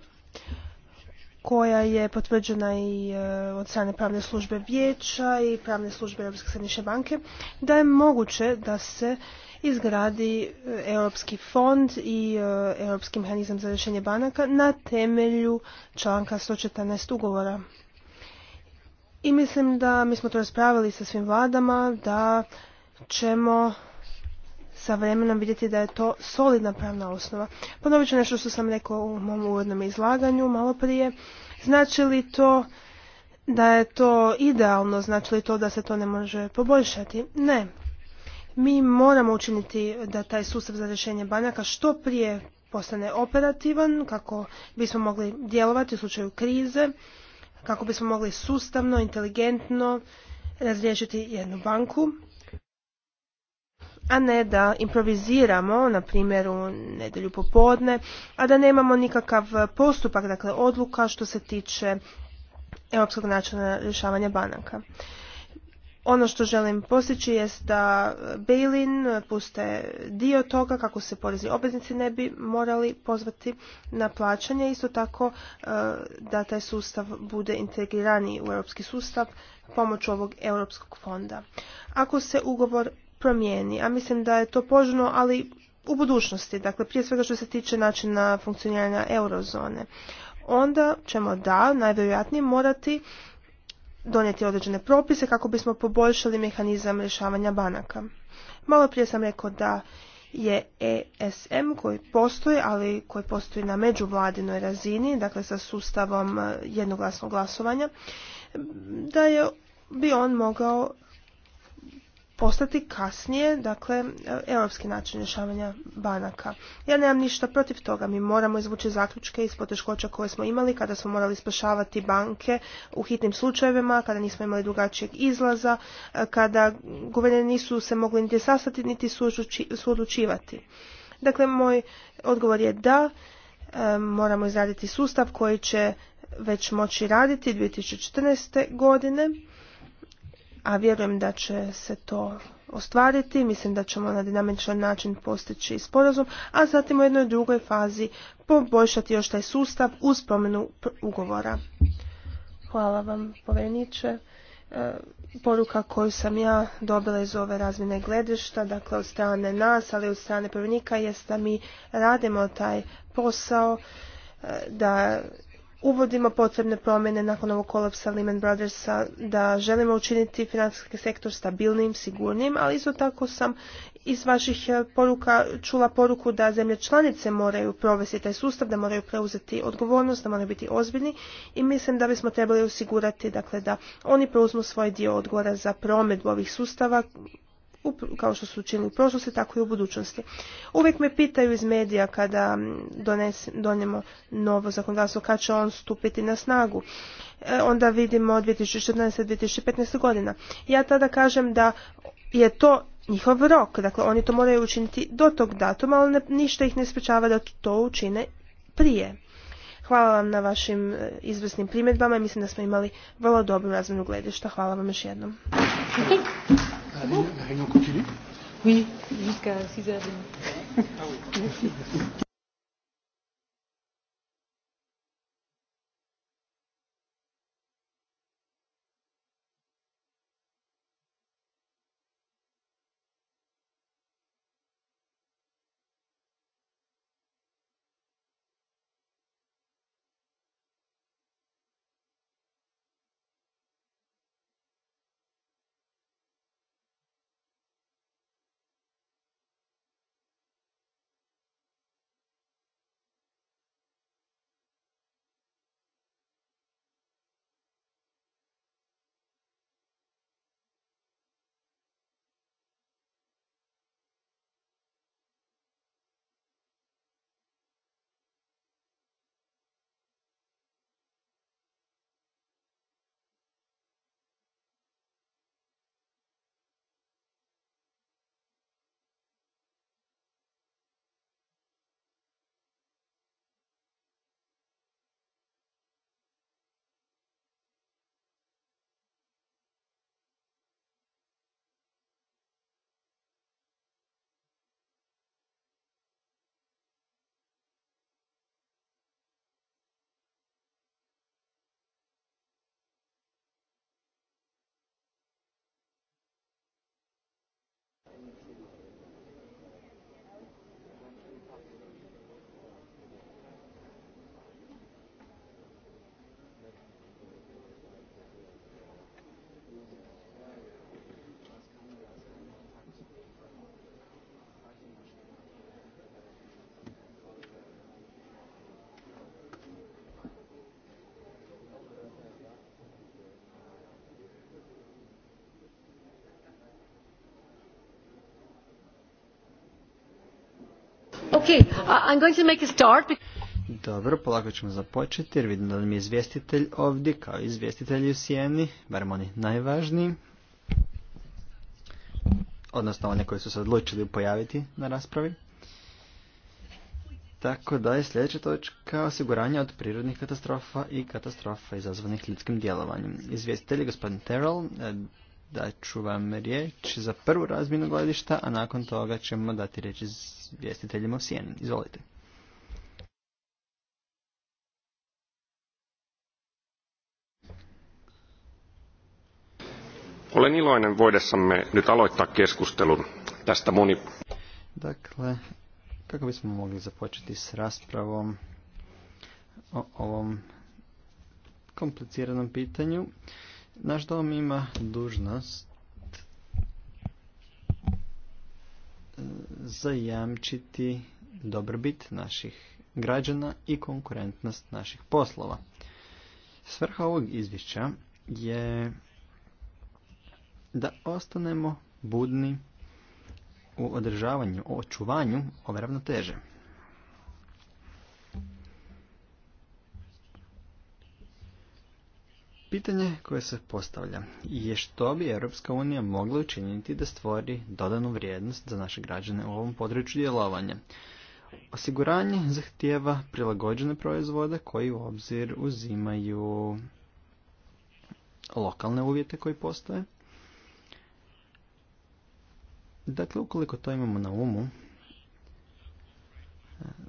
koja je potvrđena i e, od strane pravne službe vijeća i pravne službe Europske središnje banke, da je moguće da se izgradi e, Europski fond i e, Europski mehanizam za rješenje banaka na temelju članka 114 ugovora. I mislim da mi smo to raspravili sa svim vladama, da ćemo sa vremenom vidjeti da je to solidna pravna osnova. Ponovit ću nešto što sam rekao u mom uvodnom izlaganju malo prije. Znači li to da je to idealno, znači li to da se to ne može poboljšati? Ne. Mi moramo učiniti da taj sustav za rješenje banaka što prije postane operativan, kako bismo mogli djelovati u slučaju krize, kako bismo mogli sustavno, inteligentno razriješiti jednu banku a ne da improviziramo, na primjer u nedjelju popodne, a da nemamo nikakav postupak, dakle odluka što se tiče europskog načina rješavanja banaka. Ono što želim postići jest da Bailin puste dio toga kako se porezni obveznici ne bi morali pozvati na plaćanje, isto tako e, da taj sustav bude integrirani u europski sustav pomoću ovog europskog fonda. Ako se ugovor promijeni. A mislim da je to poželjno, ali u budućnosti, dakle prije svega što se tiče načina funkcioniranja eurozone. Onda ćemo da, najvjerojatnije, morati donijeti određene propise kako bismo poboljšali mehanizam rješavanja banaka. Malo prije sam rekao da je ESM koji postoji, ali koji postoji na međuvladinoj razini, dakle sa sustavom eh, jednoglasnog glasovanja, da je bi on mogao postati kasnije, dakle, e, europski način rješavanja banaka. Ja nemam ništa protiv toga, mi moramo izvući zaključke iz poteškoća koje smo imali kada smo morali spašavati banke u hitnim slučajevima, kada nismo imali drugačijeg izlaza, e, kada guverneri nisu se mogli niti sastati, niti suodlučivati. Dakle, moj odgovor je da, e, moramo izraditi sustav koji će već moći raditi 2014. godine, a vjerujem da će se to ostvariti. Mislim da ćemo na dinamičan način postići sporazum, a zatim u jednoj drugoj fazi poboljšati još taj sustav uz promjenu ugovora. Hvala vam, povjereniče. E, poruka koju sam ja dobila iz ove razmjene gledišta, dakle od strane nas, ali od strane povjerenika, jest da mi radimo taj posao, e, da uvodimo potrebne promjene nakon ovog kolapsa Lehman Brothersa, da želimo učiniti financijski sektor stabilnim, sigurnim, ali isto tako sam iz vaših eh, poruka čula poruku da zemlje članice moraju provesti taj sustav, da moraju preuzeti odgovornost, da moraju biti ozbiljni i mislim da bismo trebali osigurati dakle, da oni preuzmu svoj dio odgovora za promjenu ovih sustava kao što su učinili u prošlosti, tako i u budućnosti. Uvijek me pitaju iz medija kada donijemo novo zakonodavstvo, kad će on stupiti na snagu. E, onda vidimo 2014-2015 godina. Ja tada kažem da je to njihov rok, dakle oni to moraju učiniti do tog datuma, ali ništa ih ne sprečava da to učine prije. Hvala vam na vašim e, izvrsnim primjedbama i mislim da smo imali vrlo dobru razmjenu gledišta. Hvala vam još jednom. La réunion, la réunion continue Oui, jusqu'à 6h30. Ah oui. Merci. Okay, I'm Dobro, polako ćemo započeti jer vidim da nam je izvjestitelj ovdje, kao izvjestitelj u sjeni, barem oni najvažniji. Odnosno oni koji su se odlučili pojaviti na raspravi. Tako da je sljedeća točka osiguranja od prirodnih katastrofa i katastrofa izazvanih ljudskim djelovanjem. Izvjestitelj je gospodin Terrell, da ću vam riječ za prvu razminu gledišta, a nakon toga ćemo dati riječ vjestiteljima u Sijenin. Izvolite. Olen iloinen voidessamme nyt aloittaa keskustelun tästä moni... Dakle, kako bismo mogli započeti s raspravom o ovom kompliciranom pitanju. Naš dom ima dužnost e, zajamčiti dobrobit naših građana i konkurentnost naših poslova. Svrha ovog izvješća je da ostanemo budni u održavanju, u očuvanju ove ravnoteže. Pitanje koje se postavlja je što bi Europska unija mogla učiniti da stvori dodanu vrijednost za naše građane u ovom području djelovanja. Osiguranje zahtijeva prilagođene proizvode koji u obzir uzimaju lokalne uvjete koji postoje. Dakle, ukoliko to imamo na umu,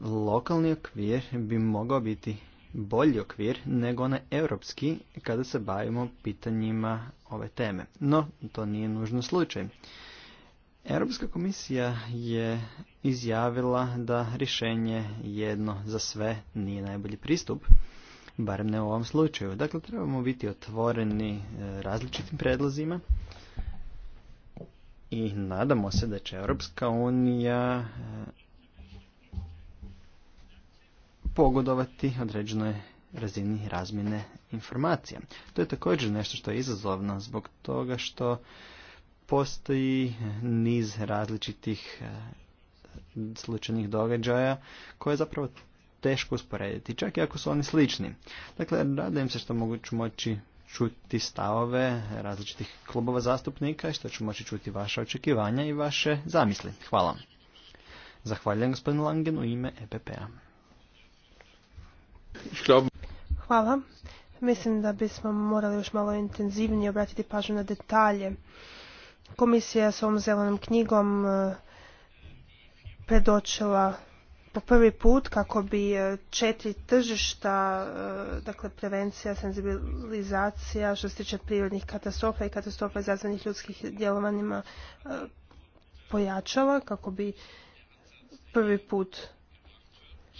lokalni okvir bi mogao biti bolji okvir nego onaj europski kada se bavimo pitanjima ove teme. No, to nije nužno slučaj. Europska komisija je izjavila da rješenje jedno za sve nije najbolji pristup, barem ne u ovom slučaju. Dakle, trebamo biti otvoreni e, različitim predlozima i nadamo se da će Europska unija e, pogodovati određenoj razini razmjene informacija. To je također nešto što je izazovno zbog toga što postoji niz različitih e, slučajnih događaja koje je zapravo teško usporediti, čak i ako su oni slični. Dakle, radujem se što mogu moći čuti stavove različitih klubova zastupnika i što ću moći čuti vaše očekivanja i vaše zamisli. Hvala. Zahvaljujem gospodinu Langenu u ime EPP-a. Hvala. Mislim da bismo morali još malo intenzivnije obratiti pažnju na detalje. Komisija s ovom zelenom knjigom e, predočila po prvi put kako bi e, četiri tržišta, e, dakle prevencija, senzibilizacija što se tiče prirodnih katastrofa i katastrofa izazvanih ljudskih djelovanjima pojačala kako bi prvi put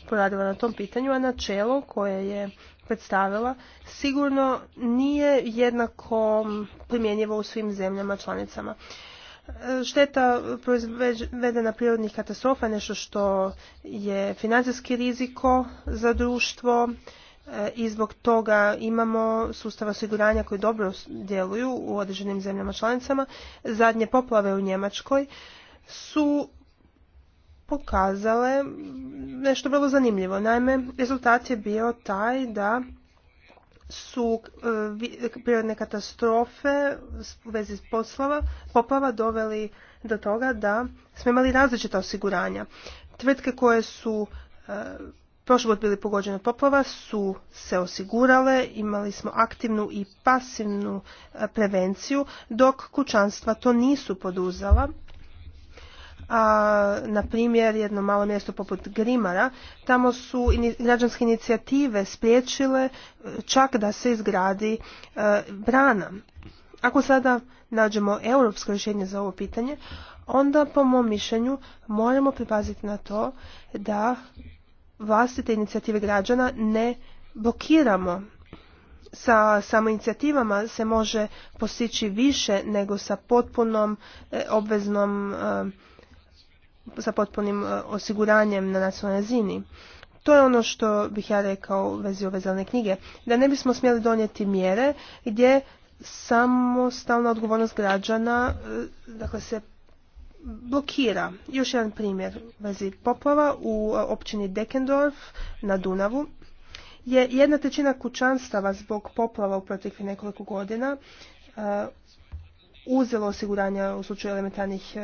poradila na tom pitanju, a načelo koje je predstavila sigurno nije jednako primjenjivo u svim zemljama članicama. E, šteta proizvedena prirodnih katastrofa je nešto što je financijski riziko za društvo e, i zbog toga imamo sustav osiguranja koji dobro djeluju u određenim zemljama članicama. Zadnje poplave u Njemačkoj su pokazale nešto vrlo zanimljivo. Naime, rezultat je bio taj da su e, prirodne katastrofe u vezi s poslava, poplava doveli do toga da smo imali različita osiguranja. Tvrtke koje su prošle prošli bili pogođene od poplava su se osigurale, imali smo aktivnu i pasivnu e, prevenciju, dok kućanstva to nisu poduzela, a na primjer jedno malo mjesto poput Grimara, tamo su građanske inicijative spriječile e, čak da se izgradi e, brana. Ako sada nađemo europsko rješenje za ovo pitanje, onda po mom mišljenju moramo pripaziti na to da vlastite inicijative građana ne blokiramo. Sa samo inicijativama se može postići više nego sa potpunom e, obveznom sa potpunim e, osiguranjem na nacionalnoj razini. To je ono što bih ja rekao u vezi ove knjige. Da ne bismo smjeli donijeti mjere gdje samostalna odgovornost građana e, dakle, se blokira. Još jedan primjer u vezi poplava u e, općini Dekendorf na Dunavu je jedna trećina kućanstava zbog poplava u proteklih nekoliko godina uzelo osiguranja u slučaju elementarnih e,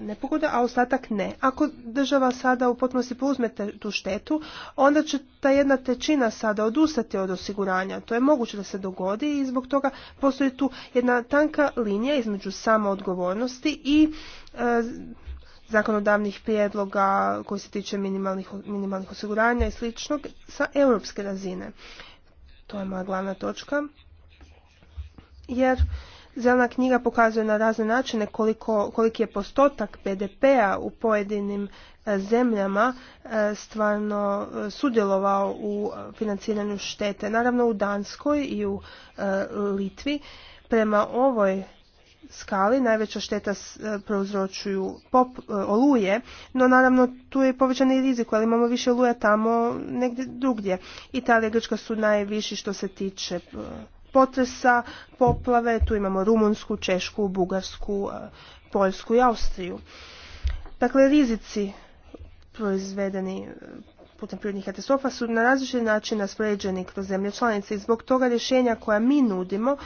nepogoda, a ostatak ne. Ako država sada u potpunosti preuzme tu štetu, onda će ta jedna tečina sada odustati od osiguranja. To je moguće da se dogodi i zbog toga postoji tu jedna tanka linija između samoodgovornosti i e, zakonodavnih prijedloga koji se tiče minimalnih, minimalnih osiguranja i sličnog sa europske razine. To je moja glavna točka. Jer Zelena knjiga pokazuje na razne načine koliko, koliki je postotak pdp a p-a u pojedinim e, zemljama e, stvarno e, sudjelovao u financiranju štete. Naravno u Danskoj i u Litvi prema ovoj skali najveća šteta prouzročuju oluje, no naravno tu je i rizik, ali imamo više oluja tamo negdje drugdje. Italija i Grčka su najviši što se tiče potresa, poplave, tu imamo Rumunsku, Češku, Bugarsku, e, Poljsku i Austriju. Dakle, rizici proizvedeni e, putem prirodnih katastrofa su na različiti način raspoređeni kroz zemlje članice i zbog toga rješenja koja mi nudimo e,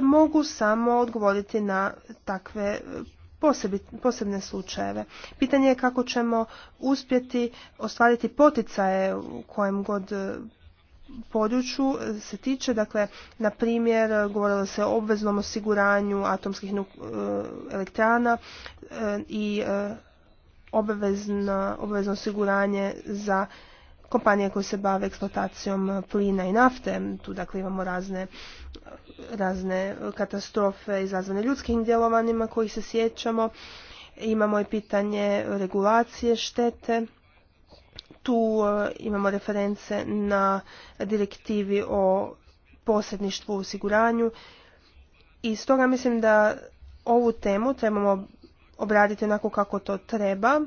mogu samo odgovoriti na takve posebne slučajeve. Pitanje je kako ćemo uspjeti ostvariti poticaje u kojem god području se tiče, dakle, na primjer, govorilo se o obveznom osiguranju atomskih e, elektrana e, i e, obvezno, obvezno osiguranje za kompanije koje se bave eksploatacijom plina i nafte. Tu dakle imamo razne, razne katastrofe izazvane ljudskim djelovanjima kojih se sjećamo. Imamo i pitanje regulacije štete tu e, imamo reference na direktivi o posredništvu u osiguranju i stoga mislim da ovu temu trebamo obraditi onako kako to treba.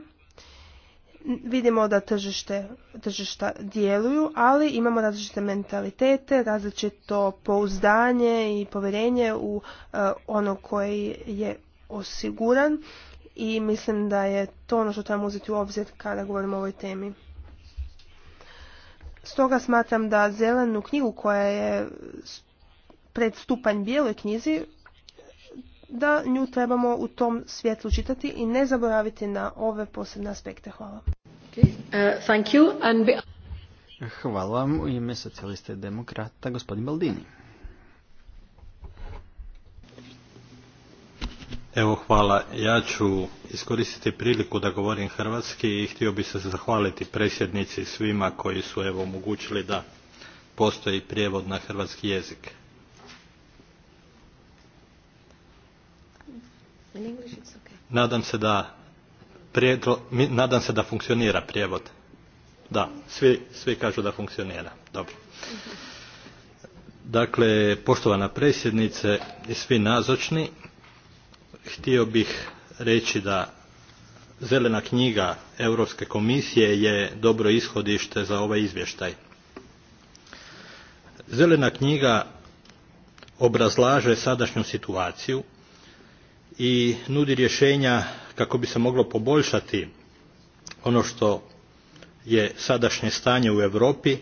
Vidimo da tržište, tržišta djeluju, ali imamo različite mentalitete, različito pouzdanje i povjerenje u e, ono koji je osiguran i mislim da je to ono što trebamo uzeti u obzir kada govorimo o ovoj temi. Stoga smatram da zelenu knjigu koja je predstupanj bijeloj knjizi, da nju trebamo u tom svjetlu čitati i ne zaboraviti na ove posebne aspekte. Hvala. Uh, hvala vam u ime socijaliste demokrata gospodin Baldini. Evo hvala. Ja ću iskoristiti priliku da govorim hrvatski i htio bih se zahvaliti predsjednici i svima koji su evo omogućili da postoji prijevod na hrvatski jezik. Nadam se da nadam se da funkcionira prijevod. Da, svi, svi kažu da funkcionira. Dobro. Dakle, poštovana predsjednice i svi nazočni, htio bih reći da zelena knjiga Europske komisije je dobro ishodište za ovaj izvještaj. Zelena knjiga obrazlaže sadašnju situaciju i nudi rješenja kako bi se moglo poboljšati ono što je sadašnje stanje u Europi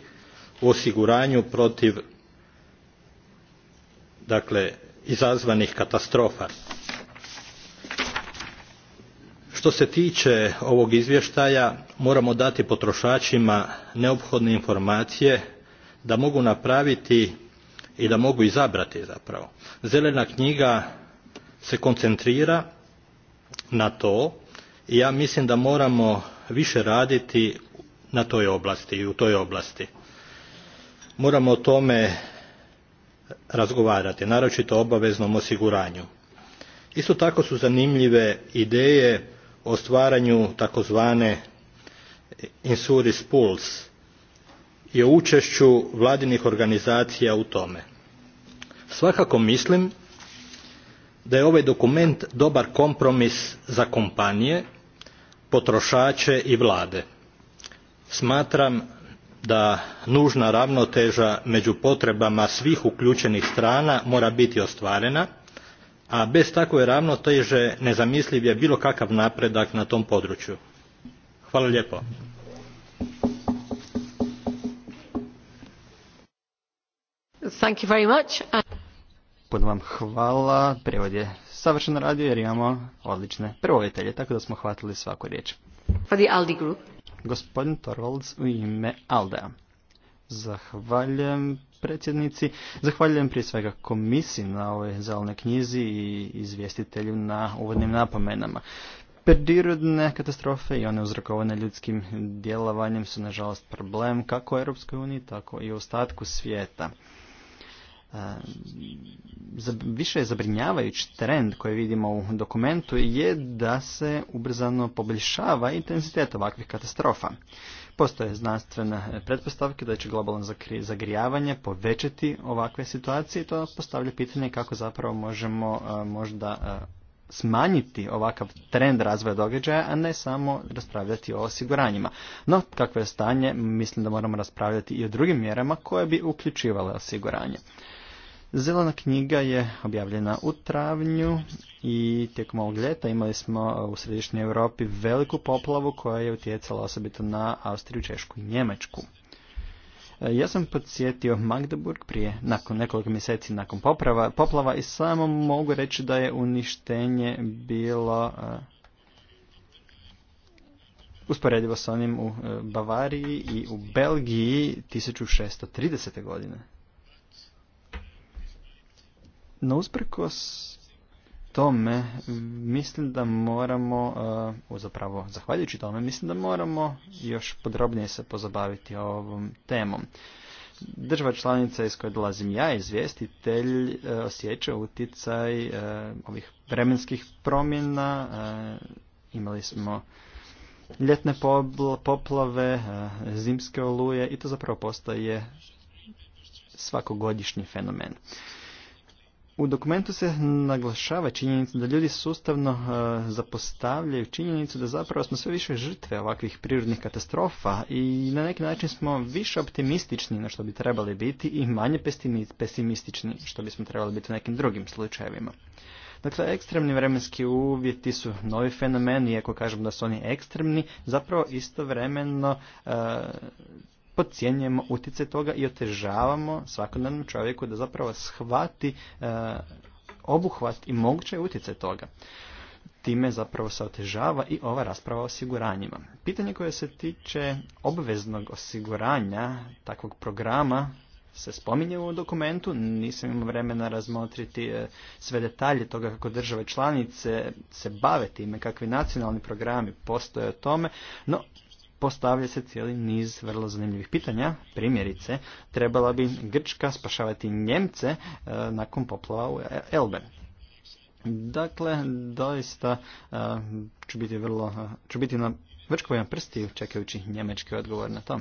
u osiguranju protiv dakle izazvanih katastrofa što se tiče ovog izvještaja moramo dati potrošačima neophodne informacije da mogu napraviti i da mogu izabrati zapravo zelena knjiga se koncentrira na to i ja mislim da moramo više raditi na toj oblasti i u toj oblasti moramo o tome razgovarati naročito o obaveznom osiguranju isto tako su zanimljive ideje o stvaranju takozvane insuris puls i o učešću vladinih organizacija u tome. Svakako mislim da je ovaj dokument dobar kompromis za kompanije, potrošače i vlade. Smatram da nužna ravnoteža među potrebama svih uključenih strana mora biti ostvarena a bez takve ravnoteže nezamisliv je bilo kakav napredak na tom području. Hvala lijepo. Puno vam hvala. Prevod je savršeno radio jer imamo odlične prevoditelje, tako da smo hvatili svaku riječ. For Aldi group. Gospodin Torvalds u ime Aldea. Zahvaljujem predsjednici. Zahvaljujem prije svega komisiji na ovoj zelenoj knjizi i izvjestitelju na uvodnim napomenama. Prirodne katastrofe i one uzrokovane ljudskim djelovanjem su nažalost problem kako u EU tako i u ostatku svijeta. Ehm, više zabrinjavajući trend koji vidimo u dokumentu je da se ubrzano poboljšava intenzitet ovakvih katastrofa. Postoje znanstvene pretpostavke da će globalno zagrijavanje povećati ovakve situacije i to postavlja pitanje kako zapravo možemo e, možda e, smanjiti ovakav trend razvoja događaja, a ne samo raspravljati o osiguranjima. No, kakvo je stanje, mislim da moramo raspravljati i o drugim mjerama koje bi uključivale osiguranje. Zelena knjiga je objavljena u travnju i tijekom ovog ljeta imali smo e, u središnjoj Europi veliku poplavu koja je utjecala osobito na Austriju, Češku i Njemačku. E, ja sam podsjetio Magdeburg prije, nakon nekoliko mjeseci nakon poplava i samo mogu reći da je uništenje bilo e, usporedivo s onim u Bavariji i u Belgiji 1630. godine. No usprkos tome mislim da moramo, uh, zapravo zahvaljujući tome, mislim da moramo još podrobnije se pozabaviti ovom temom. Država članica iz koje dolazim ja, izvjestitelj, uh, osjeća utjecaj e, ovih vremenskih promjena. Imali smo ljetne poplave, zimske oluje i to zapravo postaje svakogodišnji fenomen. U dokumentu se naglašava činjenica da ljudi sustavno e, zapostavljaju činjenicu da zapravo smo sve više žrtve ovakvih prirodnih katastrofa i na neki način smo više optimistični na što bi trebali biti i manje pesimistični što bismo trebali biti u nekim drugim slučajevima. Dakle, ekstremni vremenski uvjeti su novi fenomen, iako kažem da su oni ekstremni, zapravo istovremeno e, Podcijenjujemo utjecaj toga i otežavamo svakodnevnom čovjeku da zapravo shvati e, obuhvat i moguće utjecaj toga. Time zapravo se otežava i ova rasprava o osiguranjima. Pitanje koje se tiče obveznog osiguranja takvog programa se spominje u dokumentu, nisam imao vremena razmotriti e, sve detalje toga kako države članice se bave time, kakvi nacionalni programi postoje o tome, no postavlja se cijeli niz vrlo zanimljivih pitanja. Primjerice, trebala bi Grčka spašavati Njemce e, nakon poplava u e- Elbe. Dakle, doista e, ću biti, vrlo, ću biti na vrčkovima prsti čekajući njemački odgovor na to.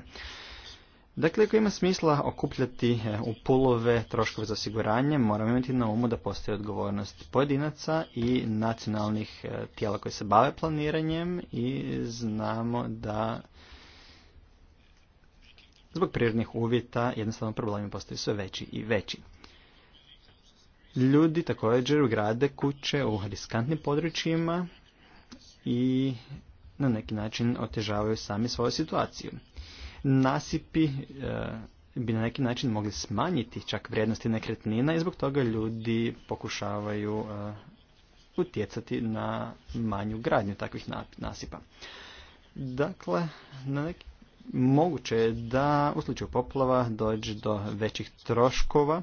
Dakle, ako ima smisla okupljati e, u pulove troškove za osiguranje, moramo imati na umu da postoji odgovornost pojedinaca i nacionalnih e, tijela koji se bave planiranjem i znamo da zbog prirodnih uvjeta jednostavno problemi postaju sve veći i veći. Ljudi također grade kuće u riskantnim područjima i na neki način otežavaju sami svoju situaciju nasipi e, bi na neki način mogli smanjiti čak vrijednosti nekretnina i zbog toga ljudi pokušavaju e, utjecati na manju gradnju takvih nasipa. Dakle, moguće je da u slučaju poplava dođe do većih troškova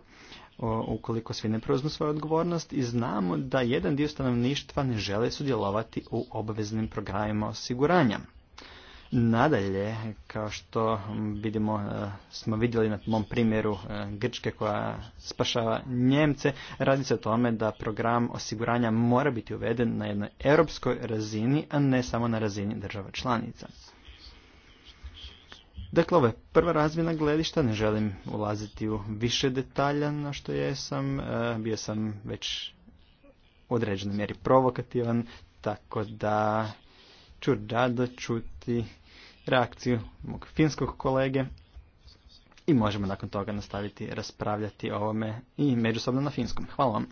ukoliko svi ne preuzmu svoju odgovornost i znamo da jedan dio stanovništva ne žele sudjelovati u obveznim programima osiguranja. Nadalje, kao što vidimo, e, smo vidjeli na mom primjeru e, Grčke koja spašava Njemce, radi se o tome da program osiguranja mora biti uveden na jednoj europskoj razini, a ne samo na razini država članica. Dakle, ovo je prva razmjena gledišta, ne želim ulaziti u više detalja na što jesam, e, bio sam već u određenoj mjeri provokativan, tako da ću rado čuti reakciju mog finskog kolege i možemo nakon toga nastaviti raspravljati o ovome i međusobno na finskom. Hvala vam.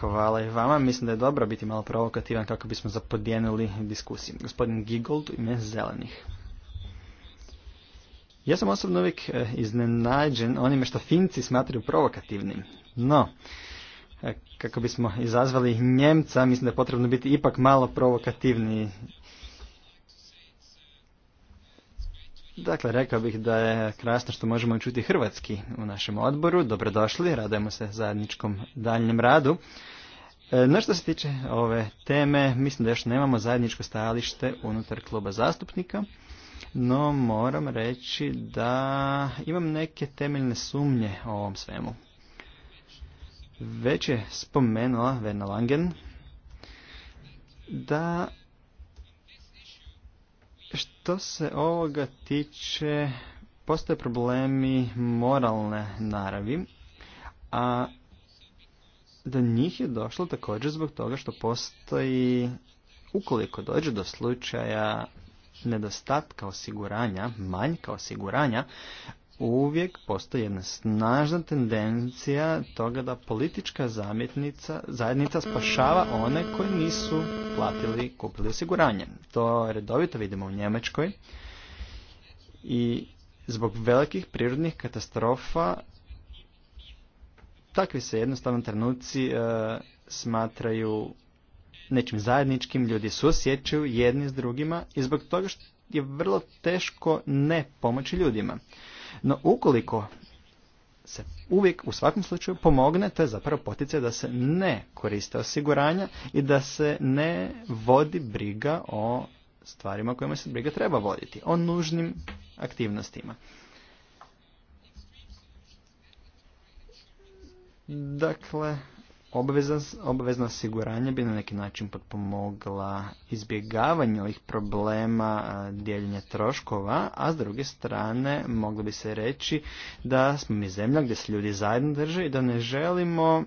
Hvala i vama. Mislim da je dobro biti malo provokativan kako bismo zapodijenili diskusiju. Gospodin Gigold u ime Zelenih. Ja sam osobno uvijek e, iznenađen onime što Finci smatraju provokativnim. No, e, kako bismo izazvali Njemca, mislim da je potrebno biti ipak malo provokativniji Dakle, rekao bih da je krasno što možemo čuti hrvatski u našem odboru. Dobrodošli, radujemo se zajedničkom daljnjem radu. E, no što se tiče ove teme, mislim da još nemamo zajedničko stajalište unutar kluba zastupnika, no moram reći da imam neke temeljne sumnje o ovom svemu. Već je spomenula Verna Langen da što se ovoga tiče, postoje problemi moralne naravi, a da njih je došlo također zbog toga što postoji, ukoliko dođe do slučaja nedostatka osiguranja, manjka osiguranja, uvijek postoji jedna snažna tendencija toga da politička zamjetnica, zajednica spašava one koji nisu platili, kupili osiguranje. To redovito vidimo u Njemačkoj i zbog velikih prirodnih katastrofa takvi se jednostavno trenuci e, smatraju nečim zajedničkim, ljudi osjećaju jedni s drugima i zbog toga što je vrlo teško ne pomoći ljudima. No ukoliko se uvijek u svakom slučaju pomogne, to je zapravo poticaj da se ne koriste osiguranja i da se ne vodi briga o stvarima kojima se briga treba voditi, o nužnim aktivnostima. Dakle, obvezna osiguranja bi na neki način potpomogla izbjegavanje ovih problema dijeljenja troškova, a s druge strane moglo bi se reći da smo mi zemlja gdje se ljudi zajedno drže i da ne želimo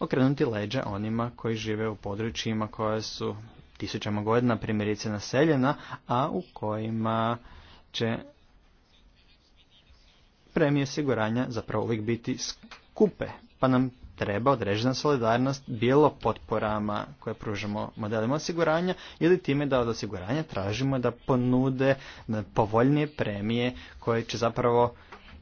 okrenuti leđa onima koji žive u područjima koja su tisućama godina primjerice naseljena, a u kojima će premije osiguranja zapravo uvijek biti skupe, pa nam treba određena solidarnost bilo potporama koje pružamo modelima osiguranja ili time da od osiguranja tražimo da ponude povoljnije premije koje će zapravo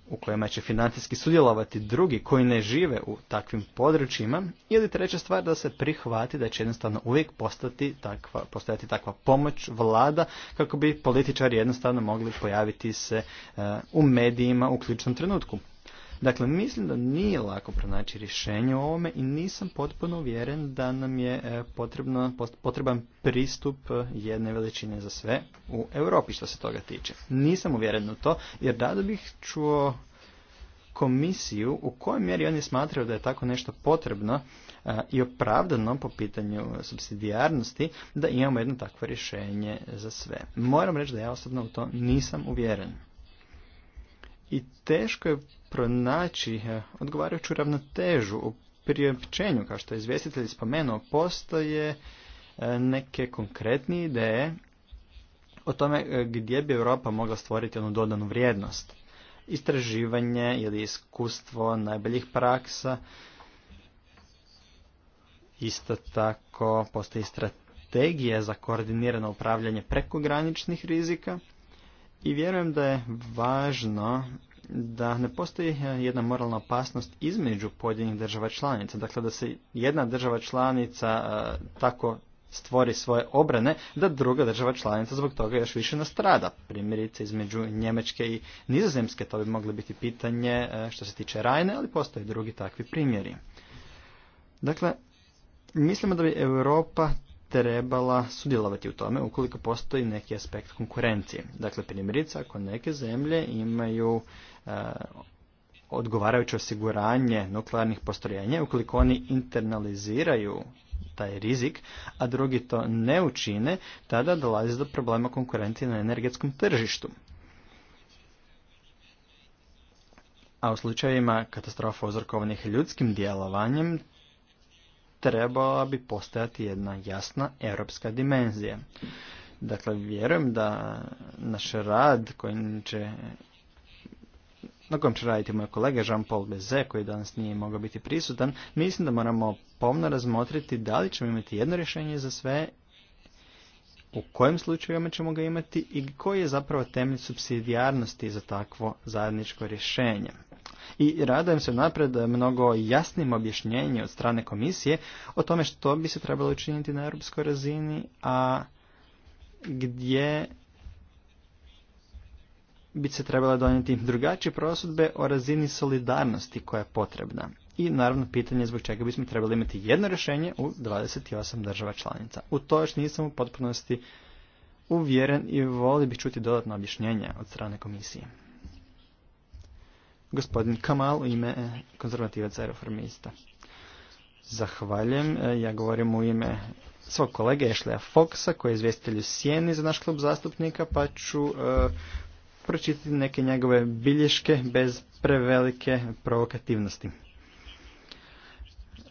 u kojima će financijski sudjelovati drugi koji ne žive u takvim područjima ili treća stvar da se prihvati da će jednostavno uvijek postati takva, postojati takva pomoć vlada kako bi političari jednostavno mogli pojaviti se e, u medijima u ključnom trenutku. Dakle, mislim da nije lako pronaći rješenje u ovome i nisam potpuno uvjeren da nam je e, potrebno, potreban pristup e, jedne veličine za sve u Europi što se toga tiče. Nisam uvjeren u to jer da bih čuo komisiju u kojoj mjeri oni smatraju da je tako nešto potrebno e, i opravdano po pitanju subsidijarnosti da imamo jedno takvo rješenje za sve. Moram reći da ja osobno u to nisam uvjeren. I teško je pronaći eh, odgovarajuću ravnotežu u priopćenju, kao što je izvjestitelj spomenuo, postoje eh, neke konkretne ideje o tome eh, gdje bi Europa mogla stvoriti onu dodanu vrijednost. Istraživanje ili iskustvo najboljih praksa. Isto tako postoji strategija za koordinirano upravljanje prekograničnih rizika i vjerujem da je važno da ne postoji e, jedna moralna opasnost između pojedinih država članica. Dakle, da se jedna država članica e, tako stvori svoje obrane, da druga država članica zbog toga još više nastrada. Primjerice između Njemačke i Nizozemske, to bi moglo biti pitanje e, što se tiče Rajne, ali postoje drugi takvi primjeri. Dakle, mislimo da bi Europa trebala sudjelovati u tome ukoliko postoji neki aspekt konkurencije. Dakle, primjerice, ako neke zemlje imaju e, odgovarajuće osiguranje nuklearnih postrojenja, ukoliko oni internaliziraju taj rizik, a drugi to ne učine, tada dolazi do problema konkurencije na energetskom tržištu. A u slučajevima katastrofa uzrokovanih ljudskim djelovanjem, trebala bi postojati jedna jasna europska dimenzija. Dakle, vjerujem da naš rad koji će na kojem će raditi moj kolega Jean-Paul Beze, koji danas nije mogao biti prisutan, mislim da moramo pomno razmotriti da li ćemo imati jedno rješenje za sve, u kojem slučaju ćemo ga imati i koji je zapravo temelj subsidijarnosti za takvo zajedničko rješenje. I radujem se napred mnogo jasnim objašnjenje od strane komisije o tome što bi se trebalo učiniti na europskoj razini, a gdje bi se trebalo donijeti drugačije prosudbe o razini solidarnosti koja je potrebna. I naravno pitanje zbog čega bismo trebali imati jedno rješenje u 28 država članica. U to još nisam u potpunosti uvjeren i voli bih čuti dodatno objašnjenja od strane komisije gospodin Kamal u ime eh, konzervativaca i reformista. Zahvaljujem. Eh, ja govorim u ime svog kolege Ešleja Foxa koji je izvjestitelj u Sijeni za naš klub zastupnika pa ću eh, pročitati neke njegove bilješke bez prevelike provokativnosti.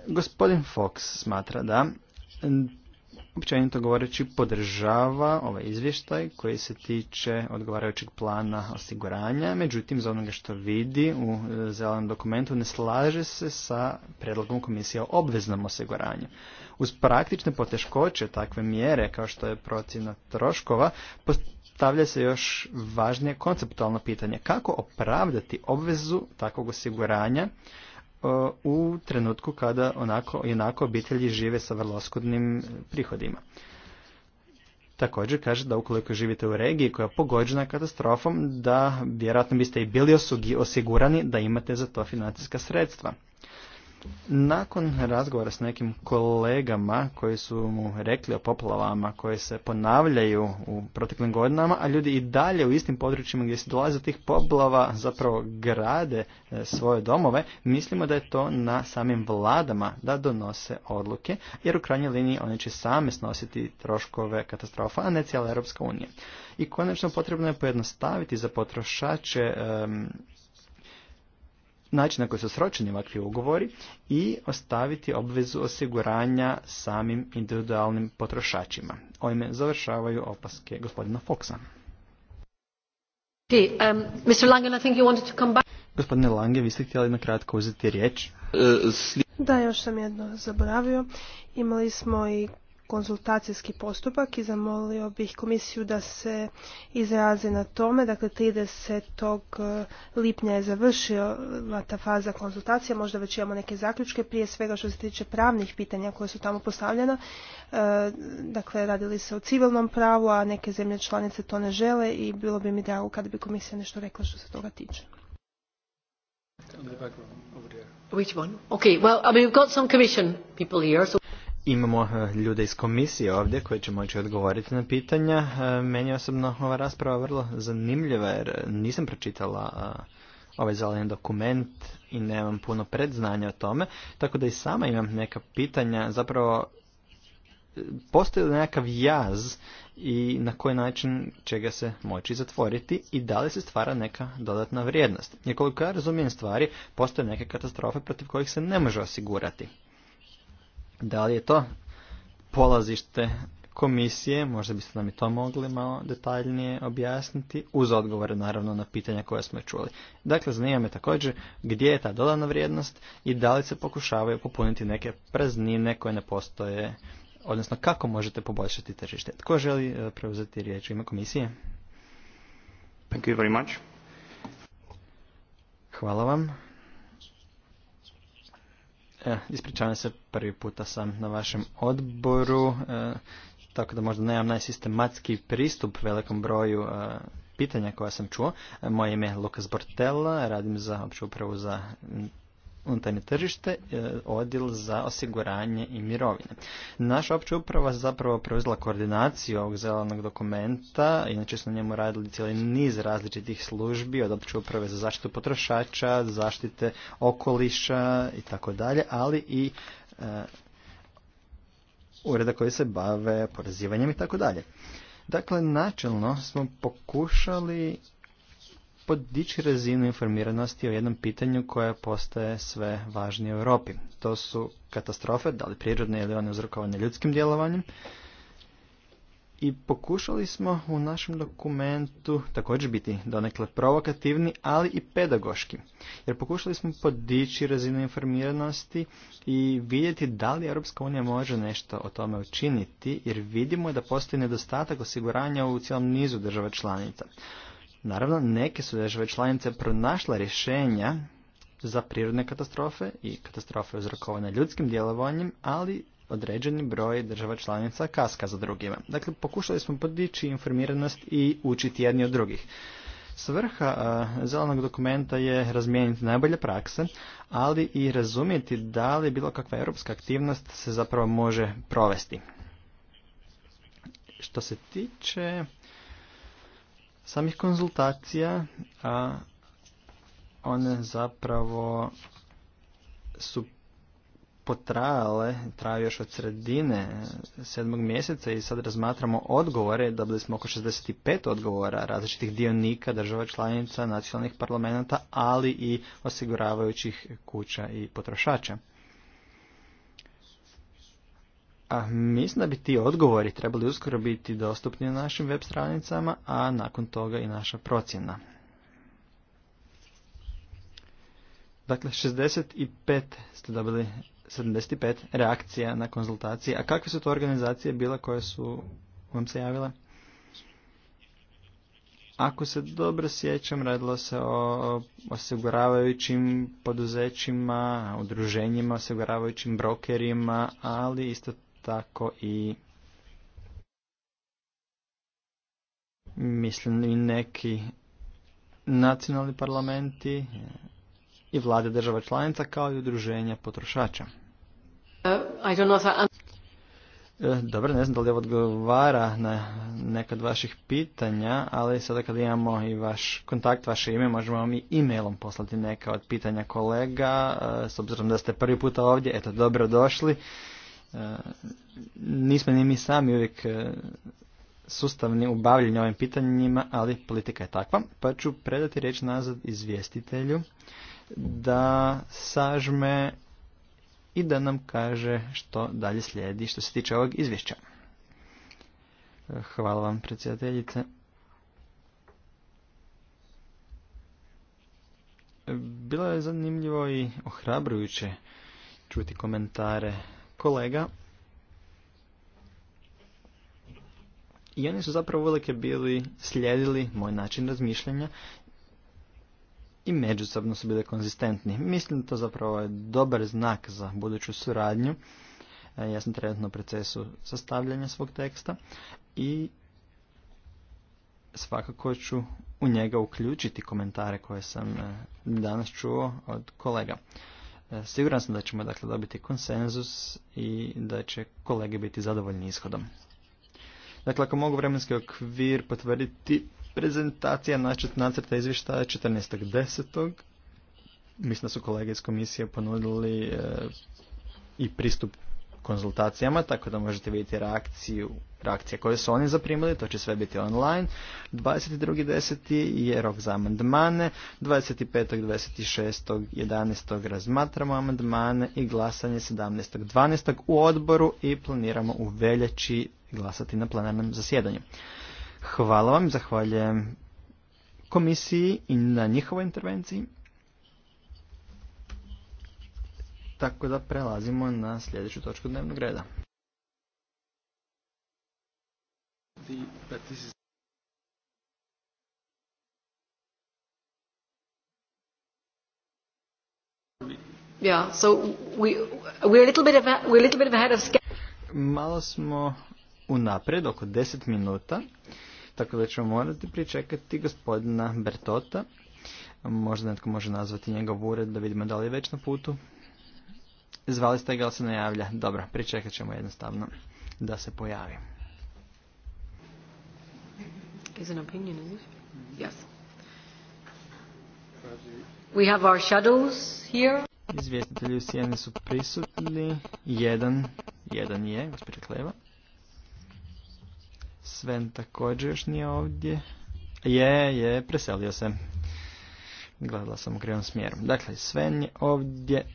Gospodin Fox smatra da općenito govoreći podržava ovaj izvještaj koji se tiče odgovarajućeg plana osiguranja, međutim za onoga što vidi u e, zelenom dokumentu ne slaže se sa predlogom komisije o obveznom osiguranju. Uz praktične poteškoće takve mjere kao što je procjena troškova, postavlja se još važnije konceptualno pitanje kako opravdati obvezu takvog osiguranja E, u trenutku kada onako, onako obitelji žive sa vrlo oskudnim e, prihodima. Također kaže da ukoliko živite u regiji koja je pogođena katastrofom, da vjerojatno biste i bili osigurani da imate za to financijska sredstva. Nakon razgovora s nekim kolegama koji su mu rekli o poplavama koje se ponavljaju u proteklim godinama, a ljudi i dalje u istim područjima gdje se dolaze tih poplava zapravo grade e, svoje domove, mislimo da je to na samim vladama da donose odluke, jer u krajnjoj liniji oni će same snositi troškove katastrofa, a ne cijela Europska unija. I konačno potrebno je pojednostaviti za potrošače način na koji su sročeni ovakvi ugovori i ostaviti obvezu osiguranja samim individualnim potrošačima. Ovime završavaju opaske gospodina Foxa. Um, Gospodine Lange, vi ste htjeli na kratko uzeti riječ? E, da, još sam jedno zaboravio. Imali smo i konzultacijski postupak i zamolio bih komisiju da se izrazi na tome. Dakle, 30. E, lipnja je završila ta faza konzultacija, možda već imamo neke zaključke, prije svega što se tiče pravnih pitanja koje su tamo postavljena. E, dakle, radili se o civilnom pravu, a neke zemlje članice to ne žele i bilo bi mi drago kada bi komisija nešto rekla što se toga tiče. Which one? Okay, well, I mean, we've got some commission people here, so... Imamo e, ljude iz komisije ovdje koji će moći odgovoriti na pitanja. E, meni osobno ova rasprava vrlo zanimljiva jer nisam pročitala e, ovaj zeleni dokument i nemam puno predznanja o tome, tako da i sama imam neka pitanja, zapravo postoji li nekakav jaz i na koji način će ga se moći zatvoriti i da li se stvara neka dodatna vrijednost. Jer koliko ja razumijem stvari, postoje neke katastrofe protiv kojih se ne može osigurati. Da li je to polazište komisije, možda biste nam i to mogli malo detaljnije objasniti, uz odgovore naravno na pitanja koja smo čuli. Dakle, zanima me također gdje je ta dodana vrijednost i da li se pokušavaju popuniti neke praznine koje ne postoje, odnosno kako možete poboljšati tržište. Tko želi e, preuzeti riječ u ime komisije? Thank you very much. Hvala vam. E, ispričavam se, prvi puta sam na vašem odboru, e, tako da možda nemam najsistematski pristup velikom broju e, pitanja koja sam čuo. E, moje ime je Lukas Bortella, radim za opću upravu za unutarnje tržište, e, odjel za osiguranje i mirovine. Naša opća uprava zapravo preuzela koordinaciju ovog zelenog dokumenta, inače na njemu radili cijeli niz različitih službi, od opće uprave za zaštitu potrošača, zaštite okoliša i tako dalje, ali i e, ureda koji se bave porazivanjem i tako dalje. Dakle, načelno smo pokušali podići razinu informiranosti o jednom pitanju koje postaje sve važnije u Europi. To su katastrofe, da li prirodne ili one uzrokovane ljudskim djelovanjem. I pokušali smo u našem dokumentu također biti donekle provokativni, ali i pedagoški. Jer pokušali smo podići razinu informiranosti i vidjeti da li Europska unija može nešto o tome učiniti, jer vidimo da postoji nedostatak osiguranja u cijelom nizu država članica. Naravno, neke su države članice pronašle rješenja za prirodne katastrofe i katastrofe uzrokovane ljudskim djelovanjem, ali određeni broj država članica kaska za drugima. Dakle, pokušali smo podići informiranost i učiti jedni od drugih. Svrha zelenog dokumenta je razmijeniti najbolje prakse, ali i razumjeti da li bilo kakva europska aktivnost se zapravo može provesti. Što se tiče samih konzultacija, a one zapravo su potrajale, traju još od sredine sedmog mjeseca i sad razmatramo odgovore, dobili smo oko 65 odgovora različitih dionika, država članica, nacionalnih parlamenta, ali i osiguravajućih kuća i potrošača. A mislim da bi ti odgovori trebali uskoro biti dostupni na našim web stranicama, a nakon toga i naša procjena. Dakle, 65 ste dobili 75 reakcija na konzultacije. A kakve su to organizacije bila koje su vam se javile? Ako se dobro sjećam, radilo se o osiguravajućim poduzećima, udruženjima, osiguravajućim brokerima, ali isto tako i mislim i neki nacionalni parlamenti i vlade država članica kao i udruženja potrošača. Uh, e, dobro, ne znam da li odgovara na neka od vaših pitanja, ali sada kad imamo i vaš kontakt, vaše ime, možemo vam i e-mailom poslati neka od pitanja kolega. E, s obzirom da ste prvi puta ovdje, eto, dobro došli. E, nismo ni mi sami uvijek e, sustavni u bavljenju ovim pitanjima, ali politika je takva. Pa ću predati riječ nazad izvjestitelju da sažme i da nam kaže što dalje slijedi što se tiče ovog izvješća. E, hvala vam predsjedateljice. Bilo je zanimljivo i ohrabrujuće čuti komentare kolega. I oni su zapravo velike bili, slijedili moj način razmišljanja i međusobno su bili konzistentni. Mislim da to zapravo je dobar znak za buduću suradnju. E, ja sam trenutno u procesu sastavljanja svog teksta i svakako ću u njega uključiti komentare koje sam e, danas čuo od kolega. E, siguran sam da ćemo dakle dobiti konsenzus i da će kolege biti zadovoljni ishodom. Dakle, ako mogu vremenski okvir potvrditi, prezentacija načet nacrta izvještaja 14.10. Mislim da su kolege iz komisije ponudili e, i pristup konzultacijama, tako da možete vidjeti reakciju, reakcije koje su oni zaprimili, to će sve biti online. 22.10. je rok za amandmane, 25. 26. 11. razmatramo amandmane i glasanje 17. u odboru i planiramo u veljači glasati na plenarnom zasjedanju. Hvala vam, zahvaljujem komisiji i na njihovoj intervenciji. Tako da prelazimo na sljedeću točku dnevnog reda. Malo smo unaprijed, oko 10 minuta, tako da ćemo morati pričekati gospodina Bertota. Možda netko može nazvati njegov ured da vidimo da li je već na putu. Zvali ste ga, ali se ne javlja. Dobro, pričekat ćemo jednostavno da se pojavi. Is Izvjestitelji u sjeni su prisutni. Jedan, jedan je, gospođa Kleva. Sven također još nije ovdje. Je, je, preselio se. Gledala sam u krivom smjeru. Dakle, Sven je ovdje,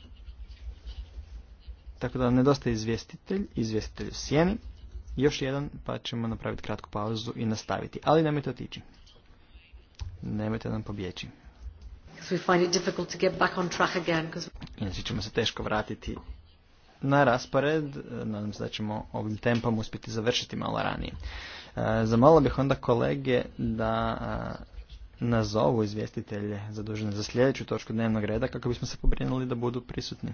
tako da nedostaje izvjestitelj, izvjestitelj u sjeni. Još jedan, pa ćemo napraviti kratku pauzu i nastaviti. Ali nemojte otići. Nemojte nam pobjeći. Inače ćemo se teško vratiti na raspored. Nadam se da ćemo ovim tempom uspjeti završiti malo ranije. Za e, zamalo bih onda kolege da e, nazovu izvjestitelje zadužene za sljedeću točku dnevnog reda kako bismo se pobrinuli da budu prisutni.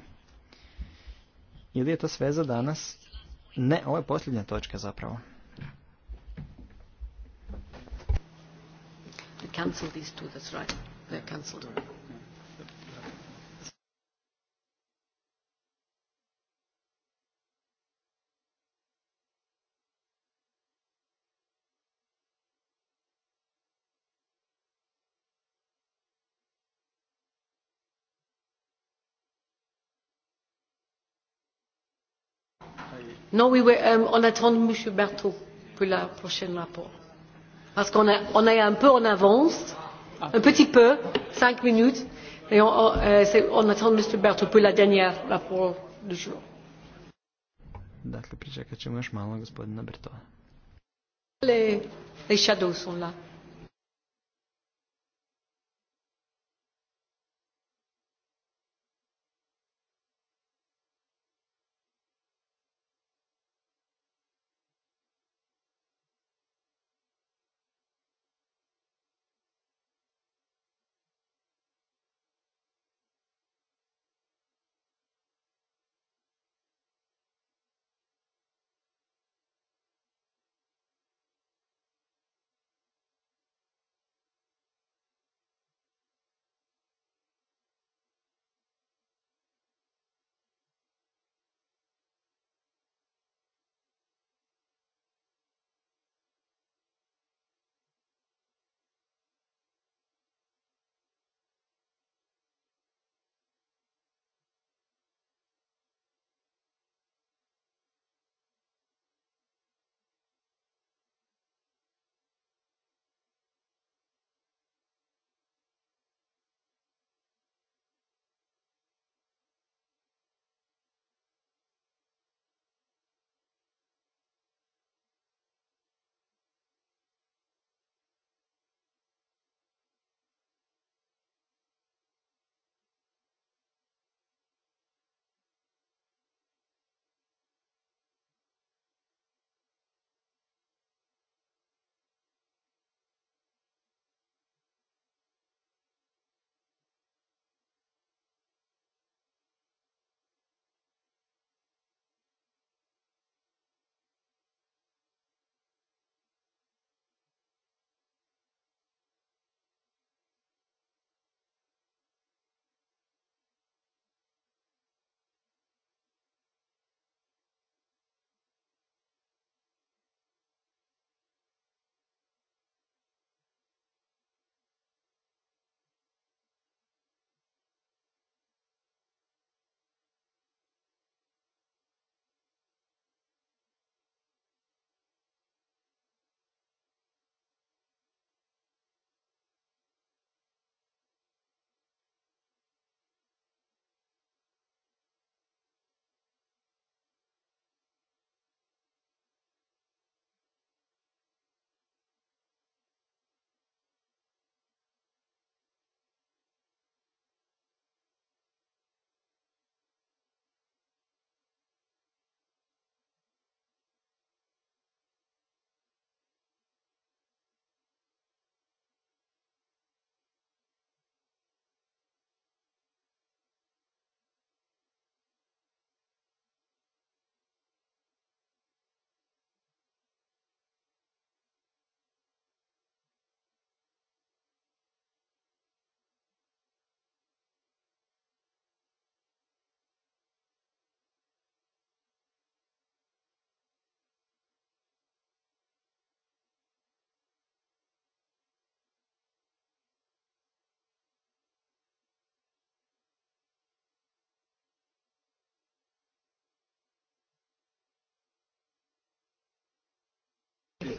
Ili je to sve za danas? Ne, ovo je posljednja točka zapravo. Cancel these two, that's right. They're cancelled. already. Non, oui, oui euh, on attend M. bertot pour le prochain rapport. Parce qu'on on est un peu en avance, ah. un petit peu, cinq minutes, et on, on, euh, on attend M. bertot pour la dernière rapport du jour. Dakle, les, les shadows sont là.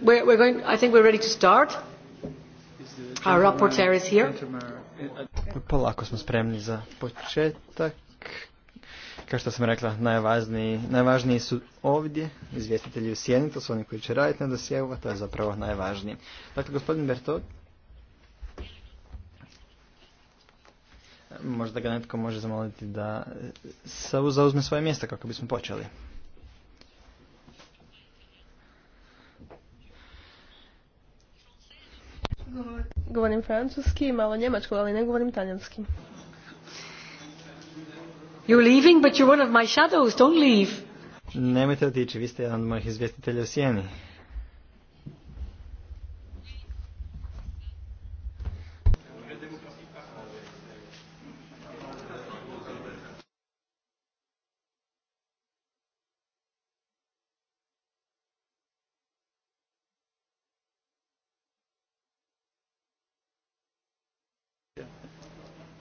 I think we're ready to start. Our rapporteur is here. Polako smo spremni za početak. Kao što sam rekla, najvažniji, najvažniji su ovdje izvjestitelji u sjeni, to su oni koji će raditi na dosjevu, to je zapravo najvažnije. Dakle, gospodin Bertod, možda ga netko može zamoliti da e, zauzme svoje mjesto kako bismo počeli. Govorim francuski, malo njemačko, ali ne govorim talijanski. You're leaving, but you're one of my shadows, don't leave. Nemojte otići, vi ste jedan od mojih izvjestitelja u sjeni.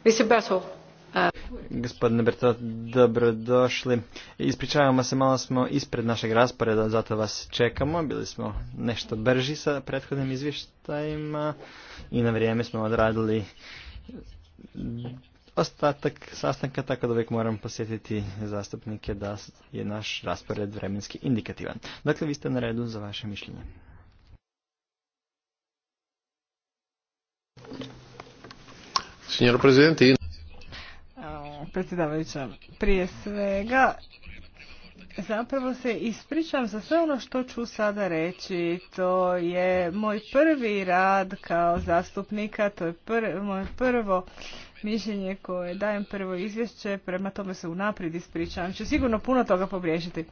Uh, Gospodine Bertot, dobrodošli. Ispričavamo se, malo smo ispred našeg rasporeda, zato vas čekamo. Bili smo nešto brži sa prethodnim izvještajima i na vrijeme smo odradili ostatak sastanka, tako da uvijek moram posjetiti zastupnike da je naš raspored vremenski indikativan. Dakle, vi ste na redu za vaše mišljenje predsjedavajuća, prije svega zapravo se ispričam za sve ono što ću sada reći. To je moj prvi rad kao zastupnika, to je prvo, moje prvo mišljenje koje dajem prvo izvješće, prema tome se unaprijed ispričavam. Ću sigurno puno toga pogriješiti.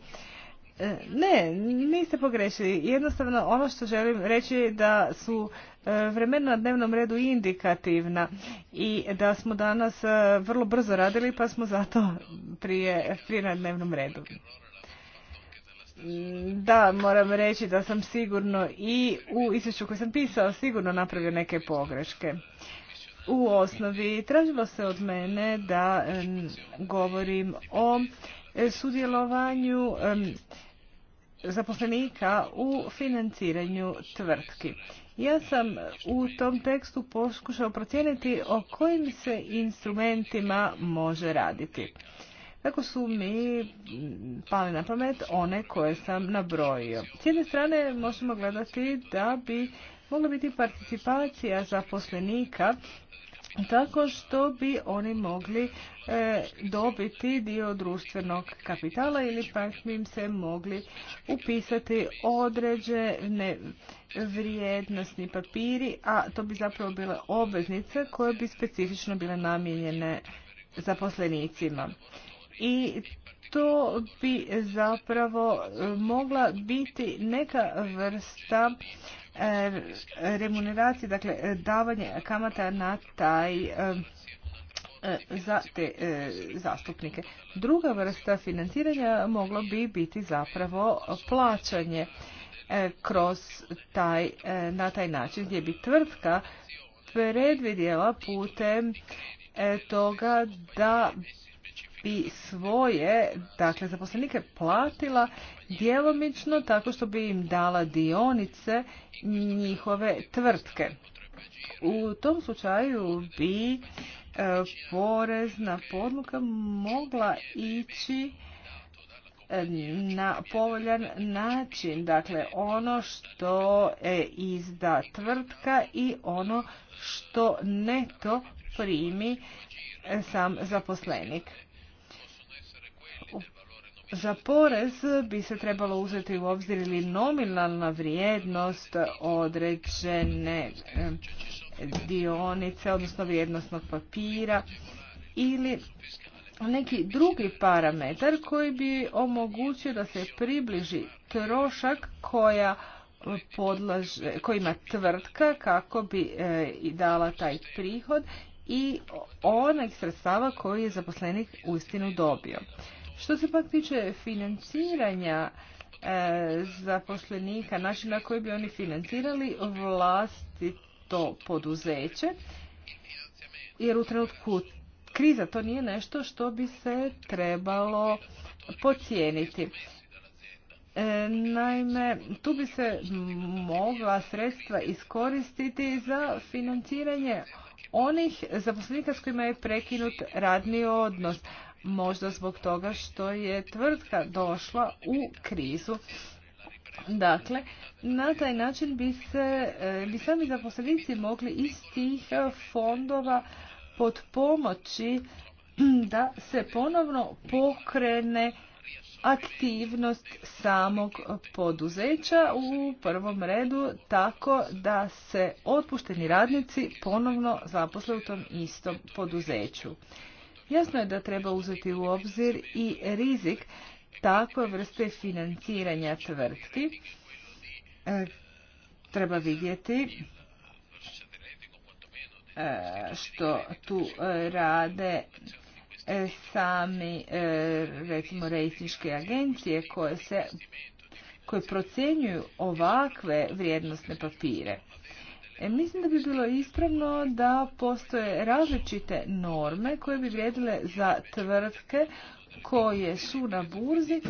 E, ne, niste pogriješili. Jednostavno ono što želim reći je da su E, vremena na dnevnom redu indikativna i da smo danas e, vrlo brzo radili pa smo zato prije, na dnevnom redu. Da, moram reći da sam sigurno i u izvješću koje sam pisao sigurno napravio neke pogreške. U osnovi tražilo se od mene da govorim o e, sudjelovanju zaposlenika u financiranju tvrtki. Ja sam u tom tekstu pokušao procijeniti o kojim se instrumentima može raditi. Tako su mi pali na pamet one koje sam nabrojio. S jedne strane možemo gledati da bi mogla biti participacija zaposlenika tako što bi oni mogli e, dobiti dio društvenog kapitala ili pak bi im se mogli upisati određene vrijednostni papiri, a to bi zapravo bile obveznice koje bi specifično bile namijenjene zaposlenicima. I to bi zapravo e, mogla biti neka vrsta E, remuneracije, dakle e, davanje kamata na taj e, za te zastupnike. Druga vrsta financiranja moglo bi biti zapravo plaćanje kroz taj, na taj način gdje bi tvrtka predvidjela putem toga da bi svoje dakle, zaposlenike platila djelomično tako što bi im dala dionice njihove tvrtke. U tom slučaju bi e, porezna podluka mogla ići e, na povoljan način. Dakle, ono što e, izda tvrtka i ono što neto primi sam zaposlenik. Za porez bi se trebalo uzeti u obzir ili nominalna vrijednost određene eh, dionice, odnosno vrijednostnog papira ili neki drugi parametar koji bi omogućio da se približi trošak koja podlaže, koji ima tvrtka kako bi eh, i dala taj prihod i onaj sredstava koji je zaposlenik ustinu dobio. Što se pak tiče financiranja e, zaposlenika, način na koji bi oni financirali to poduzeće, jer u trenutku kriza to nije nešto što bi se trebalo pocijeniti. E, naime, tu bi se mogla sredstva iskoristiti za financiranje onih zaposlenika s kojima je prekinut radni odnos, možda zbog toga što je tvrtka došla u krizu. Dakle, na taj način bi se eh, bi sami zaposlenici mogli iz tih eh, fondova pomoći da se ponovno pokrene aktivnost samog poduzeća u prvom redu tako da se otpušteni radnici ponovno zaposle u tom istom poduzeću. Jasno je da treba uzeti u obzir i rizik takve vrste financiranja tvrtki. E, treba vidjeti e, što tu e, rade sami recimo agencije koje se koje procjenjuju ovakve vrijednostne papire. E, mislim da bi bilo ispravno da postoje različite norme koje bi vrijedile za tvrtke koje su na burzi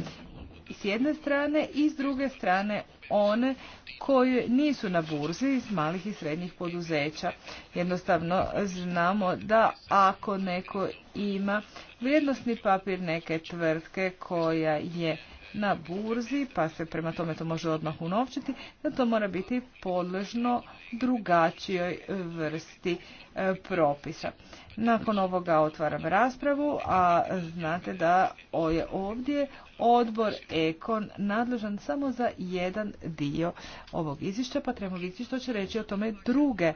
s jedne strane i s druge strane one koje nisu na burzi iz malih i srednjih poduzeća. Jednostavno znamo da ako neko ima vrijednostni papir neke tvrtke koja je na burzi, pa se prema tome to može odmah unovčiti, da to mora biti podležno drugačijoj e, vrsti e, propisa. Nakon ovoga otvaram raspravu, a znate da je ovdje odbor Ekon nadležan samo za jedan dio ovog izvješća, pa trebamo vidjeti što će reći o tome druge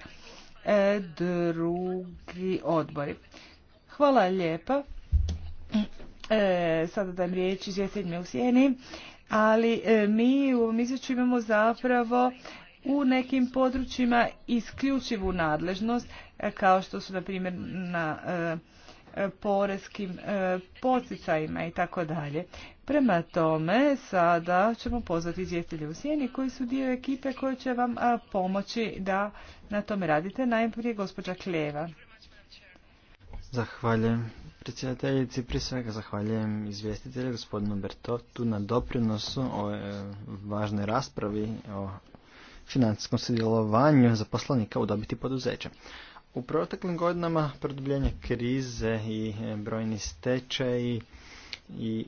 e, drugi odbori. Hvala lijepa. E, sada dajem riječ izvjestiteljima u sjeni, ali e, mi u ovom izvješću imamo zapravo u nekim područjima isključivu nadležnost, e, kao što su na primjer na poreskim poticajima i tako dalje. Prema tome, sada ćemo pozvati izvjestitelje u sjeni koji su dio ekipe koji će vam pomoći da na tome radite. Najprije gospođa Kljeva. Zahvaljujem predsjedateljici. Prije svega zahvaljujem izvjestitelju gospodinu Bertotu na doprinosu o e, važnoj raspravi o financijskom sudjelovanju zaposlenika u dobiti poduzeća. U proteklim godinama produbljenje krize i e, brojni stečaj i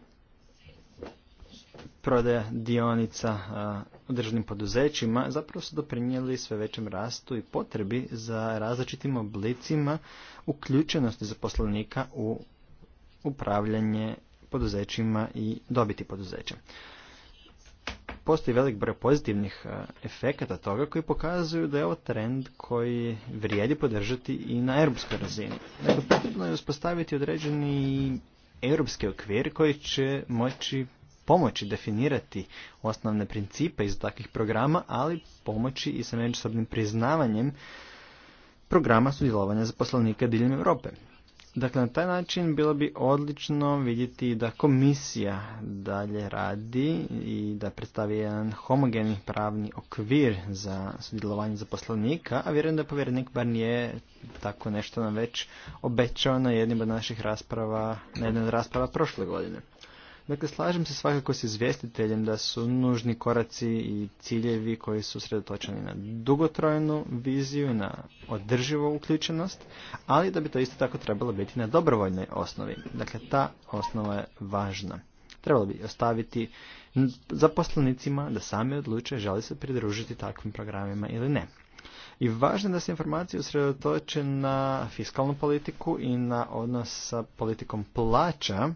prodaja dionica državnim poduzećima zapravo su doprinijeli sve većem rastu i potrebi za različitim oblicima uključenosti zaposlenika u upravljanje poduzećima i dobiti poduzeća. Postoji velik broj pozitivnih efekata toga koji pokazuju da je ovo trend koji vrijedi podržati i na europskoj razini. Dakle, potrebno je uspostaviti određeni europski okvir koji će moći pomoći definirati osnovne principe iz takvih programa, ali pomoći i sa međusobnim priznavanjem programa sudjelovanja zaposlenika diljem Europe. Dakle, na taj način bilo bi odlično vidjeti da komisija dalje radi i da predstavi jedan homogeni pravni okvir za sudjelovanje zaposlenika, a vjerujem da povjerenik bar nije tako nešto nam već obećao na jednim od naših rasprava, na jednoj od rasprava prošle godine. Dakle, slažem se svakako s izvjestiteljem da su nužni koraci i ciljevi koji su sredotočeni na dugotrojnu viziju, na održivu uključenost, ali da bi to isto tako trebalo biti na dobrovoljnoj osnovi. Dakle, ta osnova je važna. Trebalo bi ostaviti zaposlenicima da sami odluče želi se pridružiti takvim programima ili ne. I važno je da se informacije usredotoče na fiskalnu politiku i na odnos sa politikom plaća,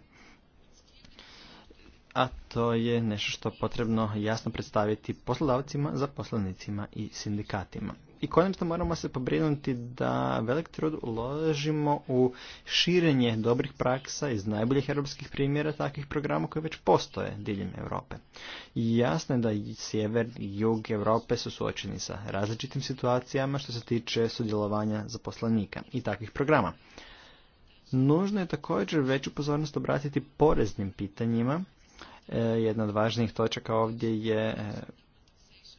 a to je nešto što potrebno jasno predstaviti poslodavcima, zaposlenicima i sindikatima. I konačno moramo se pobrinuti da velik trud uložimo u širenje dobrih praksa iz najboljih europskih primjera takvih programa koji već postoje diljem Europe. I jasno je da sjever i jug Europe su suočeni sa različitim situacijama što se tiče sudjelovanja zaposlenika i takvih programa. Nužno je također veću pozornost obratiti poreznim pitanjima E, jedna od važnijih točaka ovdje je e,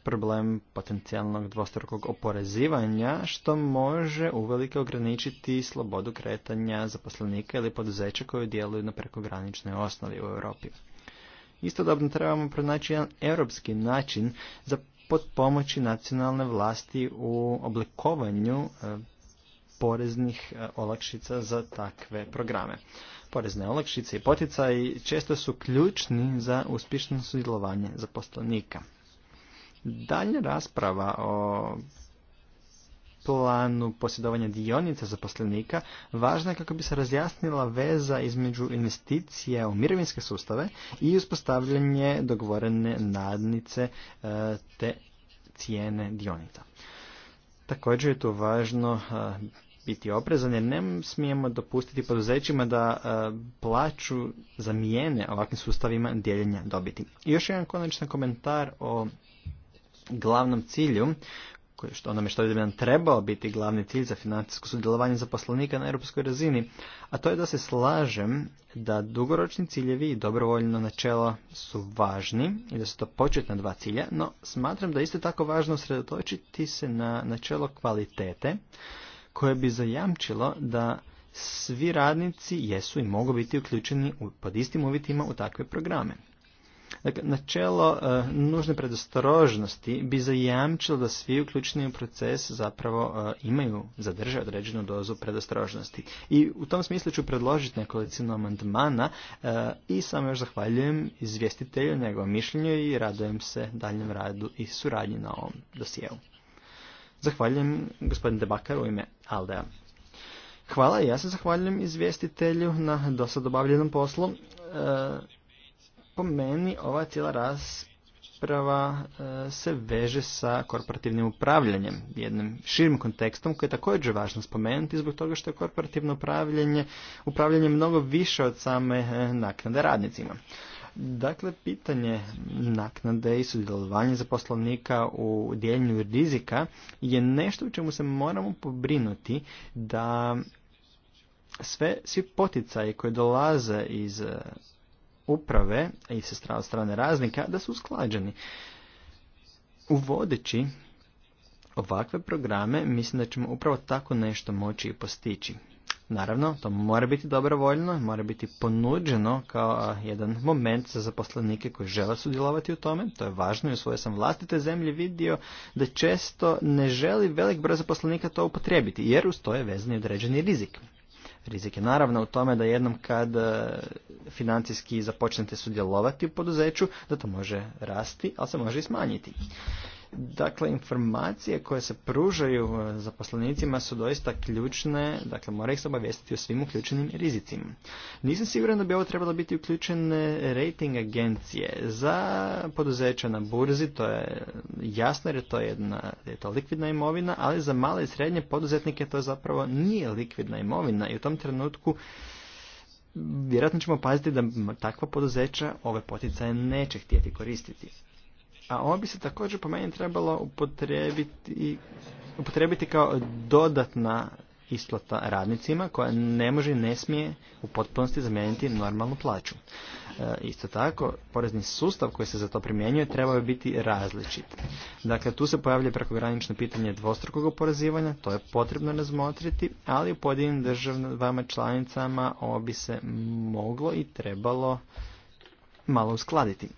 problem potencijalnog dvostrukog oporezivanja što može uvelike ograničiti slobodu kretanja zaposlenika ili poduzeća koje djeluju na prekograničnoj osnovi u Europi. Istodobno trebamo pronaći jedan europski način za potpomoći nacionalne vlasti u oblikovanju e, poreznih olakšica za takve programe. Porezne olakšice i poticaji često su ključni za uspješno sudjelovanje zaposlenika. Dalje rasprava o planu posjedovanja dionica zaposlenika važna je kako bi se razjasnila veza između investicije u mirovinske sustave i uspostavljanje dogovorene nadnice e, te cijene dionica. Također je to važno e, biti oprezan jer ne smijemo dopustiti poduzećima da e, plaću zamijene ovakvim sustavima dijeljenja dobiti. I još jedan konačni komentar o glavnom cilju što onome što bi nam trebao biti glavni cilj za financijsko sudjelovanje zaposlenika na europskoj razini, a to je da se slažem da dugoročni ciljevi i dobrovoljno načelo su važni i da su to početna dva cilja, no smatram da je isto tako važno sredotočiti se na načelo kvalitete koje bi zajamčilo da svi radnici jesu i mogu biti uključeni u, pod istim uvjetima u takve programe. Dakle, načelo e, nužne predostrožnosti bi zajamčilo da svi uključeni u proces zapravo e, imaju, zadrže određenu dozu predostrožnosti. I u tom smislu ću predložiti nekolicinu amandmana e, i samo još zahvaljujem izvjestitelju, njegovom mišljenju i radujem se daljem radu i suradnji na ovom dosijelu. Zahvaljujem gospodin Debakar u ime Aldea. Hvala i ja se zahvaljujem izvjestitelju na dosad obavljenom poslu. E, po meni ova cijela rasprava e, se veže sa korporativnim upravljanjem, jednim širim kontekstom koji je također važno spomenuti zbog toga što je korporativno upravljanje, upravljanje mnogo više od same e, naknade radnicima. Dakle, pitanje naknade i sudjelovanje zaposlenika u dijeljenju rizika je nešto u čemu se moramo pobrinuti da sve, svi poticaji koji dolaze iz e, uprave i se strane raznika da su usklađeni. Uvodeći ovakve programe mislim da ćemo upravo tako nešto moći i postići. Naravno, to mora biti dobrovoljno, mora biti ponuđeno kao jedan moment za zaposlenike koji žele sudjelovati u tome. To je važno i u svojoj sam vlastite zemlji vidio da često ne želi velik broj zaposlenika to upotrijebiti, jer uz to je vezan određeni rizik. Rizik je naravno u tome da jednom kad financijski započnete sudjelovati u poduzeću, da to može rasti, ali se može i smanjiti. Dakle, informacije koje se pružaju e, zaposlenicima su doista ključne, dakle mora ih se obavijestiti o svim uključenim rizicima. Nisam siguran da bi ovo trebalo biti uključene rating agencije za poduzeća na burzi, to je jasno jer to je jedna je to likvidna imovina, ali za male i srednje poduzetnike to zapravo nije likvidna imovina i u tom trenutku vjerojatno ćemo paziti da takva poduzeća ove poticaje neće htjeti koristiti. A ovo bi se također po meni trebalo upotrebiti, upotrebiti kao dodatna isplata radnicima koja ne može i ne smije u potpunosti zamijeniti normalnu plaću. E, isto tako, porezni sustav koji se za to primjenjuje trebao bi biti različit. Dakle, tu se pojavlja prekogranično pitanje dvostrukog oporezivanja, to je potrebno razmotriti, ali u pojedinim državama članicama ovo bi se moglo i trebalo malo uskladiti.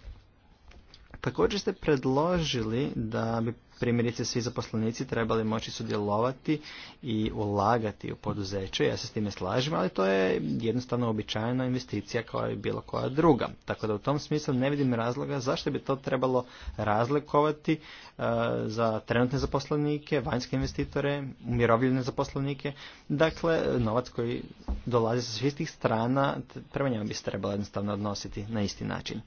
Također ste predložili da bi primjerice svi zaposlenici trebali moći sudjelovati i ulagati u poduzeće, ja se s time slažem, ali to je jednostavno običajna investicija kao i bilo koja druga. Tako da u tom smislu ne vidim razloga zašto bi to trebalo razlikovati e, za trenutne zaposlenike, vanjske investitore, umirovljene zaposlenike. Dakle, novac koji dolazi sa svih tih strana, prema njima bi se trebalo jednostavno odnositi na isti način.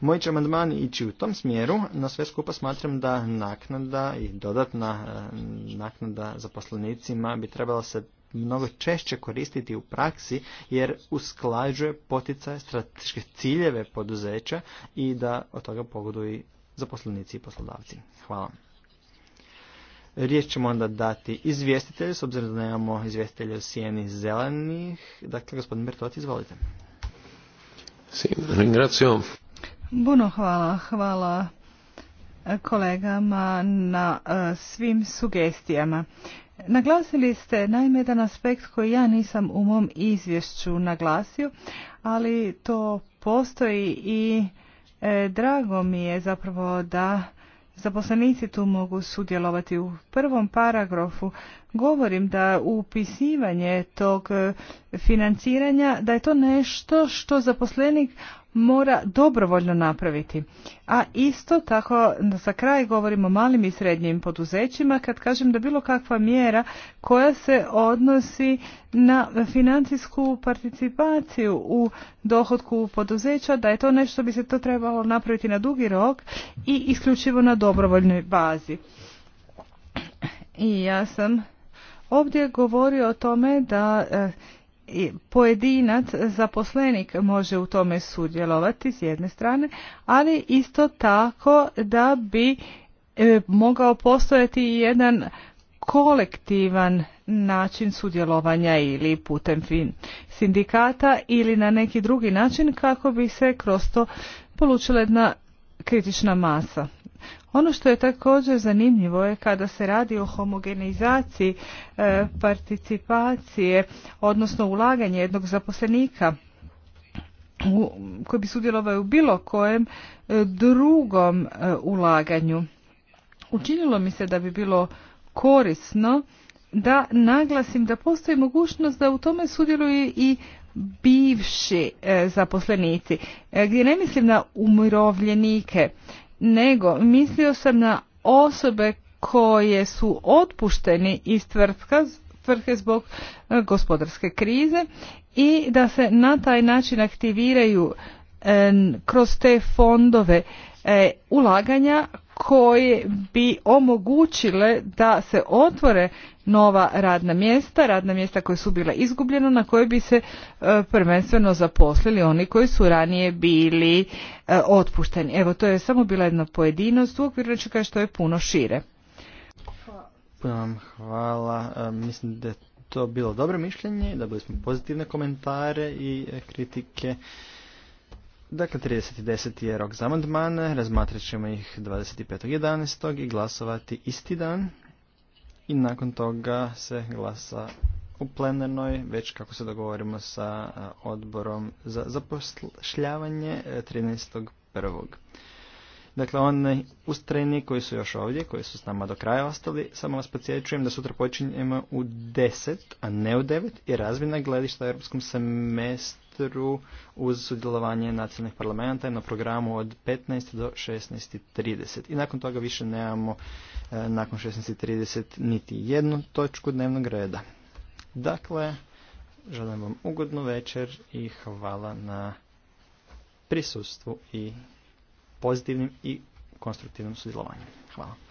Moji će amandman ići u tom smjeru, no sve skupa smatram da naknada naknada i dodatna e, naknada zaposlenicima bi trebala se mnogo češće koristiti u praksi jer usklađuje poticaje strateške ciljeve poduzeća i da od toga pogoduju i zaposlenici i poslodavci. Hvala. Riječ ćemo onda dati izvjestitelju, s obzirom da nemamo izvjestitelja u sjeni zelenih. Dakle, gospodin Bertot, izvolite. Buno hvala. Hvala kolegama na e, svim sugestijama. Naglasili ste naime jedan aspekt koji ja nisam u mom izvješću naglasio, ali to postoji i e, drago mi je zapravo da zaposlenici tu mogu sudjelovati u prvom paragrafu. Govorim da upisivanje tog e, financiranja, da je to nešto što zaposlenik mora dobrovoljno napraviti. A isto tako za kraj govorimo o malim i srednjim poduzećima kad kažem da bilo kakva mjera koja se odnosi na financijsku participaciju u dohodku poduzeća da je to nešto bi se to trebalo napraviti na dugi rok i isključivo na dobrovoljnoj bazi. I ja sam ovdje govorio o tome da eh, pojedinac zaposlenik može u tome sudjelovati s jedne strane, ali isto tako da bi e, mogao postojati jedan kolektivan način sudjelovanja ili putem sindikata ili na neki drugi način kako bi se kroz to polučila jedna kritična masa. Ono što je također zanimljivo je kada se radi o homogenizaciji e, participacije, odnosno ulaganje jednog zaposlenika koji bi sudjelovao u bilo kojem e, drugom e, ulaganju. Učinilo mi se da bi bilo korisno da naglasim da postoji mogućnost da u tome sudjeluju i bivši zaposlenici, gdje ne mislim na umirovljenike nego mislio sam na osobe koje su otpušteni iz tvrtka, tvrtke zbog e, gospodarske krize i da se na taj način aktiviraju e, kroz te fondove E, ulaganja koje bi omogućile da se otvore nova radna mjesta, radna mjesta koja su bila izgubljena, na koje bi se e, prvenstveno zaposlili oni koji su ranije bili e, otpušteni. Evo, to je samo bila jedna pojedinost u okviru nečega što je puno šire. hvala. Mislim da je to bilo dobro mišljenje, da bili smo pozitivne komentare i kritike. Dakle, 30.10. je rok za amandmane, razmatrat ćemo ih 25.11. i glasovati isti dan. I nakon toga se glasa u plenarnoj, već kako se dogovorimo sa odborom za zapošljavanje 13.1. E, dakle, one ustrajni koji su još ovdje, koji su s nama do kraja ostali, samo vas podsjećujem da sutra počinjemo u 10, a ne u 9, i razvina gledišta u europskom semestru uz sudjelovanje nacionalnih parlamenta na programu od 15 do 16.30. I nakon toga više nemamo e, nakon 16.30 niti jednu točku dnevnog reda. Dakle, želim vam ugodnu večer i hvala na prisustvu i pozitivnim i konstruktivnim sudjelovanju. Hvala.